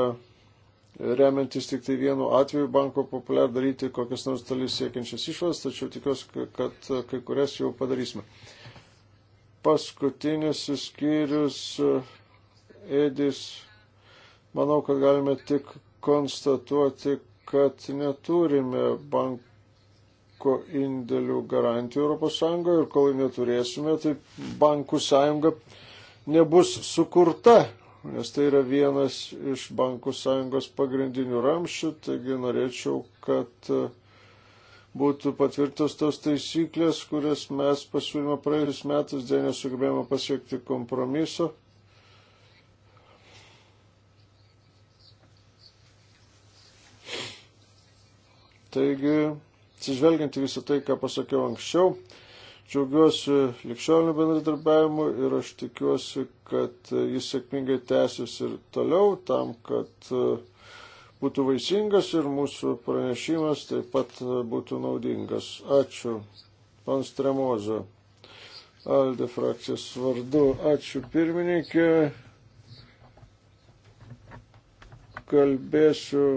remiantis tik tai vienu atveju banko populiar daryti kokias nors talis siekiančias išvadas, tačiau tikiuosi, kad e, kai kurias jau padarysime. Paskutinis skyrius Edis Manau, kad galime tik konstatuoti, kad neturime banko indėlių garantijų ES ir kol neturėsime, tai bankų sąjunga nebus sukurta, nes tai yra vienas iš bankų sąjungos pagrindinių ramščių, taigi norėčiau, kad e, būtų patvirtos tos taisyklės, kurias mes pasiūlymą praėjusius metus dėl nesugebėjome pasiekti kompromiso. Taigi, atsižvelgiant į visą tai, ką pasakiau anksčiau, džiaugiuosi likščioliniu bendradarbiavimu ir aš tikiuosi, kad jis sėkmingai tęsis ir toliau tam, kad e, būtų vaisingas ir mūsų pranešimas taip pat būtų naudingas. Ačiū. Pans Tremoza, Alde frakcijos vardu. Ačiū pirmininkė. Kalbėsiu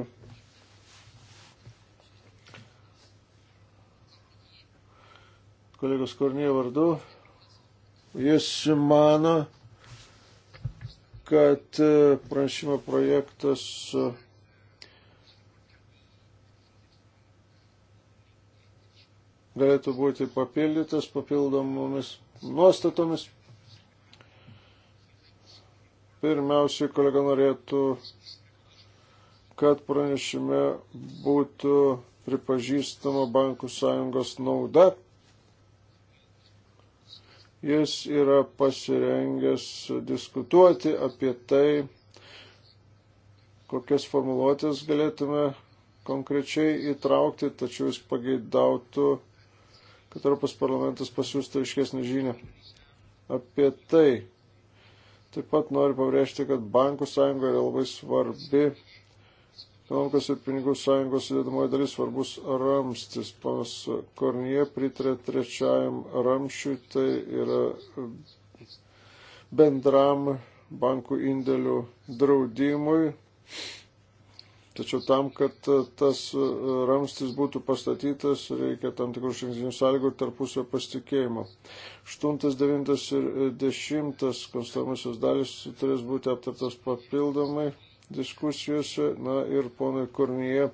kolegos Kornėjo vardu. Jis mano, kad e, pranešimo projektas e, galėtų būti papildytas papildomomis nuostatomis. Pirmiausiai kolega norėtų, kad pranešime būtų pripažįstama bankų sąjungos nauda jis yra pasirengęs diskutuoti apie tai, kokias formuluotės galėtume konkrečiai įtraukti, tačiau jis pageidautų, kad Europos parlamentas pasiūstų iškesnį žinią apie tai. Taip pat noriu pabrėžti, kad bankų sąjunga yra labai svarbi Ekonomikos ir pinigų sąjungos sudėdamoji dalis svarbus ramstis. Panas Kornie pritarė trečiajam ramščiui, tai yra bendram bankų indėlių draudimui. Tačiau tam, kad tas ramstis būtų pastatytas, reikia tam tikrų žingsnių sąlygų ir tarpusio pasitikėjimo. 8, 9 ir 10 konstatuojamosios dalis turės būti aptartas papildomai diskusijose. Na ir ponai Kornyje.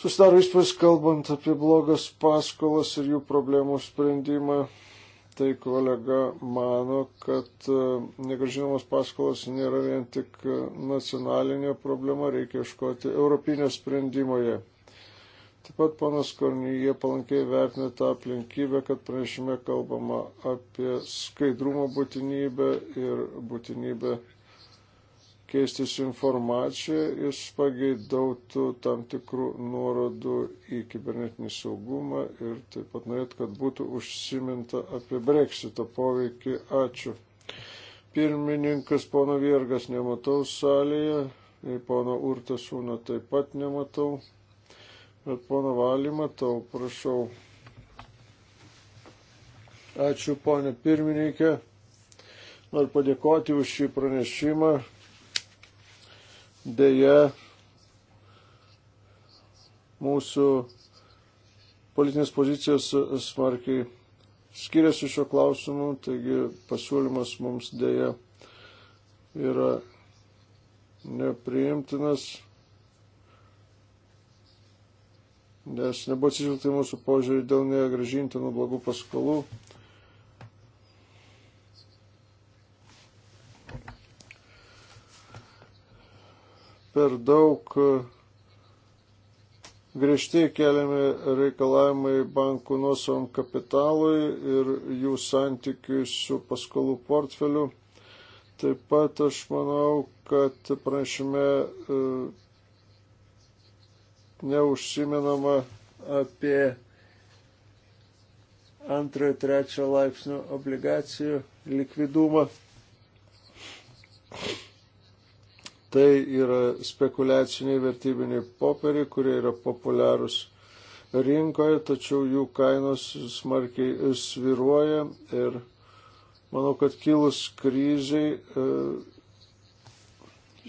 Susidaro įspūdis, kalbant apie blogas paskolas ir jų problemų sprendimą, tai kolega mano, kad e, negražinamos paskolos nėra vien tik nacionalinė problema, reikia iškoti europinio sprendimoje. Taip pat panas Kornyje palankiai vertina tą aplinkybę, kad pranešime kalbama apie skaidrumo būtinybę ir būtinybę keistis informaciją, jis pageidautų tam tikrų nuorodų į kibernetinį saugumą ir taip pat norėtų, kad būtų užsiminta apie breksito poveikį. Ačiū. Pirmininkas pono Viergas nematau salėje, pono Urtasūno taip pat nematau, bet pono Valį matau, prašau. Ačiū, ponė pirmininkė. Noriu padėkoti už šį pranešimą. Deja, mūsų politinės pozicijos smarkiai skiriasi šio klausimu, taigi pasiūlymas mums dėja yra nepriimtinas, nes nebuvo atsižvelgta į mūsų požiūrį dėl negražintinų blogų paskolų. per daug e, griežti keliami reikalavimai bankų nuosavam kapitalui ir jų santykiui su paskolų portfeliu. Taip pat aš manau, kad prašyme neužsiminama apie antrojo, trečio laipsnio obligacijų likvidumą. Tai yra spekuliaciniai vertybiniai popieriai, kurie yra populiarūs rinkoje, tačiau jų kainos smarkiai sviruoja ir manau, kad kilus kryžiai e,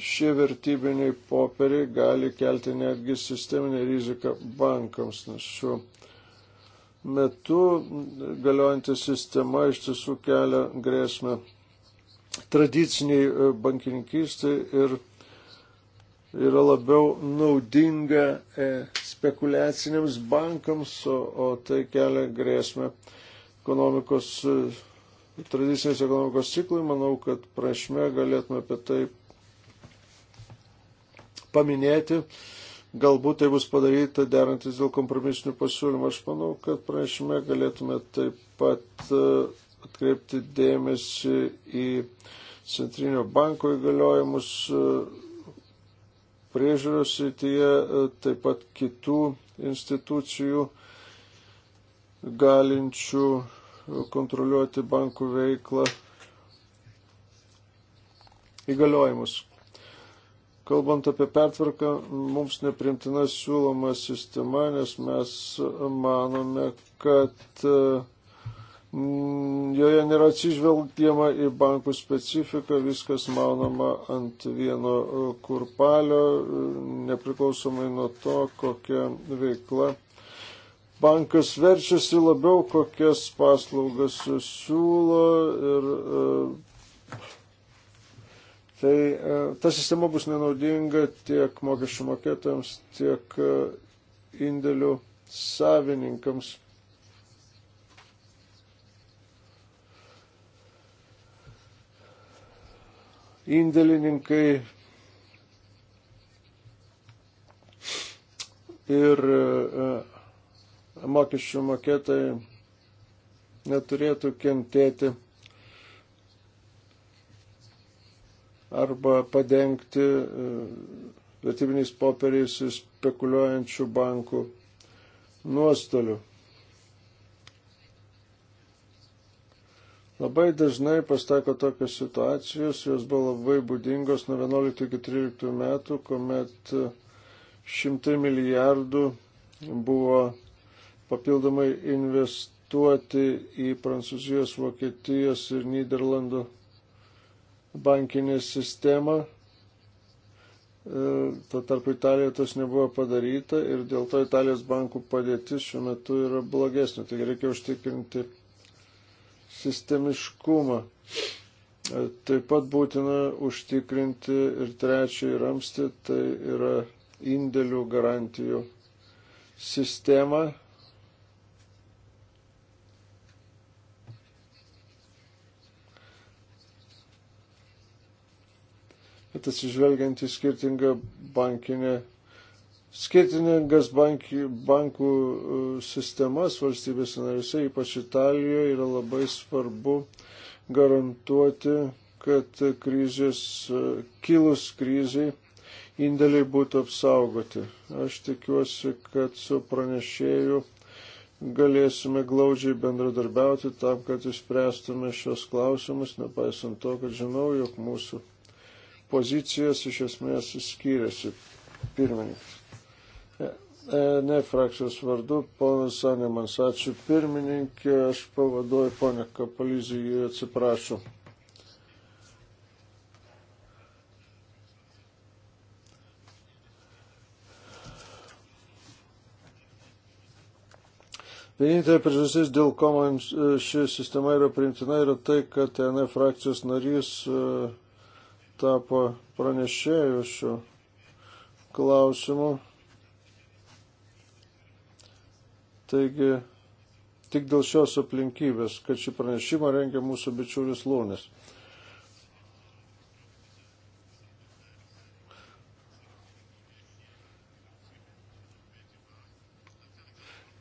šie vertybiniai popieriai gali kelti netgi sisteminę riziką bankams, nes šiuo metu galiojanti sistema iš tiesų kelia grėsmę tradiciniai e, bankininkystai ir yra labiau naudinga e, spekuliaciniams bankams, o, o tai kelia grėsmę ekonomikos, e, tradicinės ekonomikos ciklui. Manau, kad prašme galėtume apie tai paminėti. Galbūt tai bus padaryta derantis dėl kompromisinių pasiūlymų. Aš manau, kad prašyme galėtume taip pat e, atkreipti dėmesį į Centrinio banko įgaliojimus priežiūros srityje, e, taip pat kitų institucijų galinčių kontroliuoti bankų veiklą įgaliojimus. Kalbant apie pertvarką, mums neprimtina siūloma sistema, nes mes manome, kad e, Mm, joje nėra atsižvelgiama į bankų specifiką, viskas maunama ant vieno e, kurpalio, e, nepriklausomai nuo to, kokia veikla. Bankas verčiasi labiau, kokias paslaugas siūlo ir e, tai ta sistema bus nenaudinga tiek mokesčių mokėtams, tiek indėlių savininkams. indėlininkai ir e, e, mokesčių mokėtai neturėtų kentėti arba padengti e, vertybiniais popieriais spekuliuojančių bankų nuostolių. Labai dažnai pasitaiko tokios situacijos, jos buvo labai būdingos nuo 11 iki 13 metų, kuomet e, šimtai milijardų buvo papildomai investuoti į Prancūzijos, Vokietijos ir Niderlandų bankinę sistemą. E, tuo tarpu Italijoje tas nebuvo padaryta ir dėl to Italijos bankų padėtis šiuo metu yra blogesnė. Taigi reikia užtikrinti sistemiškumą. E, taip pat būtina užtikrinti ir trečiąjį ramstį, tai yra indėlių garantijų sistemą. Bet atsižvelgiant į skirtingą bankinę Skirtingas banki, bankų e, sistemas valstybės narėse, ypač Italijoje, yra labai svarbu garantuoti, kad krizės, e, kilus kriziai indėliai būtų apsaugoti. Aš tikiuosi, kad su pranešėju galėsime glaudžiai bendradarbiauti tam, kad išspręstume šios klausimus, nepaisant to, kad žinau, jog mūsų pozicijos iš esmės skiriasi. Pirmininkas. E, ne frakcijos vardu, ponas Animas, ačiū pirmininkė, aš pavaduoju ponę Kapalizijų, atsiprašau. Vienintelė priežastis, dėl ko man e, ši sistema yra priimtina, yra tai, kad TNF e frakcijos narys tapo pranešėjų šiuo klausimu. Taigi tik dėl šios aplinkybės, kad šį pranešimą rengia mūsų bičiulis Lūnis.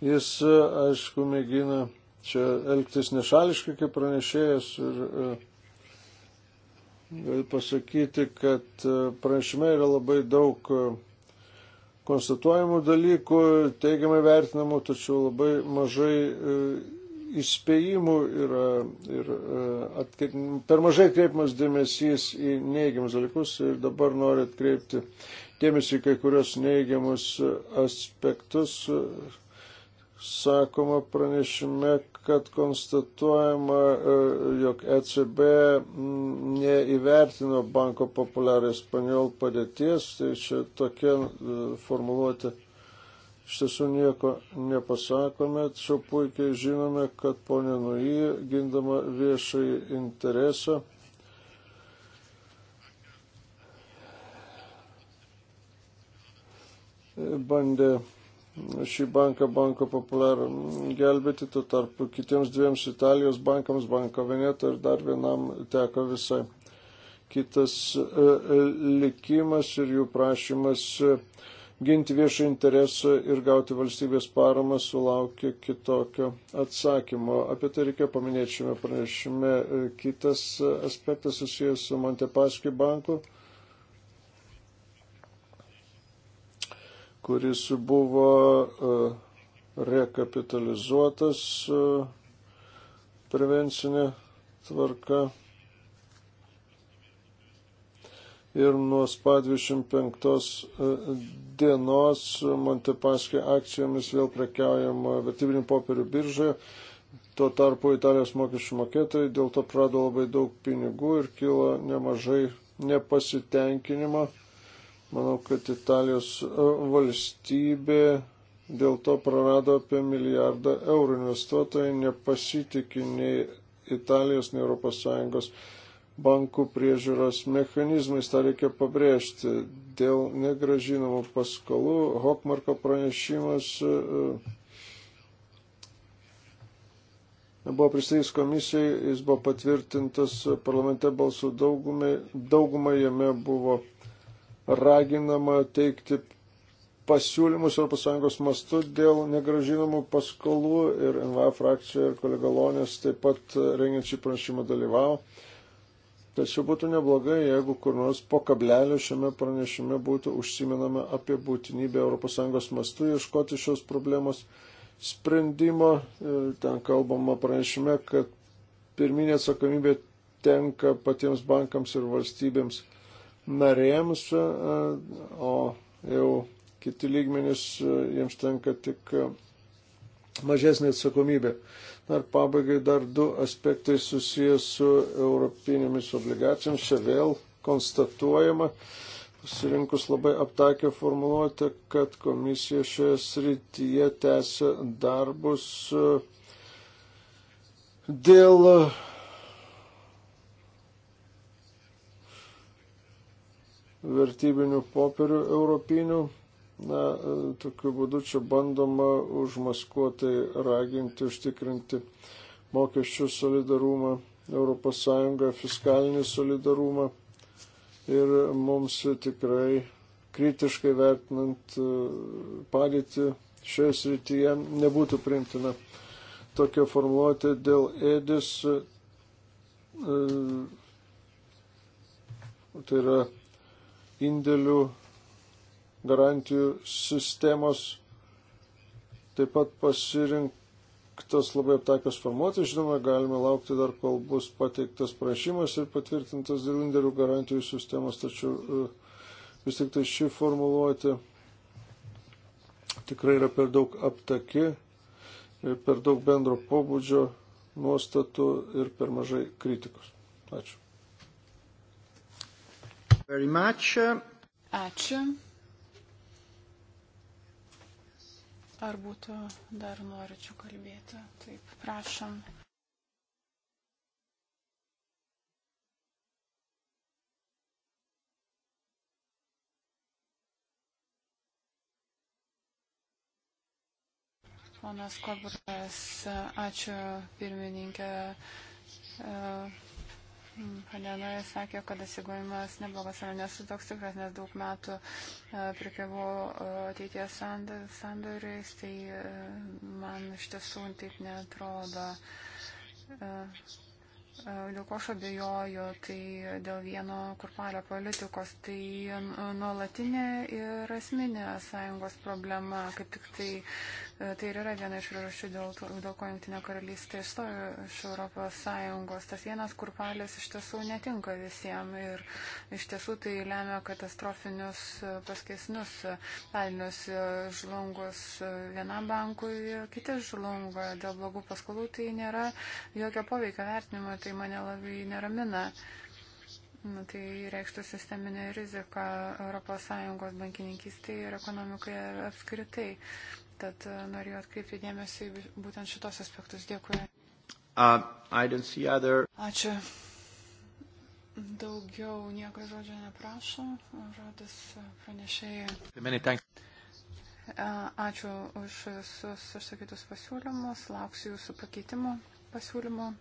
Jis, aišku, mėgina čia elgtis nešališkai kaip pranešėjas ir e, galiu pasakyti, kad e, pranešime yra labai daug e, konstatuojamų dalykų, teigiamai vertinamų, tačiau labai mažai e, įspėjimų yra ir e, atkreip, per mažai kreipimas dėmesys į neigiamus dalykus ir dabar noriu atkreipti dėmesį į kai kurios neigiamus aspektus, sakoma pranešime, kad konstatuojama, e, jog ECB neįvertino banko populiarą espanjol padėties, tai čia tokia e, formuluotė. Iš tiesų nieko nepasakome, tačiau puikiai žinome, kad ponė Nui, gindama viešai interesą, bandė šį banką, banko populiar, gelbėti, tuo tarpu kitiems dviems Italijos bankams, banko Veneto ir dar vienam teko visai kitas e, e, likimas ir jų prašymas e, ginti viešą interesą ir gauti valstybės paramą sulaukė kitokio atsakymo. Apie tai reikia paminėti šiame pranešime. Kitas aspektas susijęs su Montepaski banku. kuris buvo e, rekapitalizuotas e, prevencinė tvarka. Ir nuo spa 25 e, dienos Montepaskė akcijomis vėl prekiaujama vertybinių popierių biržoje. Tuo tarpu Italijos mokesčių mokėtojai dėl to prado labai daug pinigų ir kilo nemažai nepasitenkinimo Manau, kad Italijos e, valstybė dėl to prarado apie milijardą eurų. Investuotojai nepasitikė nei Italijos, nei ES bankų priežiūros mechanizmais, tą reikia pabrėžti. Dėl negražinamų paskolų Hokmarko pranešimas e, e, buvo pristatys komisijai, jis buvo patvirtintas parlamente balsų daugumai, daugumai jame buvo raginama teikti pasiūlymus ES mastu dėl negražinamų paskolų ir NVA frakcija ir kolega Lonės taip pat rengiant šį pranešimą dalyvavo. Tačiau būtų neblogai, jeigu kur nors po kablelio šiame pranešime būtų užsiminama apie būtinybę ES mastu ieškoti šios problemos sprendimo. Ten kalbama pranešime, kad pirminė atsakomybė tenka patiems bankams ir valstybėms narėms, o jau kiti lygmenys jiems tenka tik mažesnė atsakomybė. Dar pabaigai dar du aspektai susijęs su europinėmis obligacijomis. Čia vėl konstatuojama, pasirinkus labai aptakę formuluotę, kad komisija šioje srityje tęsia darbus dėl vertybinių popierių europinių. Na, e, tokiu būdu čia bandoma užmaskuotai raginti, užtikrinti mokesčių solidarumą, ES fiskalinį solidarumą. Ir mums tikrai kritiškai vertinant e, padėtį šioje srityje nebūtų primtina tokia formuluotė dėl ėdis. E, tai yra indėlių garantijų sistemos. Taip pat pasirinktas labai aptakios formuotis, žinoma, galime laukti dar, kol bus pateiktas prašymas ir patvirtintas dėl indėlių garantijų sistemos, tačiau e, vis tik tai ši formuluotė tikrai yra per daug aptaki ir per daug bendro pobūdžio nuostatų ir per mažai kritikos. Ačiū. Ačiū. Ar būtų dar norinčių kalbėti? Taip, prašom. Ponas Koburgas, ačiū pirmininkė. Panenoje sakė, kad atsigojimas neblogas, ar nesu toks tikras, nes daug metų e, prikėvau e, ateities sandoriais, tai e, man iš tiesų taip netrodo. Dėl ko aš abejoju, tai dėl vieno kurpalio politikos, tai nuolatinė ir asminė sąjungos problema, kaip tik tai E, tai ir yra viena iš priežasčių, dėl, dėl ko Junktinė karalystė išstojo iš Europos Sąjungos. Tas vienas kurpalis iš tiesų netinka visiems ir iš tiesų tai lemia katastrofinius e, paskesnius e, pelnius žlungus vienam bankui, kiti žlunga dėl blogų paskolų, tai nėra jokio poveikio vertinimo, tai mane labai neramina. Na, tai reikštų sisteminę riziką ES bankininkystėje ir ekonomikoje apskritai. Tad e, noriu atkreipti dėmesį būtent šitos aspektus. Dėkui. Uh, other... Ačiū. Daugiau nieko žodžio neprašo. Žodis pranešėjai. E, ačiū už visus išsakytus pasiūlymus. Lauksiu jūsų pakeitimų pasiūlymų.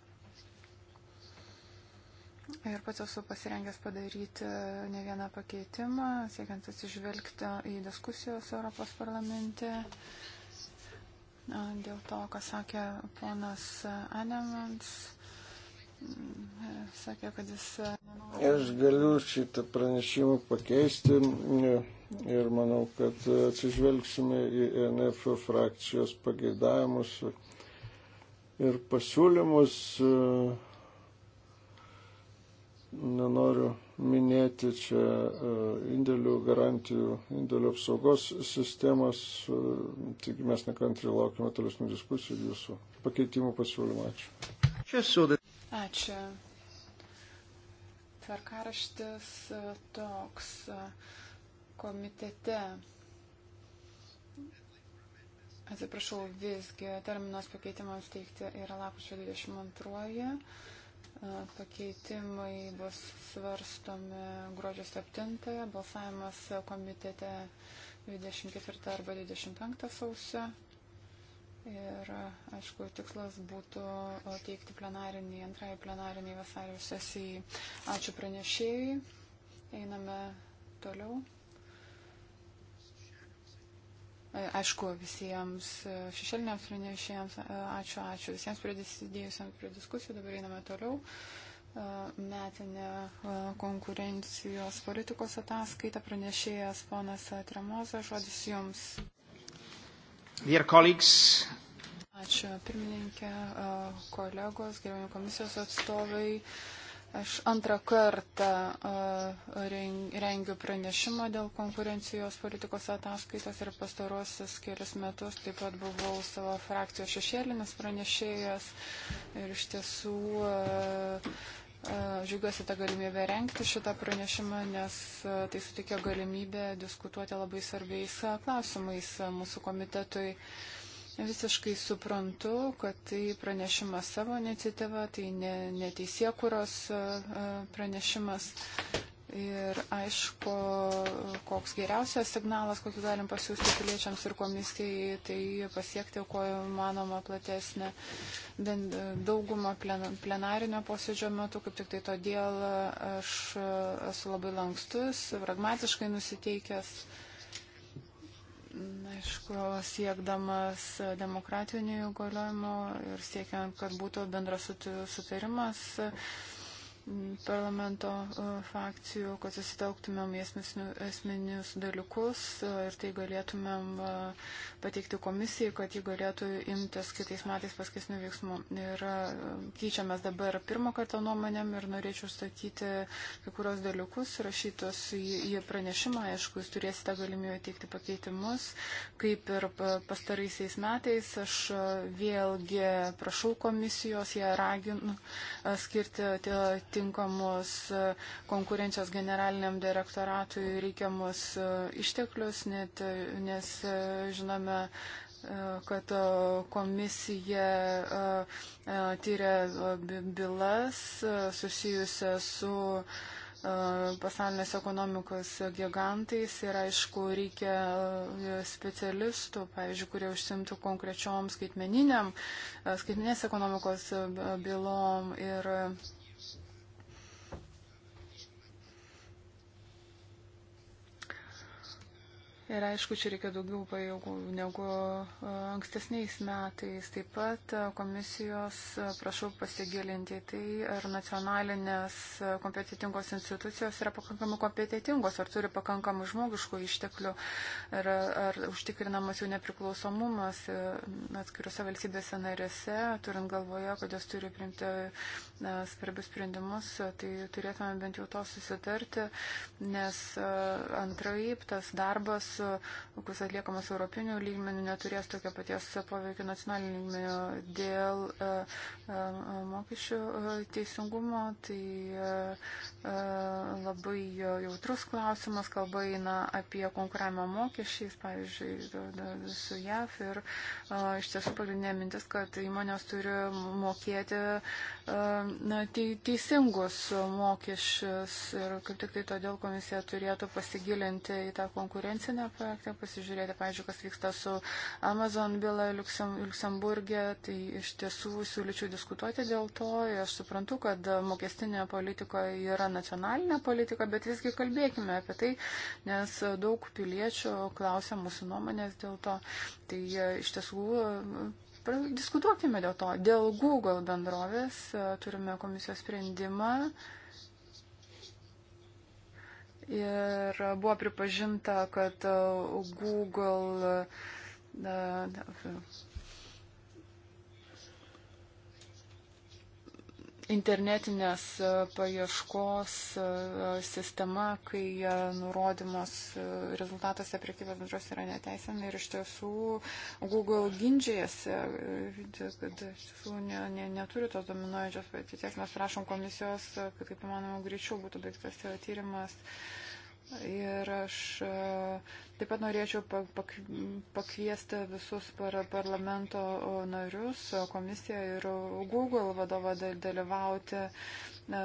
Ir pats esu pasirengęs padaryti ne vieną pakeitimą, siekiant atsižvelgti į diskusijos Europos parlamente. Dėl to, ką sakė ponas Anemans, sakė, kad jis. Aš galiu šitą pranešimą pakeisti e, ir manau, kad atsižvelgsime į e NF frakcijos pageidavimus ir pasiūlymus. Uh, nenoriu minėti čia e, indėlių garantijų, indėlių apsaugos sistemos. E, taigi mes nekantri laukime tolesnių diskusijų ir jūsų pakeitimų pasiūlymų. Ačiū. Ačiū. Tvarkaraštis e, toks komitete. Atsiprašau, visgi terminas pakeitimams teikti yra lapkričio 22. Pakeitimai bus svarstomi gruodžio 7, balsavimas komitete 24 arba 25 sausio. Ir, aišku, tikslas būtų teikti plenariniai, antrai plenariniai vasario sesijai. Ačiū pranešėjai. Einame toliau. E, aišku, visiems e, šešėliniams pranešėjams, e, ačiū, ačiū visiems prisidėjusiems prie diskusijų, dabar einame toliau. Metinė konkurencijos politikos ataskaita pranešėjas ponas Tremoza, žodis jums. Dear colleagues. Ačiū pirmininkė, kolegos, gerbėjų komisijos atstovai. Aš antrą kartą rengiu pranešimą dėl konkurencijos politikos ataskaitos ir pastarosius kelius metus taip pat buvau savo frakcijos šešėlinis pranešėjas ir iš tiesų žiūgiuosi tą galimybę renkti šitą pranešimą, nes tai sutikė galimybę diskutuoti labai svarbiais klausimais mūsų komitetui. Visiškai suprantu, kad tai pranešimas savo iniciatyva, tai ne, neteisėkuros e, e, pranešimas. Ir aišku, koks geriausias signalas, kokį galim pasiūsti piliečiams ir komisijai, tai pasiekti, kuo manoma, platesnė daugumą plenarinio posėdžio metu. Kaip tik tai todėl aš esu labai lankstus, pragmatiškai nusiteikęs aišku, siekdamas demokratinių įgaliojimų ir siekiant, kad būtų bendras sutarimas parlamento e, frakcijų, kad susitelktumėm į esminius dalykus e, ir tai galėtumėm e, pateikti komisijai, kad ji galėtų imtis kitais metais paskesnių veiksmų. Ir keičiamės dabar pirmą kartą nuomonėm ir norėčiau statyti kai kurios dalykus, rašytos į, į pranešimą, aišku, jūs turėsite galimybę teikti pakeitimus, kaip ir pastaraisiais metais aš vėlgi prašau komisijos, ją raginu skirti tinkamus e, konkurencijos generaliniam direktoratui reikiamus e, išteklius, net, e, nes žinome, kad komisija tyria bylas susijusias su pasaulinės ekonomikos gigantais ir aišku reikia specialistų, pavyzdžiui, kurie užsimtų konkrečiom skaitmeniniam, skaitmeninės ekonomikos bylom ir Ir aišku, čia reikia daugiau pajėgų negu e, ankstesniais metais. Taip pat e, komisijos e, prašau pasigilinti tai, ar nacionalinės kompetitingos institucijos yra pakankamai kompetitingos, ar turi pakankamai žmogiškų išteklių, ar, ar užtikrinamas jų nepriklausomumas atskiriuose valstybėse narėse, turint galvoje, kad jos turi priimti svarbius sprendimus, tai turėtume bent jau to susitarti, nes antraip tas darbas kokius atliekamas europinių lygmenių, neturės tokio paties poveikio nacionalinių lygmenių dėl e, e, mokesčių e, teisingumo. Tai labai jautrus klausimas, kalba eina apie konkuravimą mokesčiais, pavyzdžiui, su JAF. Ir iš tiesų pagrindinė mintis, kad įmonės turi mokėti na, teisingus mokesčius. Ir kaip tik tai todėl komisija turėtų pasigilinti į tą konkurencinę projektą, pasižiūrėti, pavyzdžiui, kas vyksta su Amazon byla Liuksem, Liuksemburgė, tai iš tiesų siūlyčiau diskutuoti dėl to. Aš suprantu, kad mokestinė politika yra nacionalinė politika, bet visgi kalbėkime apie tai, nes daug piliečių klausia mūsų nuomonės dėl to. Tai iš tiesų diskutuokime dėl to. Dėl Google bendrovės e, turime komisijos sprendimą Ir buvo pripažinta, kad uh, Google uh, internetinės e, paieškos e, sistema, kai e, nurodymas rezultatuose priekybės bendros yra neteisėmi ir iš tiesų Google ginčijasi, kad iš tiesų ne, ne, neturi tos dominuojančios patirties, mes prašom komisijos, kad kaip įmanoma greičiau būtų baigtas tyrimas. Uh, Ir aš e, taip pat norėčiau pakviesti visus parlamento narius, komisiją ir Google vadovą dalyvauti e,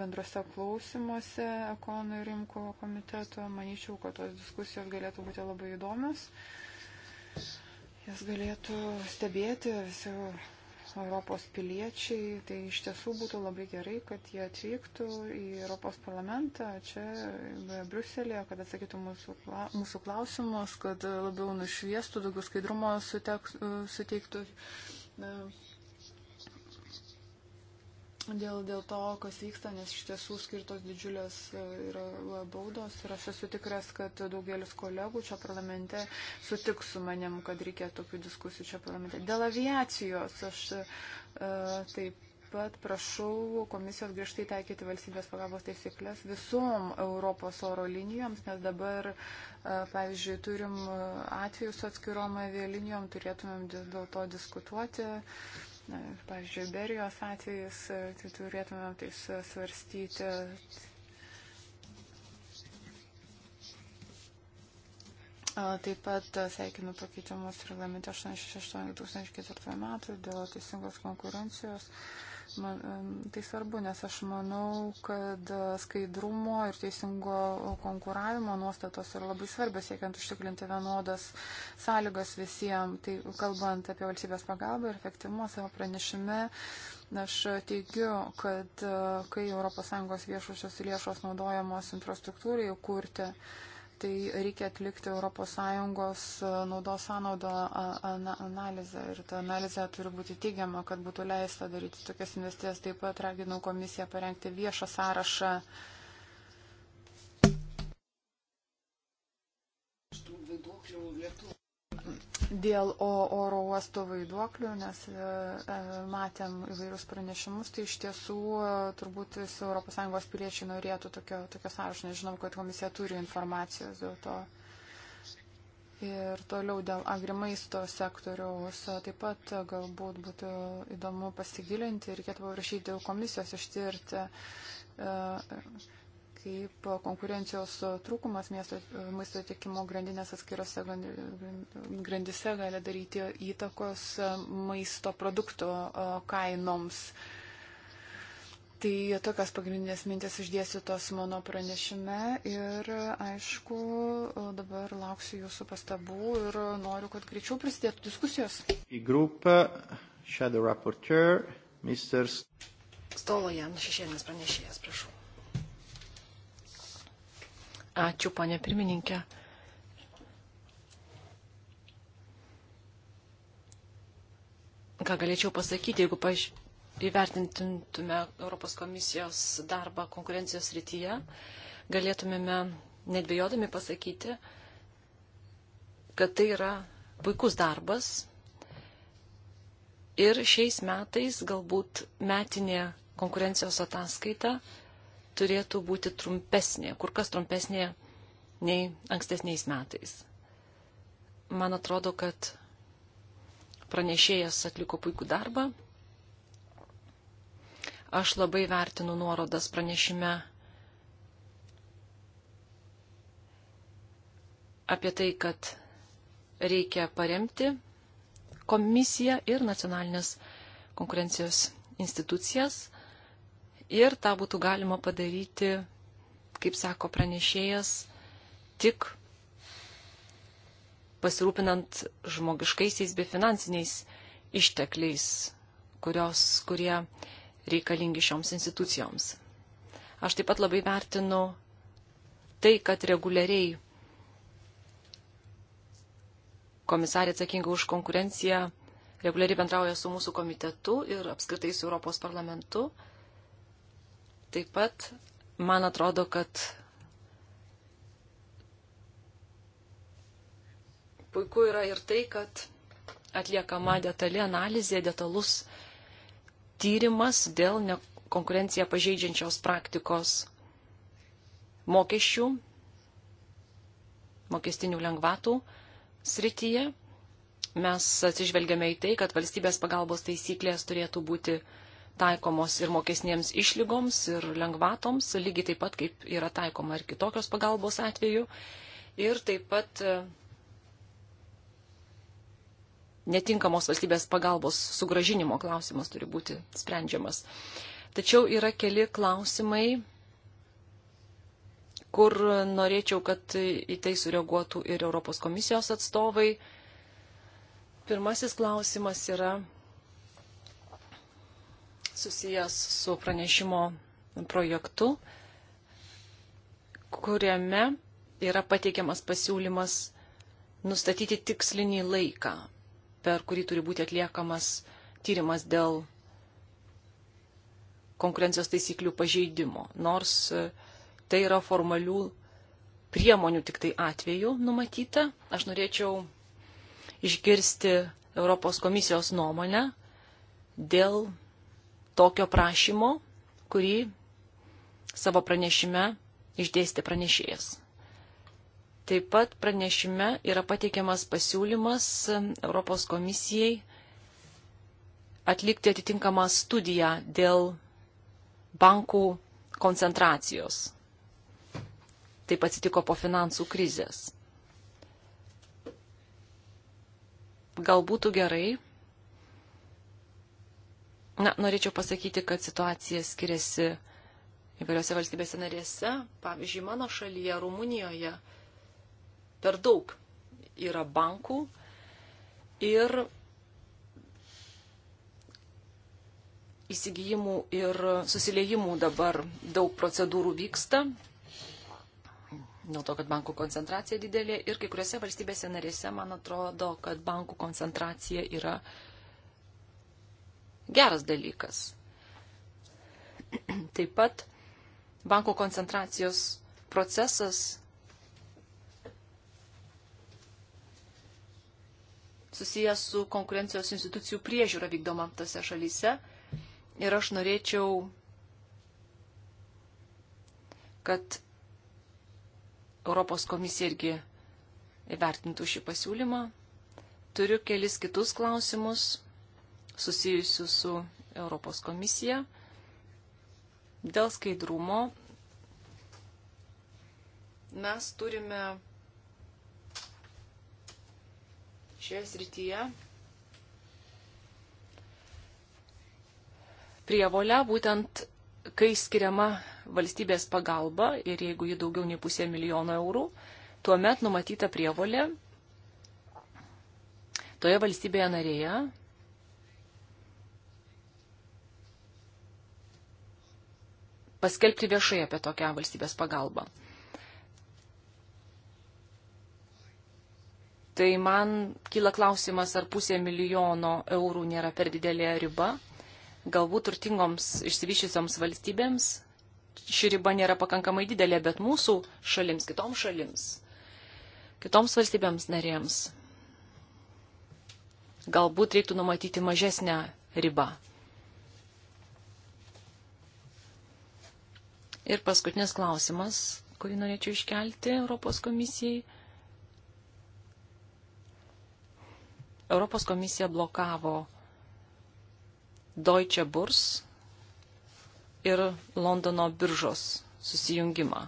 bendrose klausimuose Ekono ir Rimko komiteto. Manyčiau, kad tos diskusijos galėtų būti labai įdomios. Jas galėtų stebėti visi Europos piliečiai, tai iš tiesų būtų labai gerai, kad jie atvyktų į Europos parlamentą, čia Bruselėje, kad atsakytų mūsų, mūsų klausimus, kad labiau nušviestų, daugiau skaidrumo suteiktų e, dėl, dėl to, kas vyksta, nes iš tiesų skirtos didžiulės e, yra e, baudos ir aš esu tikras, kad daugelis kolegų čia parlamente sutiks su manim, kad reikia tokių diskusijų čia parlamente. Dėl aviacijos aš e, taip pat prašau komisijos griežtai taikyti valstybės pagalbos taisyklės visom Europos oro linijoms, nes dabar, pavyzdžiui, turim atvejus atskirom avialinijom, turėtumėm dėl to diskutuoti. Uh, Na, pavyzdžiui, Berijos atvejais, e, tai turėtume tai svarstyti. Taip pat e, sveikinu pakeitimus reglamente 868-2004 metų dėl teisingos konkurencijos. Uh, Man, tai svarbu, nes aš manau, kad skaidrumo ir teisingo konkuravimo nuostatos yra labai svarbios, siekiant užtikrinti vienodas sąlygas visiems. Tai kalbant apie valstybės pagalbą ir efektyvumą savo pranešime. Aš teigiu, kad e, kai ES viešusios lėšos naudojamos infrastruktūrai kurti, uh, tai reikia atlikti ES e, naudos sąnaudo analizę ir ta analizė turi būti teigiama, kad būtų leista daryti tokias investicijas. Taip pat raginau komisiją parengti viešą sąrašą. Viduoklių lietuvių dėl oro uosto vaiduoklių, nes e, e, matėm įvairius pranešimus, tai iš tiesų e, turbūt ES piliečiai norėtų tokio, tokio sąrašo, nežinom, kad komisija turi informacijos dėl to. Ir toliau dėl agrimaisto sektoriaus taip pat galbūt būtų įdomu pasigilinti ir reikėtų paprašyti komisijos ištirti. Uh, kaip konkurencijos trūkumas miesto, maisto tiekimo grandinės atskirose grandise gali daryti įtakos maisto produktų kainoms. Tai tokios pagrindinės mintis išdėstytos mano pranešime ir aišku, dabar lauksiu jūsų pastabų ir noriu, kad greičiau prisidėtų diskusijos. Į grupę Shadow Rapporteur, Mr. Stolojan, šešėlinis pranešėjas, prašau. Ačiū, ponė pirmininkė. Ką galėčiau pasakyti, jeigu paž... įvertintume Europos komisijos darbą konkurencijos rytyje, galėtumėme nedvėjodami pasakyti, kad tai yra puikus darbas. Ir šiais metais galbūt metinė konkurencijos ataskaita turėtų būti trumpesnė, kur kas trumpesnė nei ankstesniais metais. Man atrodo, kad pranešėjas atliko puikų darbą. Aš labai vertinu nuorodas pranešime apie tai, kad reikia paremti komisiją ir nacionalinės konkurencijos institucijas ir tą būtų galima padaryti, kaip sako pranešėjas, tik pasirūpinant žmogiškaisiais bei finansiniais ištekliais, kurios, kurie reikalingi šioms institucijoms. Aš taip pat labai vertinu tai, kad reguliariai komisarė atsakinga už konkurenciją reguliariai bendrauja su mūsų komitetu ir apskritai su Europos parlamentu. Taip pat man atrodo, kad puiku yra ir tai, kad atliekama detali analizė, detalus tyrimas dėl konkurenciją pažeidžiančios praktikos mokesčių, mokestinių lengvatų srityje. Mes atsižvelgiame į tai, kad valstybės pagalbos taisyklės turėtų būti taikomos ir mokesniems išlygoms ir lengvatoms, lygiai taip pat kaip yra taikoma ir kitokios pagalbos atveju. Ir taip pat e, netinkamos valstybės pagalbos sugražinimo klausimas turi būti sprendžiamas. Tačiau yra keli klausimai, kur norėčiau, kad į tai sureaguotų ir Europos komisijos atstovai. Pirmasis klausimas yra susijęs su pranešimo projektu, kuriame yra pateikiamas pasiūlymas nustatyti tikslinį laiką, per kurį turi būti atliekamas tyrimas dėl konkurencijos taisyklių pažeidimo. Nors e, tai yra formalių priemonių tik tai atveju numatyta, aš norėčiau išgirsti Europos komisijos nuomonę dėl tokio prašymo, kurį savo pranešime išdėstė pranešėjas. Taip pat pranešime yra pateikiamas pasiūlymas Europos komisijai atlikti atitinkamą studiją dėl bankų koncentracijos. Taip atsitiko po finansų krizės. Galbūt gerai Na, norėčiau pasakyti, kad situacija skiriasi įvairiose valstybėse narėse. Pavyzdžiui, mano šalyje, Rumunijoje, per daug yra bankų ir įsigijimų ir susiliejimų dabar daug procedūrų vyksta, dėl to, kad bankų koncentracija didelė ir kai kuriuose valstybėse narėse, man atrodo, kad bankų koncentracija yra geras dalykas. Taip pat banko koncentracijos procesas susijęs su konkurencijos institucijų priežiūra vykdoma tose šalyse. Ir aš norėčiau, kad Europos komisija irgi įvertintų šį pasiūlymą. Turiu kelis kitus klausimus susijusių su Europos komisija dėl skaidrumo. Mes turime šioje srityje prievolę būtent, kai skiriama valstybės pagalba ir jeigu ji daugiau nei pusė milijono eurų, tuomet numatyta prievolė toje valstybėje narėje paskelbti viešai apie tokią valstybės pagalbą. Tai man kyla klausimas, ar pusė milijono eurų nėra per didelė riba. Galbūt turtingoms išsivyščiusioms valstybėms ši riba nėra pakankamai didelė, bet mūsų šalims, kitoms šalims, kitoms valstybėms narėms galbūt reiktų numatyti mažesnę ribą Ir paskutinis klausimas, kurį norėčiau iškelti Europos komisijai. Europos komisija blokavo Deutsche Burs ir Londono biržos susijungimą.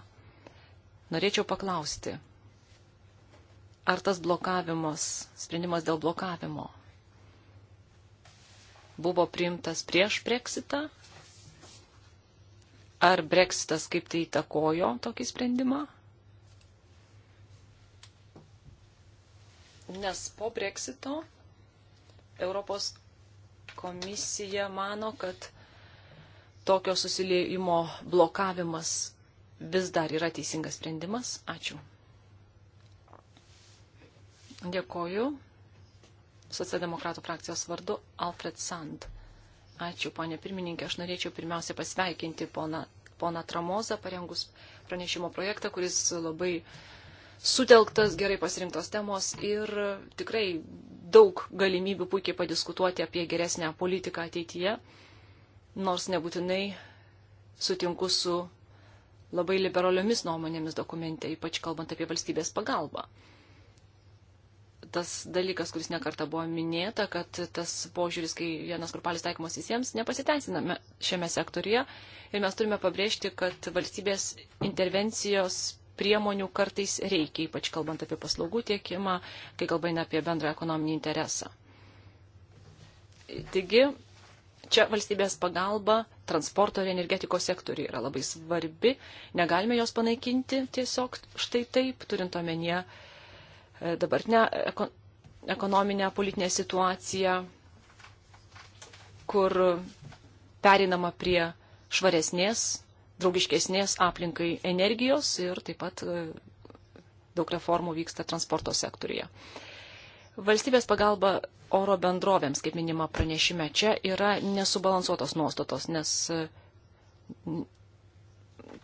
Norėčiau paklausti, ar tas blokavimas, sprendimas dėl blokavimo buvo priimtas prieš Brexitą Ar breksitas kaip tai įtakojo tokį sprendimą? Nes po breksito Europos komisija mano, kad tokio susiliejimo blokavimas vis dar yra teisingas sprendimas. Ačiū. Dėkoju. Socialdemokratų frakcijos vardu Alfred Sand. Ačiū, ponė pirmininkė. Aš norėčiau pirmiausia pasveikinti poną, poną Tramozą, parengus pranešimo projektą, kuris labai sutelktas, gerai pasirinktos temos ir tikrai daug galimybių puikiai padiskutuoti apie geresnę politiką ateityje, nors nebūtinai sutinku su labai liberaliomis nuomonėmis dokumente, ypač kalbant apie valstybės pagalbą tas dalykas, kuris nekarta buvo minėta, kad tas požiūris, kai vienas grupalis taikomas visiems, nepasiteisiname šiame sektorija ir mes turime pabrėžti, kad valstybės intervencijos priemonių kartais reikia, ypač kalbant apie paslaugų tiekimą, kai kalbame apie bendrą ekonominį interesą. Taigi, čia valstybės pagalba transporto ir energetikos sektoriai yra labai svarbi, negalime jos panaikinti tiesiog štai taip, turint omenyje dabartinę ekonominę politinę situaciją, kur perinama prie švaresnės, draugiškesnės aplinkai energijos ir taip pat e, daug reformų vyksta transporto sektorija. Valstybės pagalba oro bendrovėms, kaip minima pranešime, čia yra nesubalansuotos nuostatos, nes e,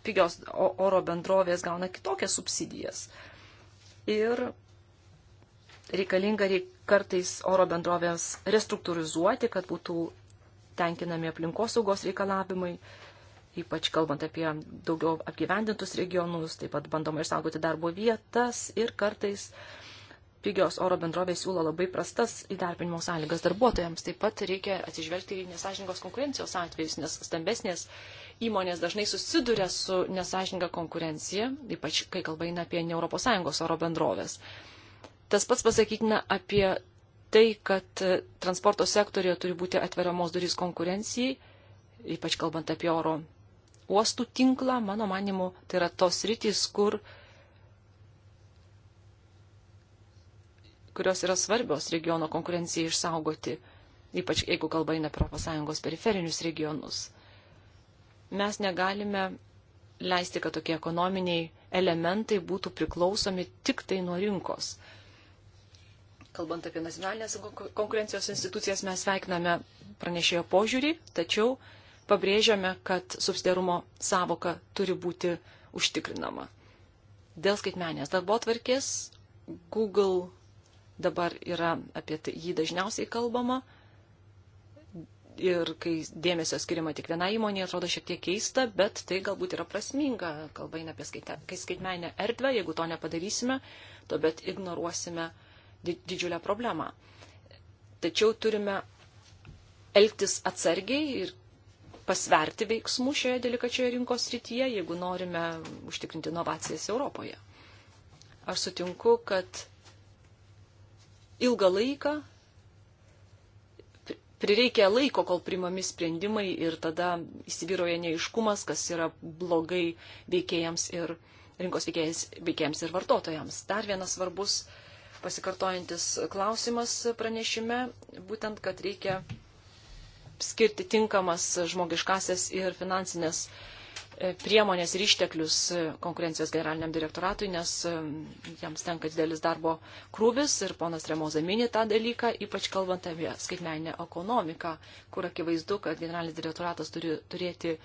pigios oro bendrovės gauna kitokias subsidijas. Ir reikalinga reik kartais oro bendrovės restruktūrizuoti, kad būtų tenkinami aplinkosaugos reikalavimai, ypač kalbant apie daugiau apgyvendintus regionus, taip pat bandoma išsaugoti darbo vietas ir kartais pigios oro bendrovės siūlo labai prastas įdarbinimo sąlygas darbuotojams. Taip pat reikia atsižvelgti į nesažingos konkurencijos atvejus, nes stambesnės įmonės dažnai susiduria su nesažinga konkurencija, ypač kai kalba eina apie ne ES oro bendrovės. Tas pats pasakytina apie tai, kad transporto sektorija turi būti atveriamos durys konkurencijai, ypač kalbant apie oro uostų tinklą. Mano manimu, tai yra tos rytis, kur kurios yra svarbios regiono konkurencijai išsaugoti, ypač jeigu kalba eina apie ES periferinius regionus. Mes negalime leisti, kad tokie ekonominiai elementai būtų priklausomi tik tai nuo rinkos kalbant apie nacionalinės konkurencijos institucijas, mes sveikiname pranešėjo požiūrį, tačiau pabrėžiame, kad subsidiarumo savoka turi būti užtikrinama. Dėl skaitmenės darbo tvarkės Google dabar yra apie tai, jį dažniausiai kalbama ir kai dėmesio skiriama tik viena įmonė, atrodo šiek tiek keista, bet tai galbūt yra prasminga, kalba eina apie skaitmenę erdvę, jeigu to nepadarysime, tuomet ignoruosime uh, didžiulę problemą. Tačiau turime elgtis atsargiai ir pasverti veiksmų šioje delikačioje rinkos rytyje, jeigu norime užtikrinti inovacijas Europoje. Aš sutinku, kad ilgą laiką prireikia laiko, kol primami sprendimai ir tada įsivyroja neiškumas, kas yra blogai veikėjams ir rinkos veikėjams, veikėjams ir vartotojams. Dar vienas svarbus pasikartojantis klausimas pranešime, būtent, kad reikia skirti tinkamas žmogiškasias ir finansinės e, priemonės ir išteklius e, konkurencijos generaliniam direktoratui, nes e, jiems tenka didelis darbo krūvis ir ponas Remoza mini tą dalyką, ypač kalbant apie skaitmeninę ekonomiką, kur akivaizdu, kad generalinis direktoratas turi turėti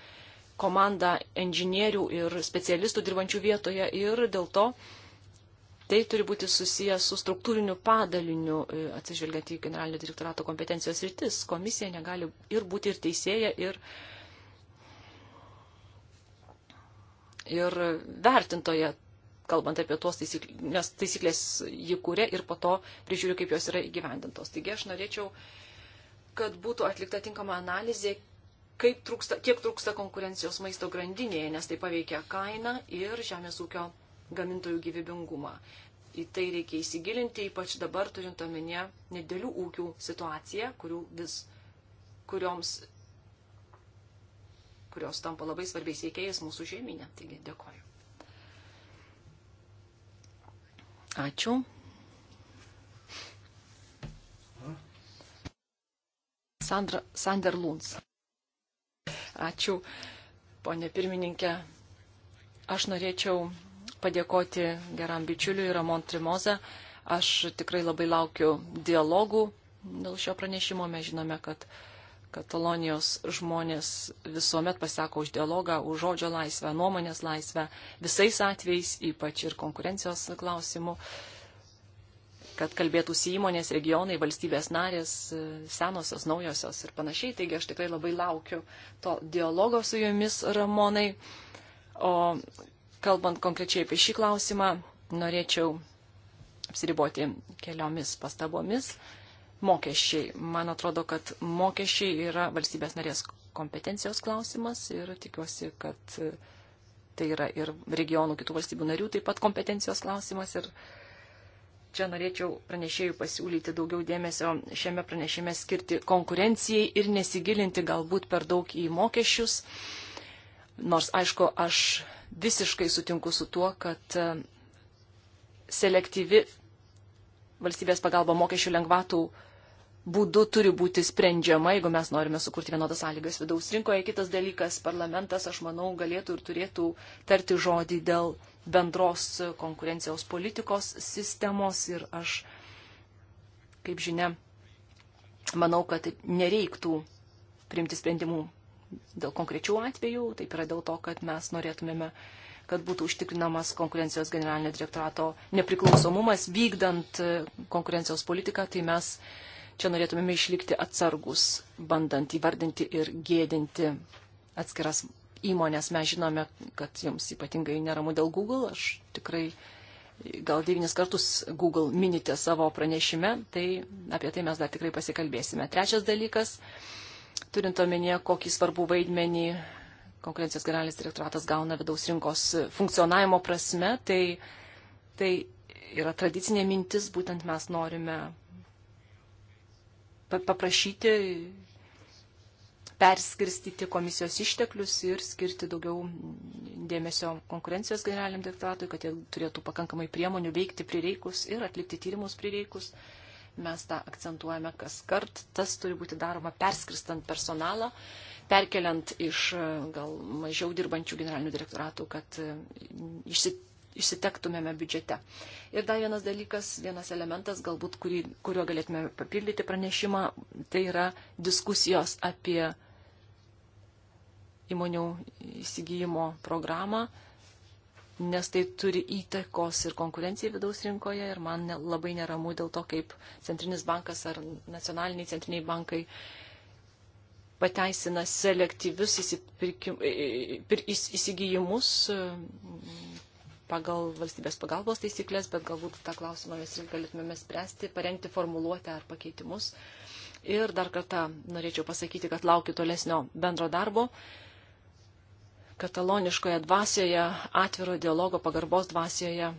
komandą inžinierių ir specialistų dirbančių vietoje ir dėl to tai turi būti susijęs su struktūriniu padaliniu, e, atsižvelgiant į generalinio direktorato kompetencijos rytis. Komisija negali ir būti ir teisėja, ir, ir vertintoje, kalbant apie tuos taisyklės, nes taisyklės jį kūrė ir po to prižiūri, kaip jos yra įgyvendintos. Taigi aš norėčiau, kad būtų atlikta tinkama analizė, kaip trūksta, kiek trūksta konkurencijos maisto grandinėje, nes tai paveikia kainą ir žemės ūkio gamintojų gyvybingumą. Į tai reikia įsigilinti, ypač dabar turint omenyje nedėlių ūkių situaciją, vis, kurioms, kurios tampa labai svarbiais veikėjais mūsų žemynė. Taigi dėkoju. Ačiū. Sandra, Sander Luns. Ačiū, ponė pirmininkė. Aš norėčiau padėkoti geram bičiuliui Ramon Trimoza. Aš tikrai labai laukiu dialogų dėl šio pranešimo. Mes žinome, kad Katalonijos žmonės visuomet pasako už dialogą, už žodžio laisvę, nuomonės laisvę, visais atvejais, ypač ir konkurencijos klausimų, kad kalbėtųsi įmonės, regionai, valstybės narės, senosios, naujosios ir panašiai. Taigi aš tikrai labai laukiu to dialogo su jumis, Ramonai. O Kalbant konkrečiai apie šį klausimą, norėčiau apsiriboti keliomis pastabomis. Mokesčiai. Man atrodo, kad mokesčiai yra valstybės narės kompetencijos klausimas ir tikiuosi, kad tai yra ir regionų kitų valstybių narių taip pat kompetencijos klausimas. Ir čia norėčiau pranešėjų pasiūlyti daugiau dėmesio šiame pranešime skirti konkurencijai ir nesigilinti galbūt per daug į mokesčius. Uh, Nors, aišku, aš visiškai sutinku su tuo, kad e, selektyvi valstybės pagalba mokesčių lengvatų būdu turi būti sprendžiama, jeigu mes norime sukurti vienodas sąlygas vidaus rinkoje. Kitas dalykas, parlamentas, aš manau, galėtų ir turėtų tarti žodį dėl bendros konkurencijos politikos sistemos ir aš, kaip žinia, manau, kad nereiktų priimti sprendimų dėl konkrečių atvejų, taip yra dėl to, kad mes norėtumėme, kad būtų užtikrinamas konkurencijos generalinio direktorato nepriklausomumas, vykdant e, konkurencijos politiką, tai mes čia norėtumėme išlikti atsargus, bandant įvardinti ir gėdinti atskiras įmonės. Mes žinome, kad jums ypatingai neramu dėl Google, aš tikrai gal devynis kartus Google minite savo pranešime, tai apie tai mes dar tikrai pasikalbėsime. Trečias dalykas turint omenyje, kokį svarbų vaidmenį konkurencijos generalinis direktoratas gauna vidaus rinkos funkcionavimo prasme, tai, tai yra tradicinė mintis, būtent mes norime paprašyti perskirstyti komisijos išteklius ir skirti daugiau dėmesio konkurencijos generaliniam direktoratui, kad jie turėtų pakankamai priemonių veikti prireikus ir atlikti tyrimus prireikus. reikus mes tą akcentuojame kas kart. Tas turi būti daroma perskristant personalą, perkeliant iš e, gal mažiau dirbančių generalinių direktoratų, kad e, išsitektumėme biudžete. Ir dar vienas dalykas, vienas elementas, galbūt, kurį, kuriuo galėtume papildyti pranešimą, tai yra diskusijos apie įmonių įsigijimo programą nes tai turi įtakos ir konkurencijai vidaus rinkoje ir man labai neramu dėl to, kaip centrinis bankas ar nacionaliniai centriniai bankai pateisina selektyvius įsigijimus mm, pagal valstybės pagalbos taisyklės, bet galbūt tą klausimą mes ir galėtumėme spręsti, parengti formuluotę ar pakeitimus. Ir dar kartą norėčiau pasakyti, kad laukiu tolesnio bendro darbo. Uh, kataloniškoje dvasioje, atviro dialogo pagarbos dvasioje.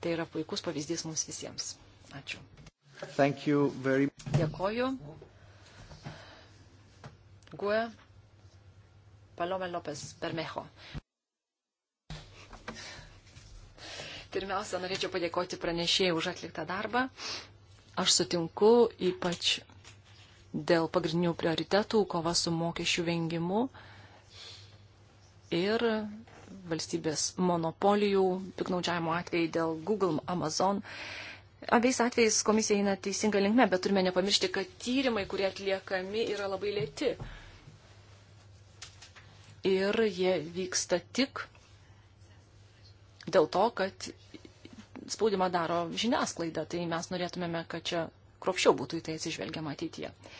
Tai yra puikus pavyzdys mums visiems. Ačiū. Very... Dėkoju. Gue Palome Lopes Bermejo. Pirmiausia, norėčiau padėkoti pranešėjai už atliktą darbą. Aš sutinku ypač dėl pagrindinių prioritetų - kova su mokesčių vengimu ir valstybės monopolijų, piknaudžiavimo atvejai dėl Google, Amazon. Abiais atvejais komisija eina teisinga linkme, bet turime nepamiršti, kad tyrimai, kurie atliekami, yra labai lėti. Ir jie vyksta tik dėl to, kad spaudimą daro žiniasklaida. Tai mes norėtumėme, kad čia kropščiau būtų į tai atsižvelgiama ateityje. Uh,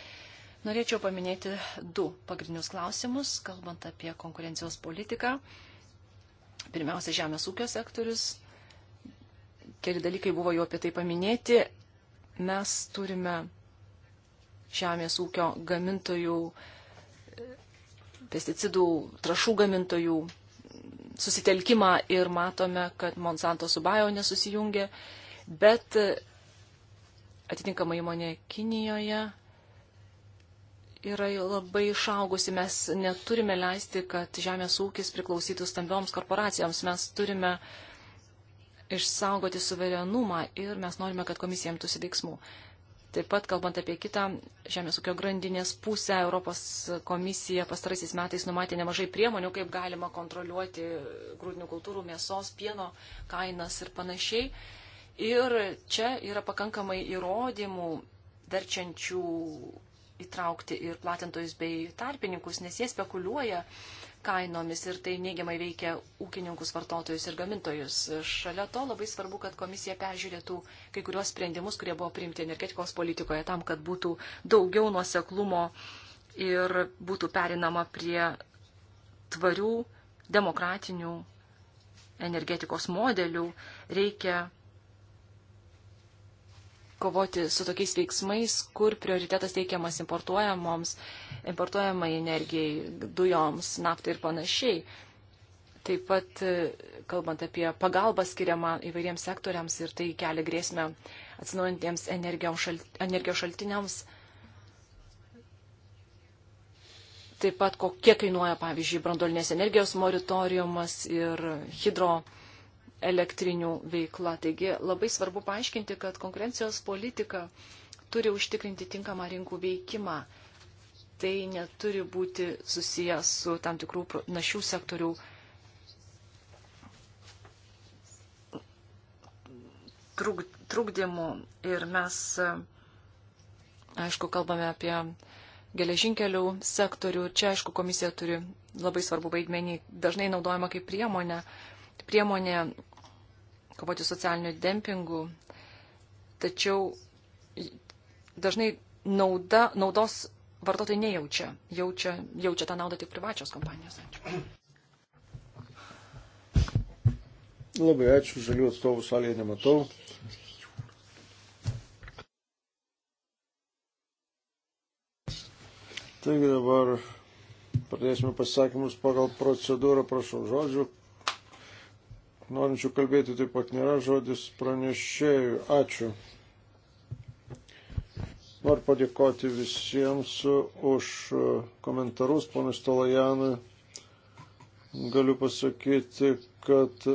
Norėčiau paminėti du pagrindinius klausimus, kalbant apie konkurencijos politiką. Pirmiausia, žemės ūkio sektorius. Keli dalykai buvo jau apie tai paminėti. Mes turime žemės ūkio gamintojų, pesticidų, trašų gamintojų susitelkimą ir matome, kad Monsanto su Bajo nesusijungė, bet atitinkama įmonė Kinijoje yra labai išaugusi. Mes neturime leisti, kad žemės ūkis priklausytų stambioms korporacijoms. Mes turime išsaugoti suverenumą ir mes norime, kad komisija imtųsi veiksmų. Taip pat, kalbant apie kitą žemės ūkio grandinės pusę, Europos komisija pastaraisiais metais numatė nemažai priemonių, kaip galima kontroliuoti grūdinių kultūrų, mėsos, pieno kainas ir panašiai. Ir čia yra pakankamai įrodymų verčiančių įtraukti ir platintojus bei tarpininkus, nes jie spekuliuoja kainomis ir tai neigiamai veikia ūkininkus, vartotojus ir gamintojus. Šalia to labai svarbu, kad komisija peržiūrėtų kai kuriuos sprendimus, kurie buvo priimti energetikos politikoje, tam, kad būtų daugiau nuoseklumo ir būtų perinama prie tvarių, demokratinių energetikos modelių. Reikia kovoti su tokiais veiksmais, kur prioritetas teikiamas importuojamoms, importuojamai energijai, dujoms, naftai ir panašiai. Taip pat, e, kalbant apie pagalbą skiriamą įvairiems sektoriams ir tai kelia grėsmę atsinaujantiems energijos šaltiniams. Taip pat, kiek kainuoja, pavyzdžiui, brandolinės energijos moratoriumas ir hidro elektrinių veikla. Taigi labai svarbu paaiškinti, kad konkurencijos politika turi užtikrinti tinkamą rinkų veikimą. Tai neturi būti susijęs su tam tikrų našių sektorių trukdymų. Ir mes, aišku, kalbame apie geležinkelių sektorių. Čia, aišku, komisija turi labai svarbu vaidmenį, dažnai naudojama kaip priemonė, priemonė kovoti socialiniu dempingu, tačiau dažnai nauda, naudos vartotojai nejaučia. Jaučia, jaučia tą naudą tik privačios kompanijos. Ačiū. Labai ačiū, žalių atstovų salėje nematau. Taigi dabar pradėsime pasakymus pagal procedūrą, prašau žodžių, Norinčių kalbėti taip pat nėra žodis pranešėjų. Ačiū. Noriu padėkoti visiems už komentarus, ponas Tolajanui. Galiu pasakyti, kad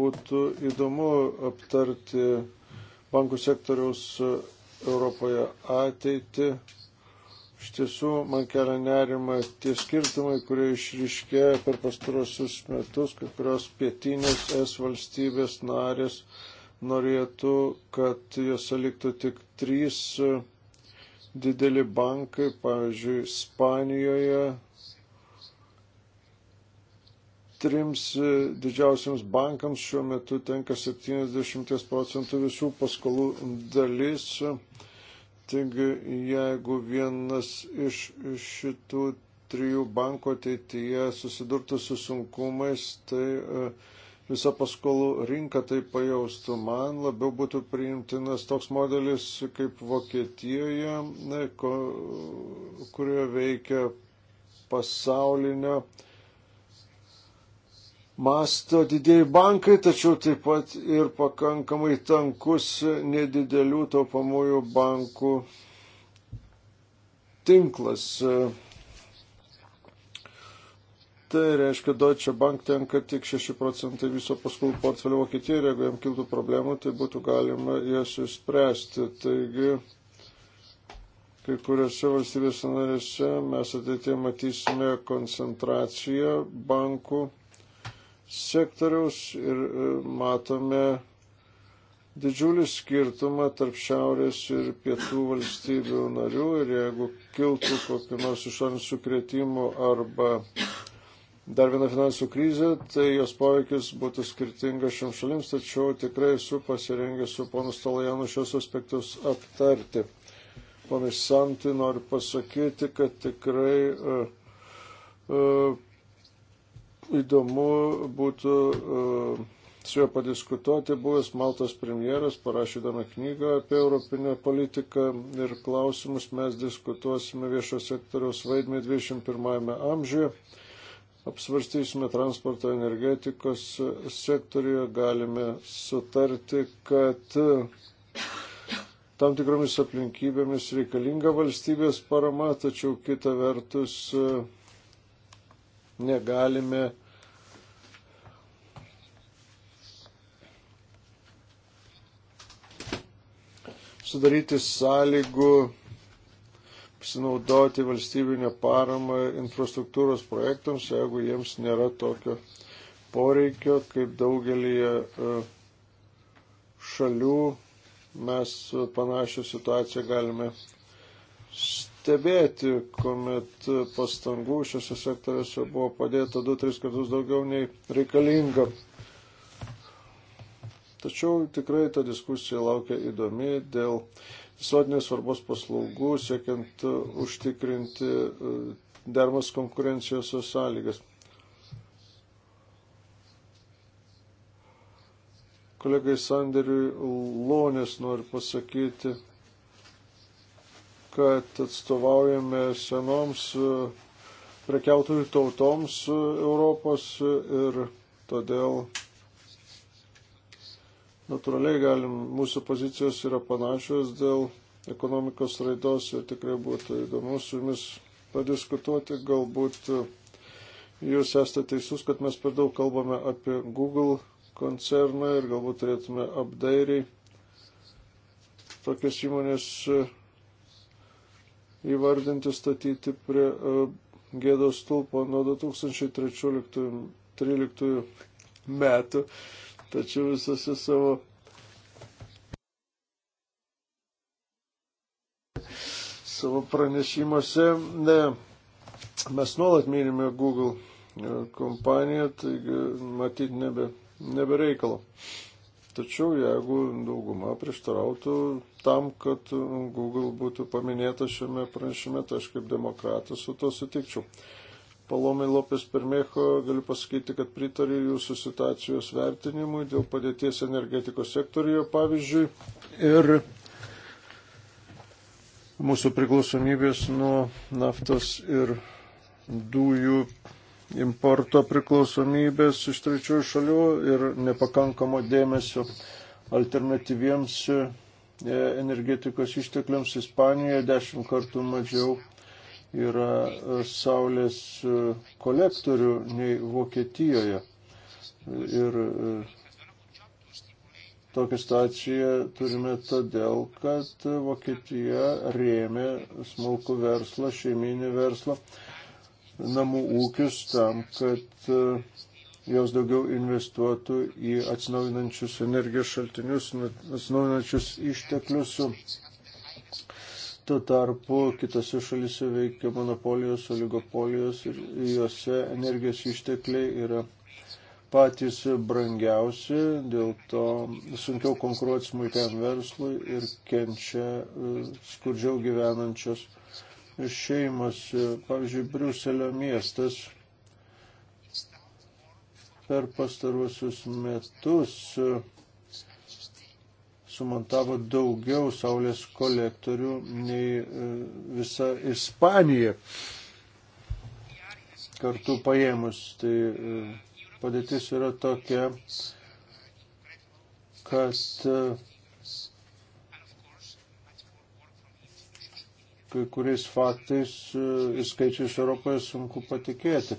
būtų įdomu aptarti bankų sektoriaus Europoje ateitį Iš tiesų, man kelia nerima tie skirtumai, kurie išryškėjo per pastarosius metus, kai kurios pietinės S valstybės narės norėtų, kad jose liktų tik trys dideli bankai, pavyzdžiui, Ispanijoje trims didžiausiams bankams šiuo metu tenka 70 procentų visų paskolų dalis Taigi, jeigu vienas iš šitų trijų bankų ateityje susidurtų su sunkumais, tai e, visa paskolų rinka tai pajaustų. Man labiau būtų priimtinas toks modelis kaip Vokietijoje, ne, ko, kurioje veikia pasaulinio masto didėjai bankai, tačiau taip pat ir pakankamai tankus nedidelių taupamųjų bankų tinklas. Tai reiškia, Deutsche Bank tenka tik 6 procentai viso paskolų portfelio Vokietijoje ir jeigu jam kiltų problemų, tai būtų galima jas išspręsti. Taigi, kai kuriuose valstybės narėse mes ateitie matysime koncentraciją bankų sektoriaus ir e, matome didžiulį skirtumą tarp šiaurės ir pietų valstybių narių ir jeigu kiltų kokiu nors išoriniu sukretimu arba dar viena finansų krizė, tai jos poveikis būtų skirtingas šiam šalims, tačiau tikrai esu pasirengęs su ponu Stalajanu šios aspektus aptarti. Ponai Santui noriu pasakyti, kad tikrai uh, uh, Įdomu būtų e, su juo padiskutuoti. Buvęs Maltos premjeras parašė vieną knygą apie europinę politiką ir klausimus mes diskutuosime viešo sektoriaus vaidmenį 21 amžiuje. Apsvarstysime transporto energetikos sektorijoje, galime sutarti, kad tam tikromis aplinkybėmis reikalinga valstybės parama, tačiau kita vertus e, negalime sudaryti sąlygų pasinaudoti valstybinę paramą infrastruktūros projektams, jeigu jiems nėra tokio poreikio, kaip daugelį e, šalių mes panašią situaciją galime stebėti, kuomet pastangų šiuose sektoriuose buvo padėta 2-3 kartus daugiau nei reikalinga. Tačiau tikrai ta diskusija laukia įdomi dėl visuotinės svarbos paslaugų, siekiant e, užtikrinti e, dermas konkurencijos sąlygas. Kolegai Sanderiui Lonės noriu pasakyti, kad atstovaujame senoms e, prekiautojų tautoms Europos ir todėl Natūraliai galim, mūsų pozicijos yra panašios dėl ekonomikos raidos ir tikrai būtų įdomu su jumis padiskutuoti. Galbūt e, jūs esate teisus, kad mes per daug kalbame apie Google koncerną ir galbūt turėtume apdairiai tokias įmonės e, įvardinti statyti prie e, gėdos stulpo nuo 2013 metų tačiau visose savo savo pranešimuose ne, mes nuolat minime Google e, kompaniją, taigi matyti nebe, nebe reikalo. Tačiau jeigu dauguma prieštarautų tam, kad Google būtų paminėta šiame pranešime, tai aš kaip demokratas su to sutikčiau. Palomai Lopės Permecho galiu pasakyti, kad pritarė jūsų situacijos vertinimui dėl padėties energetikos sektorijoje, pavyzdžiui, ir mūsų priklausomybės nuo naftos ir dujų importo priklausomybės iš trečiųjų šalių ir nepakankamo dėmesio alternatyviems e, energetikos ištekliams Ispanijoje dešimt kartų mažiau yra e, saulės e, kolektorių nei Vokietijoje. Ir e, Tokią situaciją turime todėl, kad Vokietija rėmė smulkų verslą, šeiminį verslą, namų ūkius tam, kad jos daugiau investuotų į atsinaujinančius energijos šaltinius, nu, atsinaujinančius išteklius, Tuo tarpu kitose šalise veikia monopolijos, oligopolijos ir juose energijos ištekliai yra patys brangiausi, dėl to sunkiau konkuruoti smulkiam verslui ir kenčia e, skurdžiau gyvenančios šeimos. Pavyzdžiui, Briuselio miestas per pastaruosius metus sumontavo daugiau saulės kolektorių nei e, visa Ispanija kartu paėmus. Tai e, padėtis yra tokia, kad e, kai kuriais faktais ir skaičiais Europoje sunku patikėti.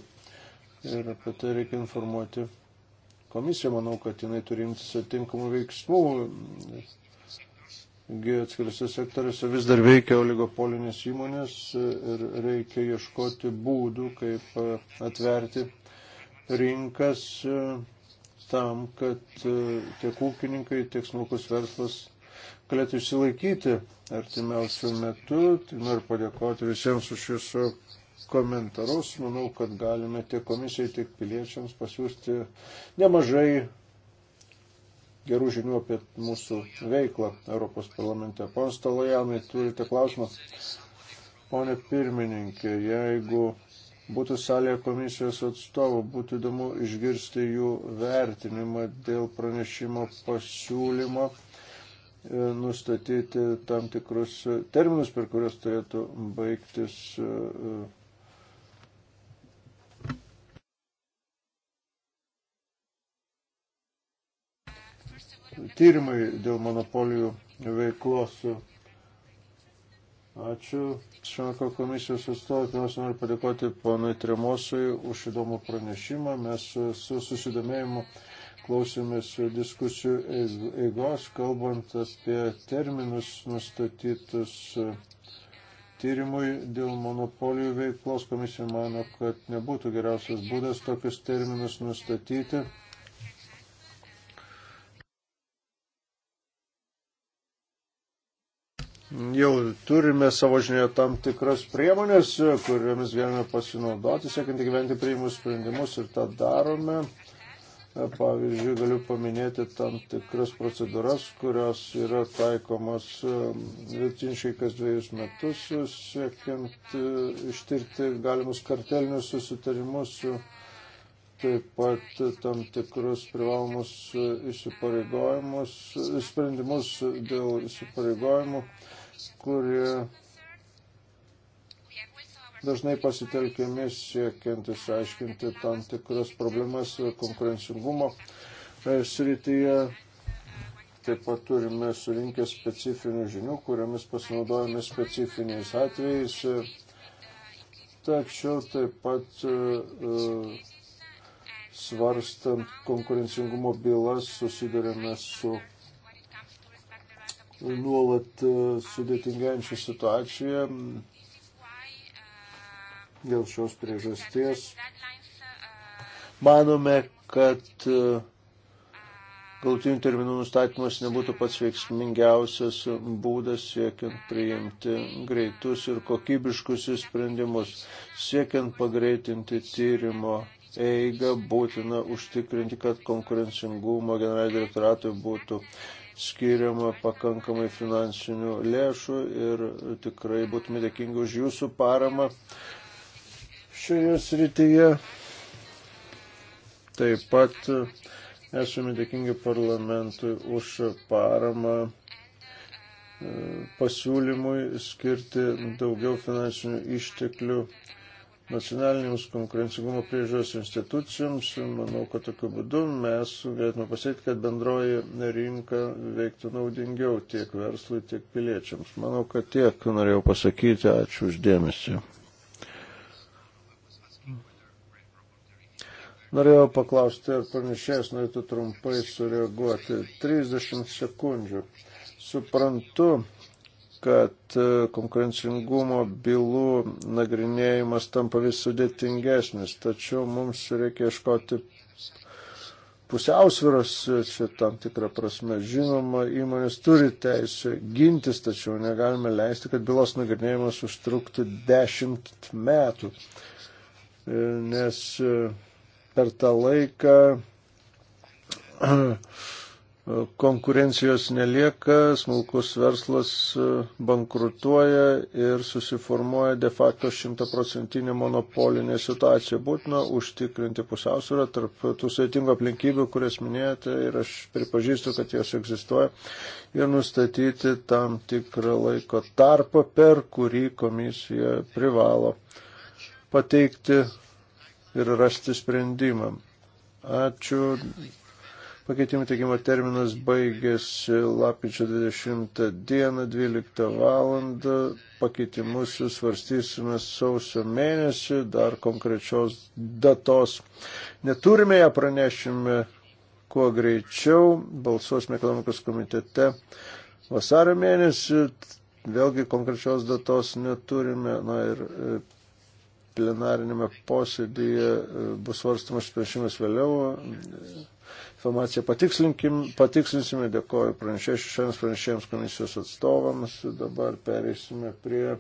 Ir apie tai reikia informuoti komisija, manau, kad jinai turi imtis atinkamų veiksmų. Atskirose sektoriuose vis dar veikia oligopolinės įmonės ir reikia ieškoti būdų, kaip atverti rinkas tam, kad tiek ūkininkai, tiek smulkus verslas galėtų išsilaikyti artimiausių metų. Tai noriu padėkoti visiems už jūsų komentarus. Manau, kad galime tiek komisijai, tiek piliečiams pasiūsti nemažai gerų žinių apie mūsų veiklą Europos parlamente. Pons Talojanai, turite klausimą? Pone pirmininkė, jeigu būtų salėje komisijos atstovų, būtų įdomu išgirsti jų vertinimą dėl pranešimo pasiūlymo e, nustatyti tam tikrus terminus, per kuriuos turėtų baigtis e, tyrimai dėl monopolijų veiklos. Ačiū. Šanko komisijos atstovai, pirmiausia, noriu padėkoti ponui Tremosui už įdomų pranešimą. Mes su susidomėjimu klausėmės diskusijų eigos, kalbant apie terminus nustatytus tyrimui dėl monopolijų veiklos. Komisija mano, kad nebūtų geriausias būdas tokius terminus nustatyti jau turime savo žinioje tam tikras priemonės, kuriomis galime pasinaudoti, siekiant įgyventi priimus sprendimus ir tą darome. Pavyzdžiui, galiu paminėti tam tikras procedūras, kurios yra taikomos um, vidutiniškai kas dviejus metus, siekiant uh, ištirti galimus kartelinius susitarimus, taip pat tam tikrus privalomus uh, įsipareigojimus, uh, sprendimus dėl įsipareigojimų kurie dažnai pasitelkiami siekiant išaiškinti tam tikras problemas konkurencingumo e, srityje. Taip pat turime surinkę specifinių žinių, kuriamis pasinaudojame specifiniais atvejais. Tačiau taip pat e, e, svarstant konkurencingumo bylas susidurėme su nuolat e, sudėtingiančią situaciją. Mm, dėl šios priežasties manome, kad e, galutinių terminų nustatymas nebūtų pats veiksmingiausias būdas siekiant priimti greitus ir kokybiškus sprendimus, siekiant pagreitinti tyrimo eigą būtina užtikrinti, kad konkurencingumo generalinio direktoratui būtų skiriama pakankamai finansinių lėšų ir tikrai būtume dėkingi už jūsų paramą šioje srityje. Taip pat esame dėkingi parlamentui už paramą e, pasiūlymui skirti daugiau finansinių išteklių nacionalinėms konkurencingumo priežiūros institucijoms. Manau, kad tokiu būdu mes galėtume pasiekti, kad bendroji rinka veiktų naudingiau tiek verslui, tiek piliečiams. Manau, kad tiek norėjau pasakyti. Ačiū uždėmesi. Norėjau paklausti, ar pranešėjas norėtų trumpai sureaguoti. 30 sekundžių. Suprantu, kad e, konkurencingumo bylų nagrinėjimas tampa vis sudėtingesnis, tačiau mums reikia iškoti pusiausviros čia tam tikrą prasme. Žinoma, įmonės turi teisę gintis, tačiau negalime leisti, kad bylos nagrinėjimas užtruktų dešimt metų, e, nes e, per tą laiką konkurencijos nelieka, smulkus verslas e, bankrutuoja ir susiformuoja de facto šimtaprocentinė monopolinė situacija. Būtina užtikrinti pusiausvyrą tarp tų sveitingų aplinkybių, kurias minėjote ir aš pripažįstu, kad jos egzistuoja ir nustatyti tam tikrą laiko tarpą, per kurį komisija privalo pateikti ir rasti sprendimą. Ačiū. Pakeitimų teikimo terminas baigėsi lapkričio 20 dieną 12 valandą. Pakeitimus svarstysime sausio mėnesį, dar konkrečios datos. Neturime ją pranešime kuo greičiau. Balsuosime ekonomikos komitete vasario mėnesį. Vėlgi konkrečios datos neturime. Na ir e, plenarinėme posėdėje e, bus svarstamas sprendimas vėliau informaciją patikslinsime. Dėkoju pranešėjams, šešiems pranešėjams komisijos atstovams. Dabar pereisime prie.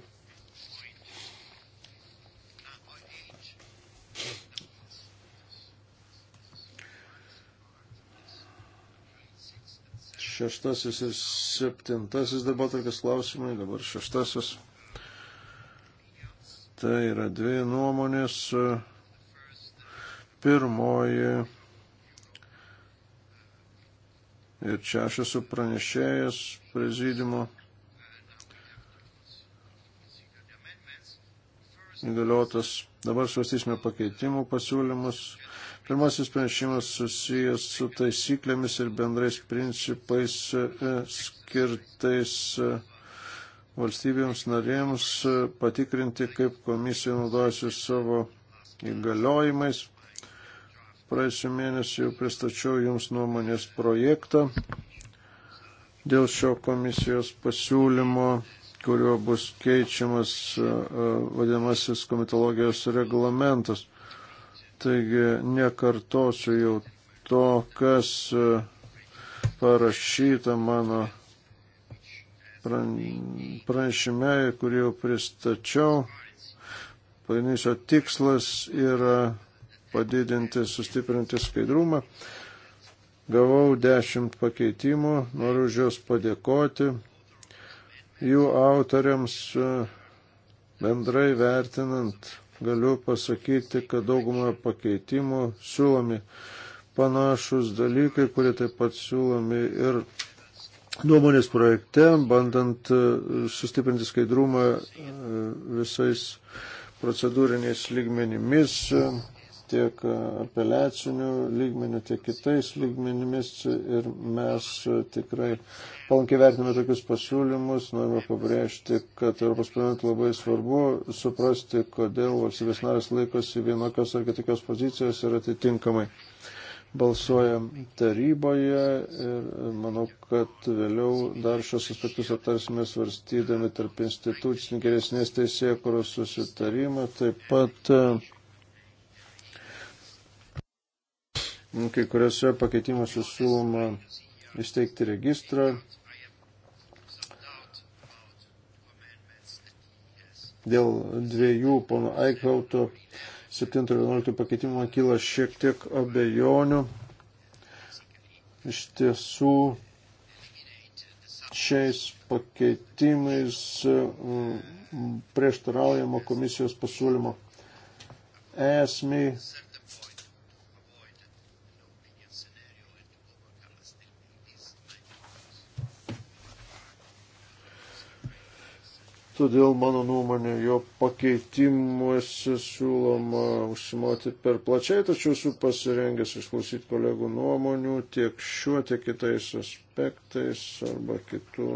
Šeštasis ir septintasis darbo tokias klausimai, dabar šeštasis. Tai yra dvi nuomonės. Pirmoji Ir čia aš esu pranešėjęs prezidimo įgaliotas. Dabar svarstysime pakeitimų pasiūlymus. Pirmasis pranešimas susijęs su taisyklėmis ir bendrais principais e, skirtais e, valstybėms narėms e, patikrinti, kaip komisija naudojasi savo įgaliojimais. Praėjusiu mėnesiu jau pristačiau Jums nuomonės projektą dėl šio komisijos pasiūlymo, kuriuo bus keičiamas vadinamasis komitologijos reglamentas. Taigi nekartosiu jau to, kas parašyta mano pranešime, kurį jau pristačiau. Pagrindinis jo tikslas yra padidinti, sustiprinti skaidrumą. Gavau dešimt pakeitimų, noriu už juos padėkoti. Jų autoriams e, bendrai vertinant galiu pasakyti, kad daugumoje pakeitimų siūlomi panašus dalykai, kurie taip pat siūlomi ir nuomonės projekte, bandant e, sustiprinti skaidrumą e, visais procedūriniais lygmenimis tiek apeliacinių lygmenių, tiek kitais lygmenimis ir mes tikrai palankiai vertiname tokius pasiūlymus, norime pabrėžti, kad Europos parlamentui labai svarbu suprasti, kodėl valstybės narės laikosi vienokios ar kitokios pozicijos ir atitinkamai balsuoja taryboje ir manau, kad vėliau dar šios aspektus aptarsime svarstydami tarp institucinį geresnės teisėkuros susitarimą. Taip pat Nu, kai kuriuose pakeitimuose siūloma įsteigti registrą. Dėl dviejų pono Aikauto 7-11 pakeitimo kyla šiek tiek abejonių. Iš tiesų šiais pakeitimais mm, prieštaraujama komisijos pasiūlymo esmiai Todėl, mano nuomonė, jo pakeitimuose siūloma užsimoti per plačiai, tačiau esu pasirengęs išklausyti kolegų nuomonių tiek šiuo, tiek kitais aspektais arba kitų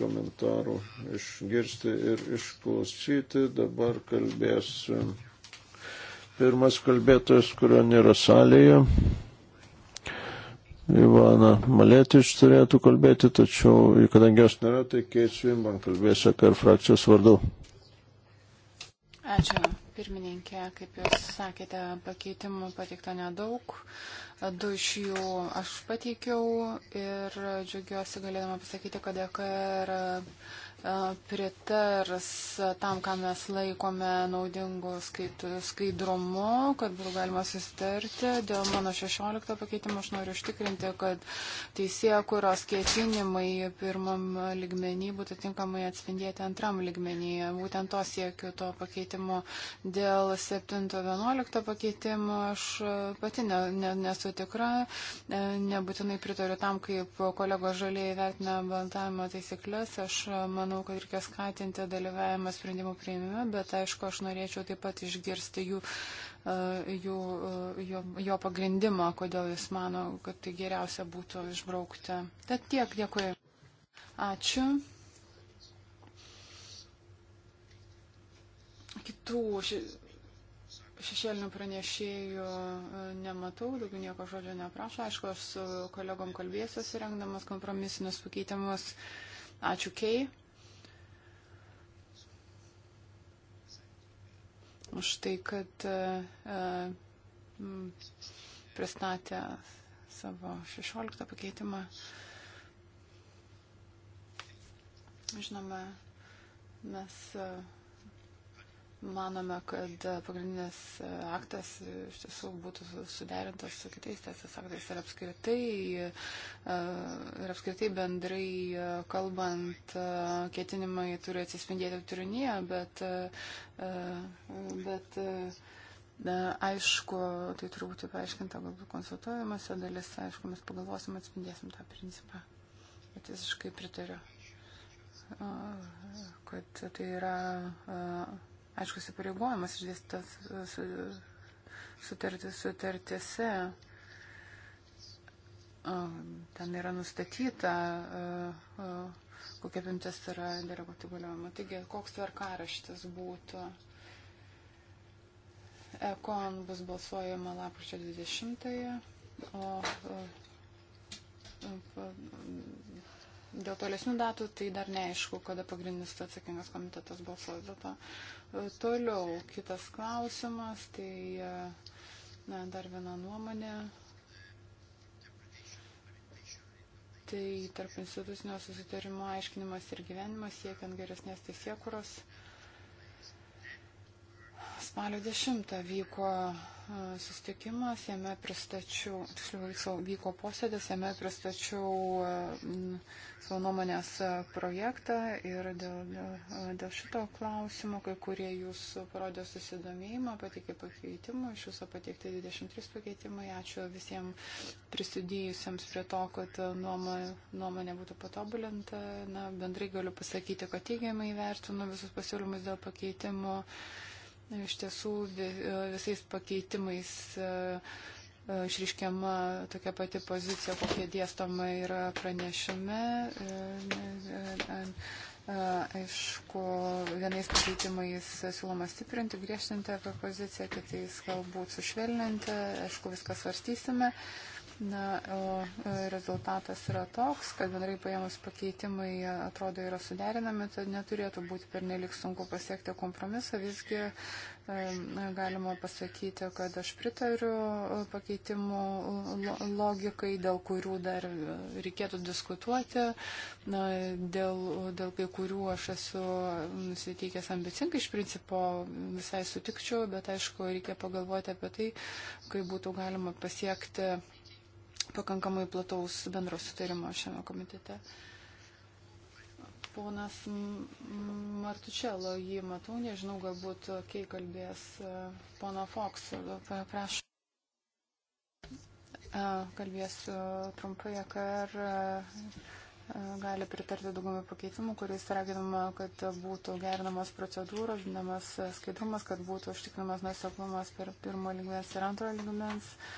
komentarų išgirsti ir išklausyti. Dabar kalbės e, pirmas kalbėtojas, kurio nėra salėje. Ivana Malėtiš turėtų kalbėti, tačiau kadangi aš nėra, tai Keit Svimban kalbės AKR frakcijos vardu. Ačiū, pirmininkė. Kaip jūs sakėte, pakeitimų pateikta nedaug. Du iš jų aš pateikiau ir džiugiuosi galėdama pasakyti, kad AKR. E Dėka E, pritars tam, ką mes laikome naudingu skaidrumu, kad būtų galima susitarti. Dėl mano 16 pakeitimo aš noriu užtikrinti, kad teisėje, kurios ketinimai pirmam ligmenį būtų tinkamai atspindėti antram ligmenyje. Būtent to siekiu to pakeitimo. Dėl 7-11 pakeitimo aš pati ne, ne, nesu tikra, e, nebūtinai pritariu tam, kaip kolegos žaliai vertina baltavimo taisyklės. Aš man manau, kad reikia skatinti dalyvavimą sprendimų prieimime, bet aišku, aš norėčiau taip pat išgirsti jų, e, jų, e, jo, jo pagrindimą, kodėl jis mano, kad tai geriausia būtų išbraukti. Tad tiek, dėkui. Ačiū. Kitų šešėlinių pranešėjų e, nematau, daugiau nieko žodžio neprašo. Aišku, aš su kolegom kalbėsiuosi rengdamas kompromisinius pakeitimus. Ačiū Kei. už tai, kad e, e, pristatė savo 16 pakeitimą. Žinoma, mes. Uh, Manome, kad pagrindinis e, aktas iš tiesų būtų suderintas su kitais teisės aktais ir apskritai, e, ir apskritai bendrai e, kalbant, ketinimai turi atsispindėti turinėje, bet, bet Na, aišku, tai turbūt paaiškinta galbūt konsultuojamas dalis, aišku, mes pagalvosim, atspindėsim tą principą. Bet visiškai pritariu, kad tai yra aiškus įpareigojimas išdėstas e, sutartis sutartise. E, ten yra nustatyta, e, kokia apimtis yra derogatų galiojimo. Taigi, koks tvarkaraštis būtų. Ekon bus balsuojama lapkričio 20, o Dėl tolesnių datų tai dar neaišku, kada pagrindinis atsakingas komitetas balsuos dėl to. E, toliau kitas klausimas, tai e, na, dar viena nuomonė. Tai tarp institucinio susitarimo aiškinimas ir gyvenimas siekiant geresnės teisėkuros. Tai Spalio 10 vyko e, susitikimas, jame pristačiau, tiksliau vyko posėdis, jame pristačiau e, savo nuomonės e, projektą ir dėl, dėl šito klausimo, kai kurie jūs parodė susidomėjimą, pateikė pakeitimų, iš jūsų pateikti 23 pakeitimai, ačiū visiems prisidėjusiems prie to, kad nuomonė, nuomonė būtų patobulinta. Na, bendrai galiu pasakyti, kad teigiamai vertinu visus pasiūlymus dėl pakeitimų. Iš tiesų e, visais pakeitimais e, e, išriškiama tokia pati pozicija, kokia dėstoma yra pranešime. Aišku, vienais pakeitimais siūloma stiprinti, griežtinti apie poziciją, kitais galbūt sušvelninti. Aišku, viską svarstysime. Uh, Na, o e, rezultatas yra toks, kad bendrai paėmus pakeitimai e, atrodo yra suderinami, tad neturėtų būti pernelik sunku pasiekti kompromisą. Visgi e, galima pasakyti, kad aš pritariu pakeitimų logikai, dėl kurių dar reikėtų diskutuoti. Na, dėl, dėl kai kurių aš esu nusiteikęs ambicingai, iš principo visai sutikčiau, bet aišku, reikia pagalvoti apie tai, kaip būtų galima pasiekti pakankamai plataus bendro sutarimo šiame komitete. Ponas Martučelo, jį matau, nežinau, galbūt kiek kalbės e, pono Fox, e, prašau. E, Kalbėsiu trumpai, ar gali pritarti daugumai pakeitimų, kuris raginama, kad būtų gerinamas procedūros, dinamas skaidrumas, kad būtų užtikrinamas nuseklumas per pirmo lygmens ir antrojo lygmens. Uh,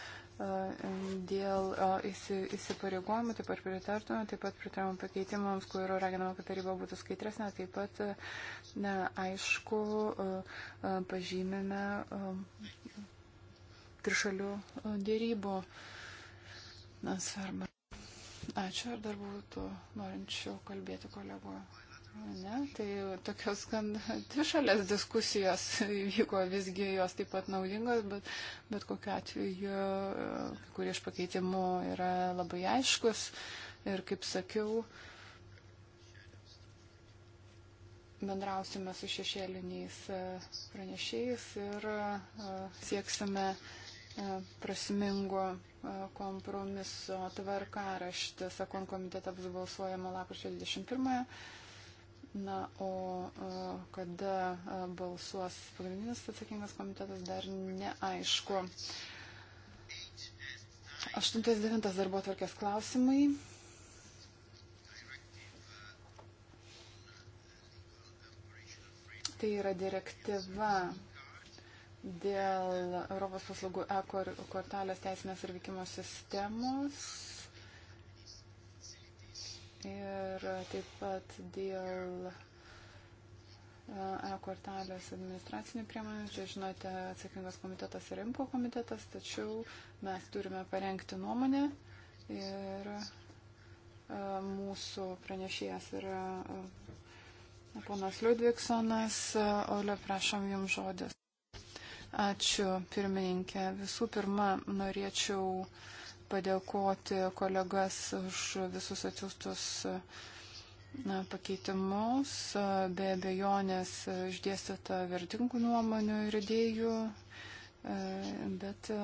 dėl įsipareigojimų, taip pat pritartume, taip pat pritartume pakeitimams, kur raginama, kad taryba būtų skaidresnė, taip pat, na, aišku, pažymime trišalių dėrybų svarbą. Ačiū, ar dar būtų norinčių kalbėti kolegų. Ne, tai tokios gan dvišalės diskusijos vyko, visgi jos taip pat naudingos, bet, bet kokiu atveju, kurie iš pakeitimų yra labai aiškus ir, kaip sakiau, bendrausime su šešėliniais e, pranešėjais ir e, sieksime e, prasmingo kompromiso tvarkaraštis, sakon, komitetą bus balsuojama lapkričio 21. -ąją. Na, o kada balsuos pagrindinis atsakingas komitetas, dar neaišku. 8.9. darbo atvarkės klausimai. Tai yra direktyva dėl Europos paslaugų e-kortelės teisinės ir vykimo sistemos ir taip pat dėl e-kortelės e, administracinių priemonių. Čia, žinote, atsakingas komitetas yra impo komitetas, tačiau mes turime parengti nuomonę ir e, mūsų pranešėjas yra e, ponas Liudviksonas. Ole, prašom jums žodis. Ačiū, pirmininkė. Visų pirma, norėčiau uh, padėkoti kolegas už visus atsiustus na, pakeitimus, be abejonės išdėstyta vertingų nuomonių ir idėjų, e, bet e,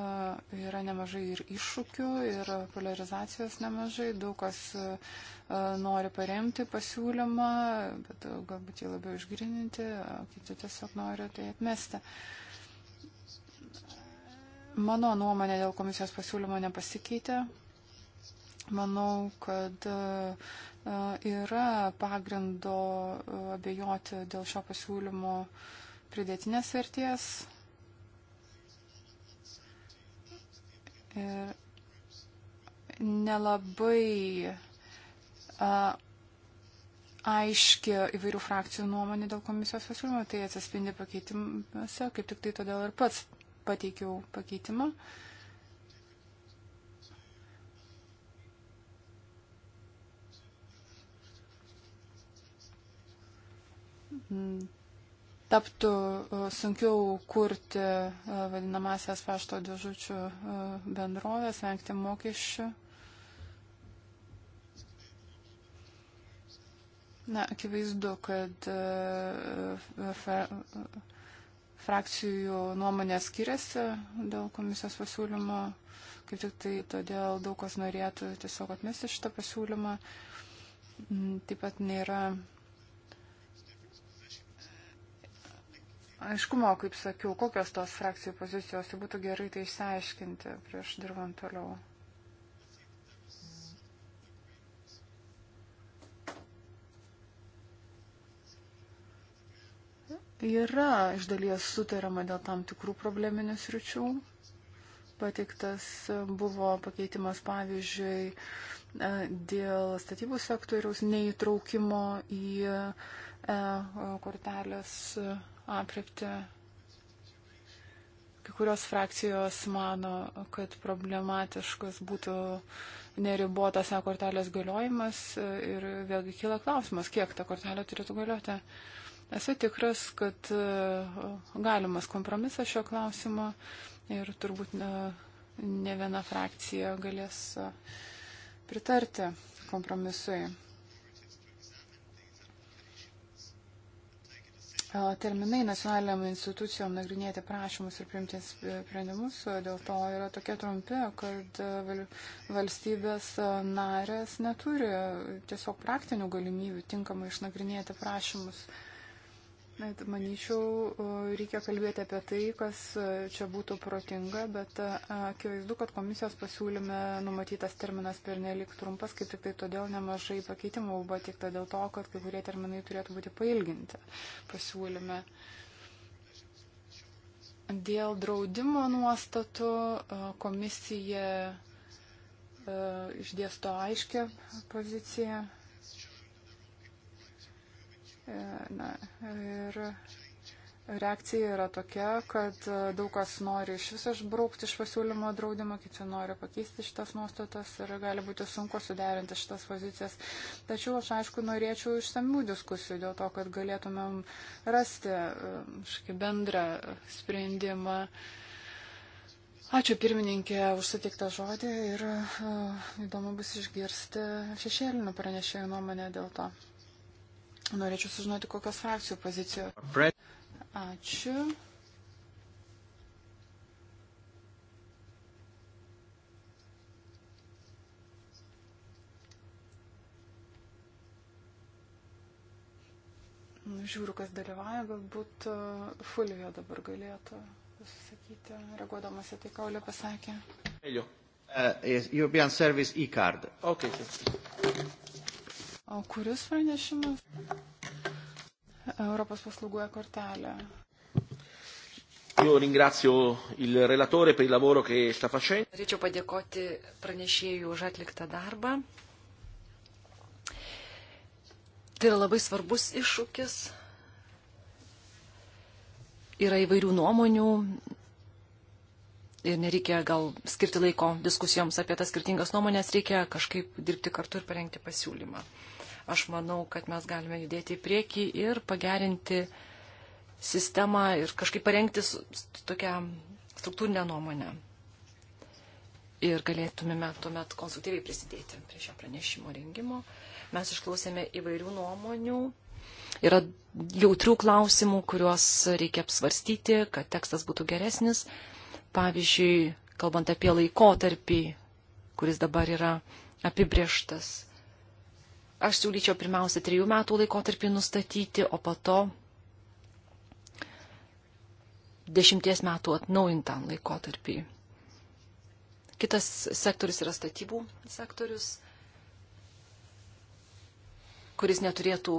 yra nemažai ir iššūkių, ir polarizacijos nemažai, daug kas e, nori paremti pasiūlymą, bet galbūt jį labiau išgrininti, kiti tiesiog nori tai atmesti. Uh, Mano nuomonė dėl komisijos pasiūlymo nepasikeitė. Manau, kad e, e, yra pagrindo e, abejoti dėl šio pasiūlymo pridėtinės verties. Ir nelabai a, aiški įvairių frakcijų nuomonė dėl komisijos pasiūlymo, tai atsispindi pakeitimuose, kaip tik tai todėl ir pats pateikiau pakeitimą. Taptų e, sunkiau kurti e, vadinamasias pašto dėžučių e, bendrovės, vengti mokesčių. Na, akivaizdu, kad frakcijų nuomonės skiriasi dėl komisijos pasiūlymo, kaip tik tai todėl daug kas norėtų tiesiog atmesti šitą pasiūlymą. Mm, taip pat nėra aiškumo, kaip sakiau, kokios tos frakcijų pozicijos, tai būtų gerai tai išsiaiškinti prieš dirbant toliau. Yra iš dalies sutarama dėl tam tikrų probleminių sričių. Pateiktas buvo pakeitimas, pavyzdžiui, e, dėl statybų sektoriaus neįtraukimo į e, kortelės aprepti. Kai kurios frakcijos mano, kad problematiškas būtų neribotas kortelės galiojimas e, ir vėlgi kyla klausimas, kiek ta kortelė turėtų galioti. Uh, Esu tikras, kad e, galimas kompromisas šio klausimo ir turbūt ne, ne viena frakcija galės e, pritarti kompromisui. E, terminai nacionaliniam institucijom nagrinėti prašymus ir priimti sprendimus dėl to yra tokie trumpi, kad valstybės narės neturi tiesiog praktinių galimybių tinkamai išnagrinėti prašymus. Bet tai manyčiau, reikia kalbėti apie tai, kas e, čia būtų protinga, bet e, akivaizdu, kad komisijos pasiūlyme numatytas terminas per nelik trumpas, kaip tik tai todėl nemažai pakeitimų buvo tikta dėl to, kad kai kurie terminai turėtų būti pailginti pasiūlyme. Dėl draudimo nuostatų e, komisija išdėsto aiškę poziciją Na, ir reakcija yra tokia, kad daug kas nori iš viso išbraukti iš pasiūlymo draudimo, kiti nori pakeisti šitas nuostatas ir gali būti sunku suderinti šitas pozicijas. Tačiau aš aišku norėčiau išsamių diskusijų dėl to, kad galėtumėm rasti škai, um, bendrą sprendimą. Ačiū pirmininkė už sutiktą žodį ir uh, įdomu bus išgirsti šešėlinio pranešėjo nuomonę dėl to. Norėčiau sužinoti, kokios frakcijų pozicijos. Ačiū. Žiūriu, kas dalyvauja, galbūt uh, Fulvija dabar galėtų pasisakyti, reaguodamas į tai, ką Olė pasakė. Uh, European Service e-card. Okay, O kuris pranešimas? Europos paslaugoje kortelė. Io ringrazio il relatore per il lavoro che sta facendo. Norėčiau padėkoti pranešėjų už atliktą darbą. Tai yra labai svarbus iššūkis. Yra įvairių nuomonių ir nereikia gal skirti laiko diskusijoms apie tas skirtingas nuomonės, reikia kažkaip dirbti kartu ir parengti pasiūlymą. Aš manau, kad mes galime judėti į priekį ir pagerinti sistemą ir kažkaip parengti tokią struktūrinę nuomonę. Ir galėtumėme tuomet konstruktyviai prisidėti prie šio pranešimo rengimo. Mes išklausėme įvairių nuomonių. Yra jautrių klausimų, kuriuos reikia apsvarstyti, kad tekstas būtų geresnis. Pavyzdžiui, kalbant apie laikotarpį, kuris dabar yra apibrieštas Aš siūlyčiau pirmiausia trijų metų laikotarpį nustatyti, o po to dešimties metų atnaujintam laikotarpį. Kitas sektorius yra statybų sektorius, kuris neturėtų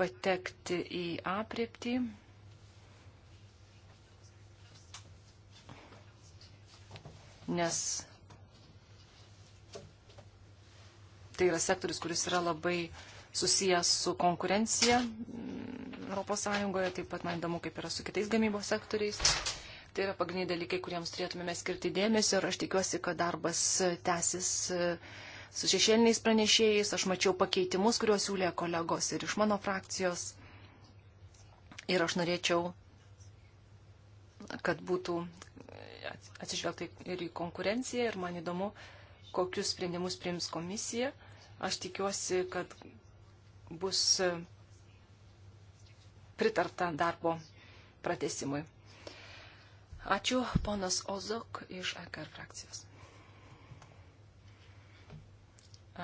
patekti į apriepti. Nes tai yra sektorius, kuris yra labai susijęs su konkurencija mm, ES, taip pat man įdomu, kaip yra su kitais gamybos sektoriais. Tai yra pagrindiniai dalykai, kuriems turėtumėme skirti dėmesio ir aš tikiuosi, kad darbas e, tęsis e, su šešėliniais pranešėjais. Aš mačiau pakeitimus, kuriuos siūlė kolegos ir iš mano frakcijos. Ir aš norėčiau, kad būtų e, atsižvelgta ir į konkurenciją ir man įdomu, kokius sprendimus priims komisija. Aš tikiuosi, kad bus e, pritarta darbo pratesimui. Ačiū, ponas Ozok iš AKR frakcijos.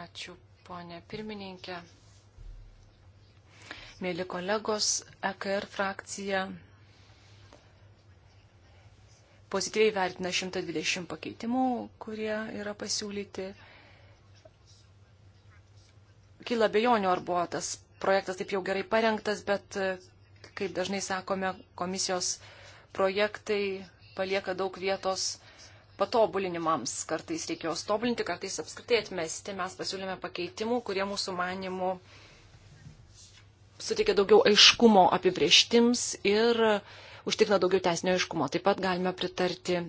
Ačiū, ponė pirmininkė. Mėly kolegos, AKR frakcija pozityviai vertina 120 pakeitimų, kurie yra pasiūlyti. Kyla bejonių, ar buvo tas projektas taip jau gerai parengtas, bet, kaip dažnai sakome, komisijos projektai palieka daug vietos patobulinimams. Kartais reikėjo stobulinti, kartais apskritai atmesti. Mes pasiūlėme pakeitimų, kurie mūsų manimų suteikia daugiau aiškumo apibrieštims ir uh, užtikrina daugiau teisinio aiškumo. Taip pat galime pritarti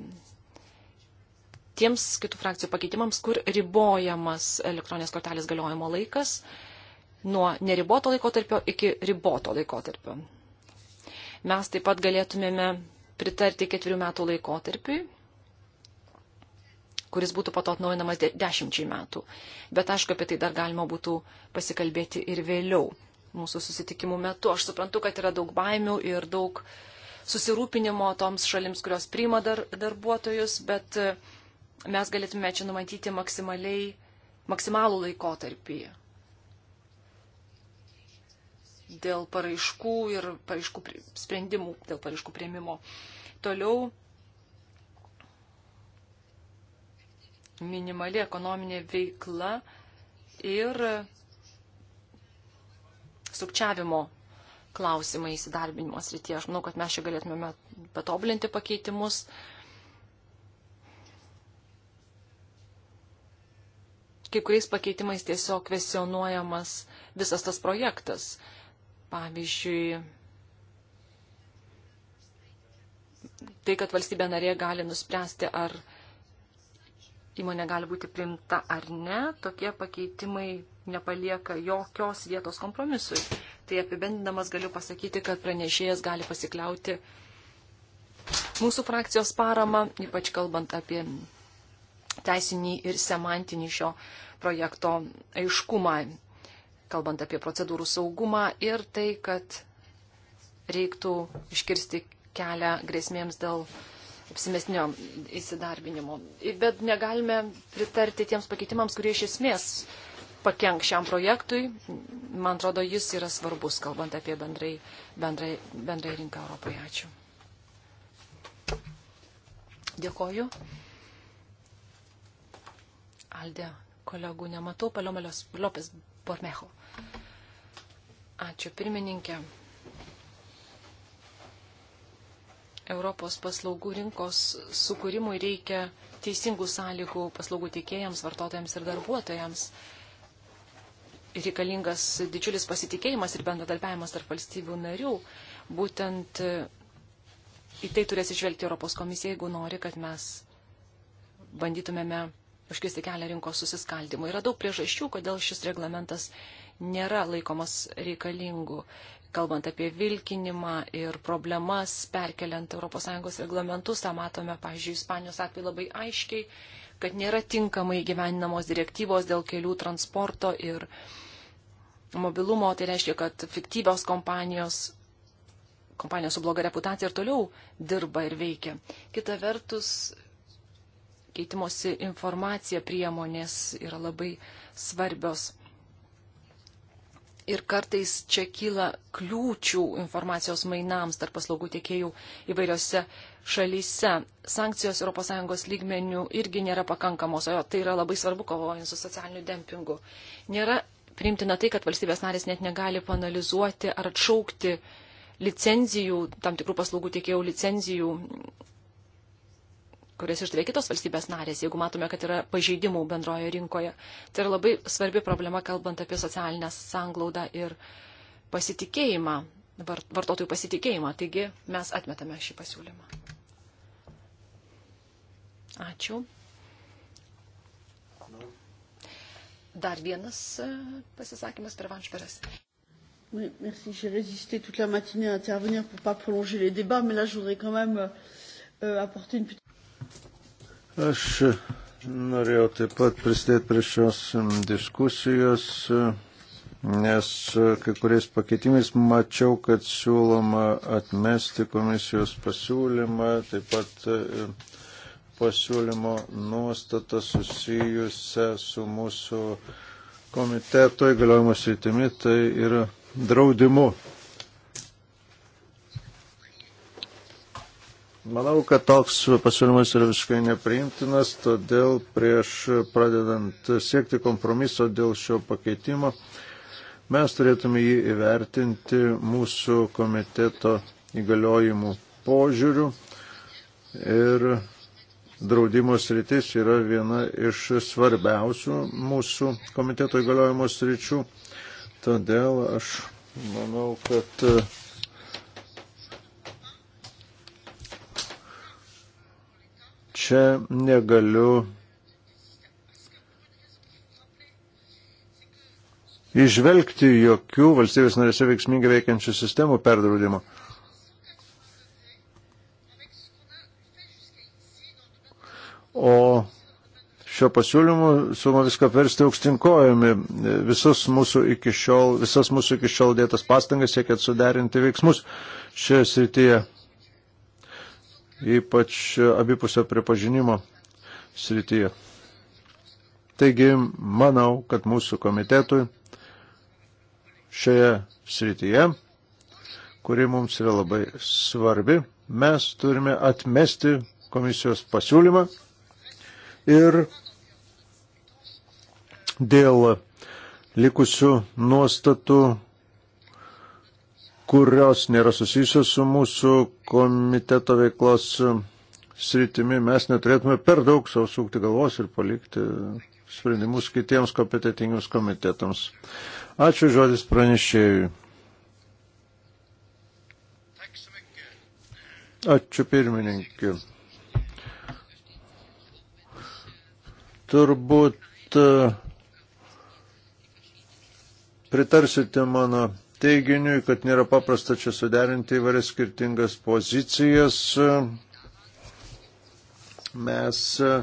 tiems kitų frakcijų pakeitimams, kur ribojamas elektroninės kortelės galiojimo laikas nuo neriboto laikotarpio iki riboto laikotarpio. Mes taip pat galėtumėme pritarti ketverių metų laikotarpiui, kuris būtų pato atnaujinamas dešimčiai metų. Bet aišku, apie tai dar galima būtų pasikalbėti ir vėliau mūsų susitikimų metu. Aš suprantu, kad yra daug baimių ir daug uh, susirūpinimo toms šalims, kurios priima dar, darbuotojus, bet e, mes galėtume čia numatyti maksimaliai, maksimalų laikotarpį dėl paraiškų ir paraiškų sprendimų, dėl paraiškų prieimimo. Toliau minimali ekonominė veikla ir sukčiavimo klausimai įsidarbinimo srityje. Aš manau, kad mes čia galėtumėme patobulinti pakeitimus. Kai kuriais pakeitimais tiesiog kvesionuojamas visas tas projektas. Pavyzdžiui, tai, kad valstybė narė gali nuspręsti, ar įmonė gali būti primta ar ne, tokie pakeitimai nepalieka jokios vietos kompromisui tai apibendinamas galiu pasakyti, kad pranešėjas gali pasikliauti mūsų frakcijos parama, ypač kalbant apie teisinį ir semantinį šio projekto aiškumą, kalbant apie procedūrų saugumą ir tai, kad reiktų iškirsti kelią grėsmėms dėl apsimesnio įsidarbinimo. Bet negalime pritarti tiems pakeitimams, kurie iš esmės pakenk šiam projektui. Man atrodo, jis yra svarbus, kalbant apie bendrai, bendrai, bendrai rinką Europoje. Ačiū. Dėkoju. Aldė, kolegų nematau, Palomelios Lopes Bormecho. Ačiū pirmininkė. Europos paslaugų rinkos sukūrimui reikia teisingų sąlygų paslaugų teikėjams, vartotojams ir darbuotojams reikalingas didžiulis pasitikėjimas ir bendradarbiavimas tarp valstybių narių. Būtent e, į tai turės išvelgti Europos komisija, jeigu nori, kad mes bandytumėme užkirsti kelią rinkos susiskaldimui. Yra daug priežasčių, kodėl šis reglamentas nėra laikomas reikalingu, kalbant apie vilkinimą ir problemas perkeliant ES reglamentus. Tą matome, pavyzdžiui, Ispanijos atveju labai aiškiai kad nėra tinkamai gyveninamos direktyvos dėl kelių transporto ir mobilumo. Tai reiškia, kad fiktyvios kompanijos, kompanijos su bloga reputacija ir toliau dirba ir veikia. Kita vertus, keitimosi informacija priemonės yra labai svarbios. Ir kartais čia kyla kliūčių informacijos mainams tarp paslaugų tiekėjų įvairiose šalyse. Sankcijos ES lygmenių irgi nėra pakankamos, o tai yra labai svarbu kovojant su socialiniu dempingu. Nėra priimtina tai, kad valstybės narės net negali panalizuoti ar atšaukti licenzijų, tam tikrų paslaugų tiekėjų licenzijų kurias išdavė kitos valstybės narės, jeigu matome, kad yra pažeidimų bendroje rinkoje. Tai yra labai svarbi problema, kalbant apie socialinę sanglaudą ir pasitikėjimą, vartotojų pasitikėjimą. Taigi mes atmetame šį pasiūlymą. Ačiū. Dar vienas e, pasisakymas per Vanšperas. Oui, merci. J'ai résisté toute la matinée à intervenir pour ne pas prolonger les débats, mais là, je voudrais quand même euh, euh apporter une petite. Aš norėjau taip pat prisidėti prie šios diskusijos, nes e, kai kuriais pakeitimais mačiau, kad siūloma atmesti komisijos pasiūlymą, taip pat e, pasiūlymo nuostatą susijusią su mūsų komiteto įgaliojimo sritimi, tai yra draudimu. Manau, kad toks pasiūlymas yra visiškai nepriimtinas, todėl prieš pradedant siekti kompromiso dėl šio pakeitimo, mes turėtume jį įvertinti mūsų komiteto įgaliojimų požiūrių ir draudimo sritis yra viena iš svarbiausių mūsų komiteto įgaliojimo sričių. Todėl aš manau, kad e, čia negaliu išvelgti jokių valstybės narėse veiksmingai veikiančių sistemų perdraudimo. o šio pasiūlymu suma viską versti aukštinkojami. Visus mūsų iki šiol, visas mūsų iki šiol dėtas pastangas siekiat suderinti veiksmus šioje srityje, ypač abipusio pripažinimo srityje. Taigi, manau, kad mūsų komitetui šioje srityje, kuri mums yra labai svarbi, mes turime atmesti komisijos pasiūlymą ir dėl likusių nuostatų, kurios nėra susijusios su mūsų komiteto veiklos sritimi, mes neturėtume per daug savo sukti galvos ir palikti sprendimus kitiems kompetitingiams komitetams. Ačiū žodis pranešėjui. Ačiū pirmininkė. turbūt e, pritarsite mano teiginiui, kad nėra paprasta čia suderinti įvairias skirtingas pozicijas. Mes e,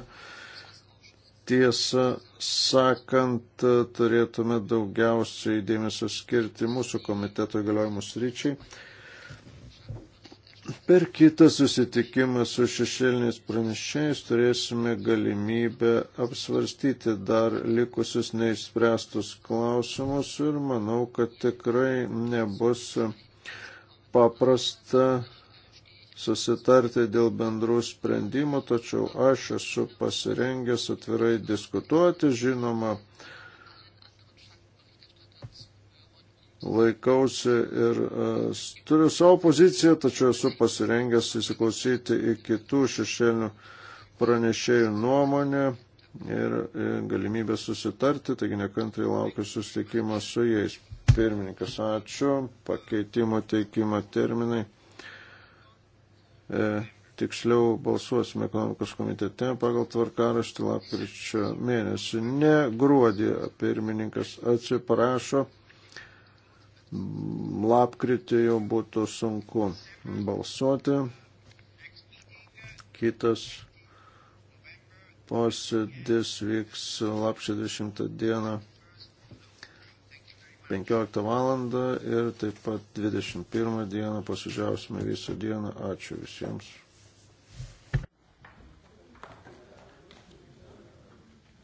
tiesą sakant turėtume daugiausiai dėmesio skirti mūsų komiteto įgaliojimus ryčiai Per kitą susitikimą su šešėliniais pranešėjais turėsime galimybę apsvarstyti dar likusius neišspręstus klausimus ir manau, kad tikrai nebus paprasta susitarti dėl bendrų sprendimų, tačiau aš esu pasirengęs atvirai diskutuoti, žinoma, laikausi ir uh, turiu savo poziciją, tačiau esu pasirengęs įsiklausyti į kitų šešėlių pranešėjų nuomonę ir e, galimybę susitarti, taigi nekantrai laukiu susitikimo su jais. Pirmininkas, ačiū. Pakeitimo teikimo terminai. E, tiksliau balsuosime ekonomikos komitete pagal tvarkaraštį lapkričio mėnesį. Ne gruodį pirmininkas atsiprašo lapkritį jau būtų sunku balsuoti. Kitas posėdis vyks lapšio 20 dieną 15 valandą ir taip pat 21 dieną posėdžiausime visą dieną. Ačiū visiems.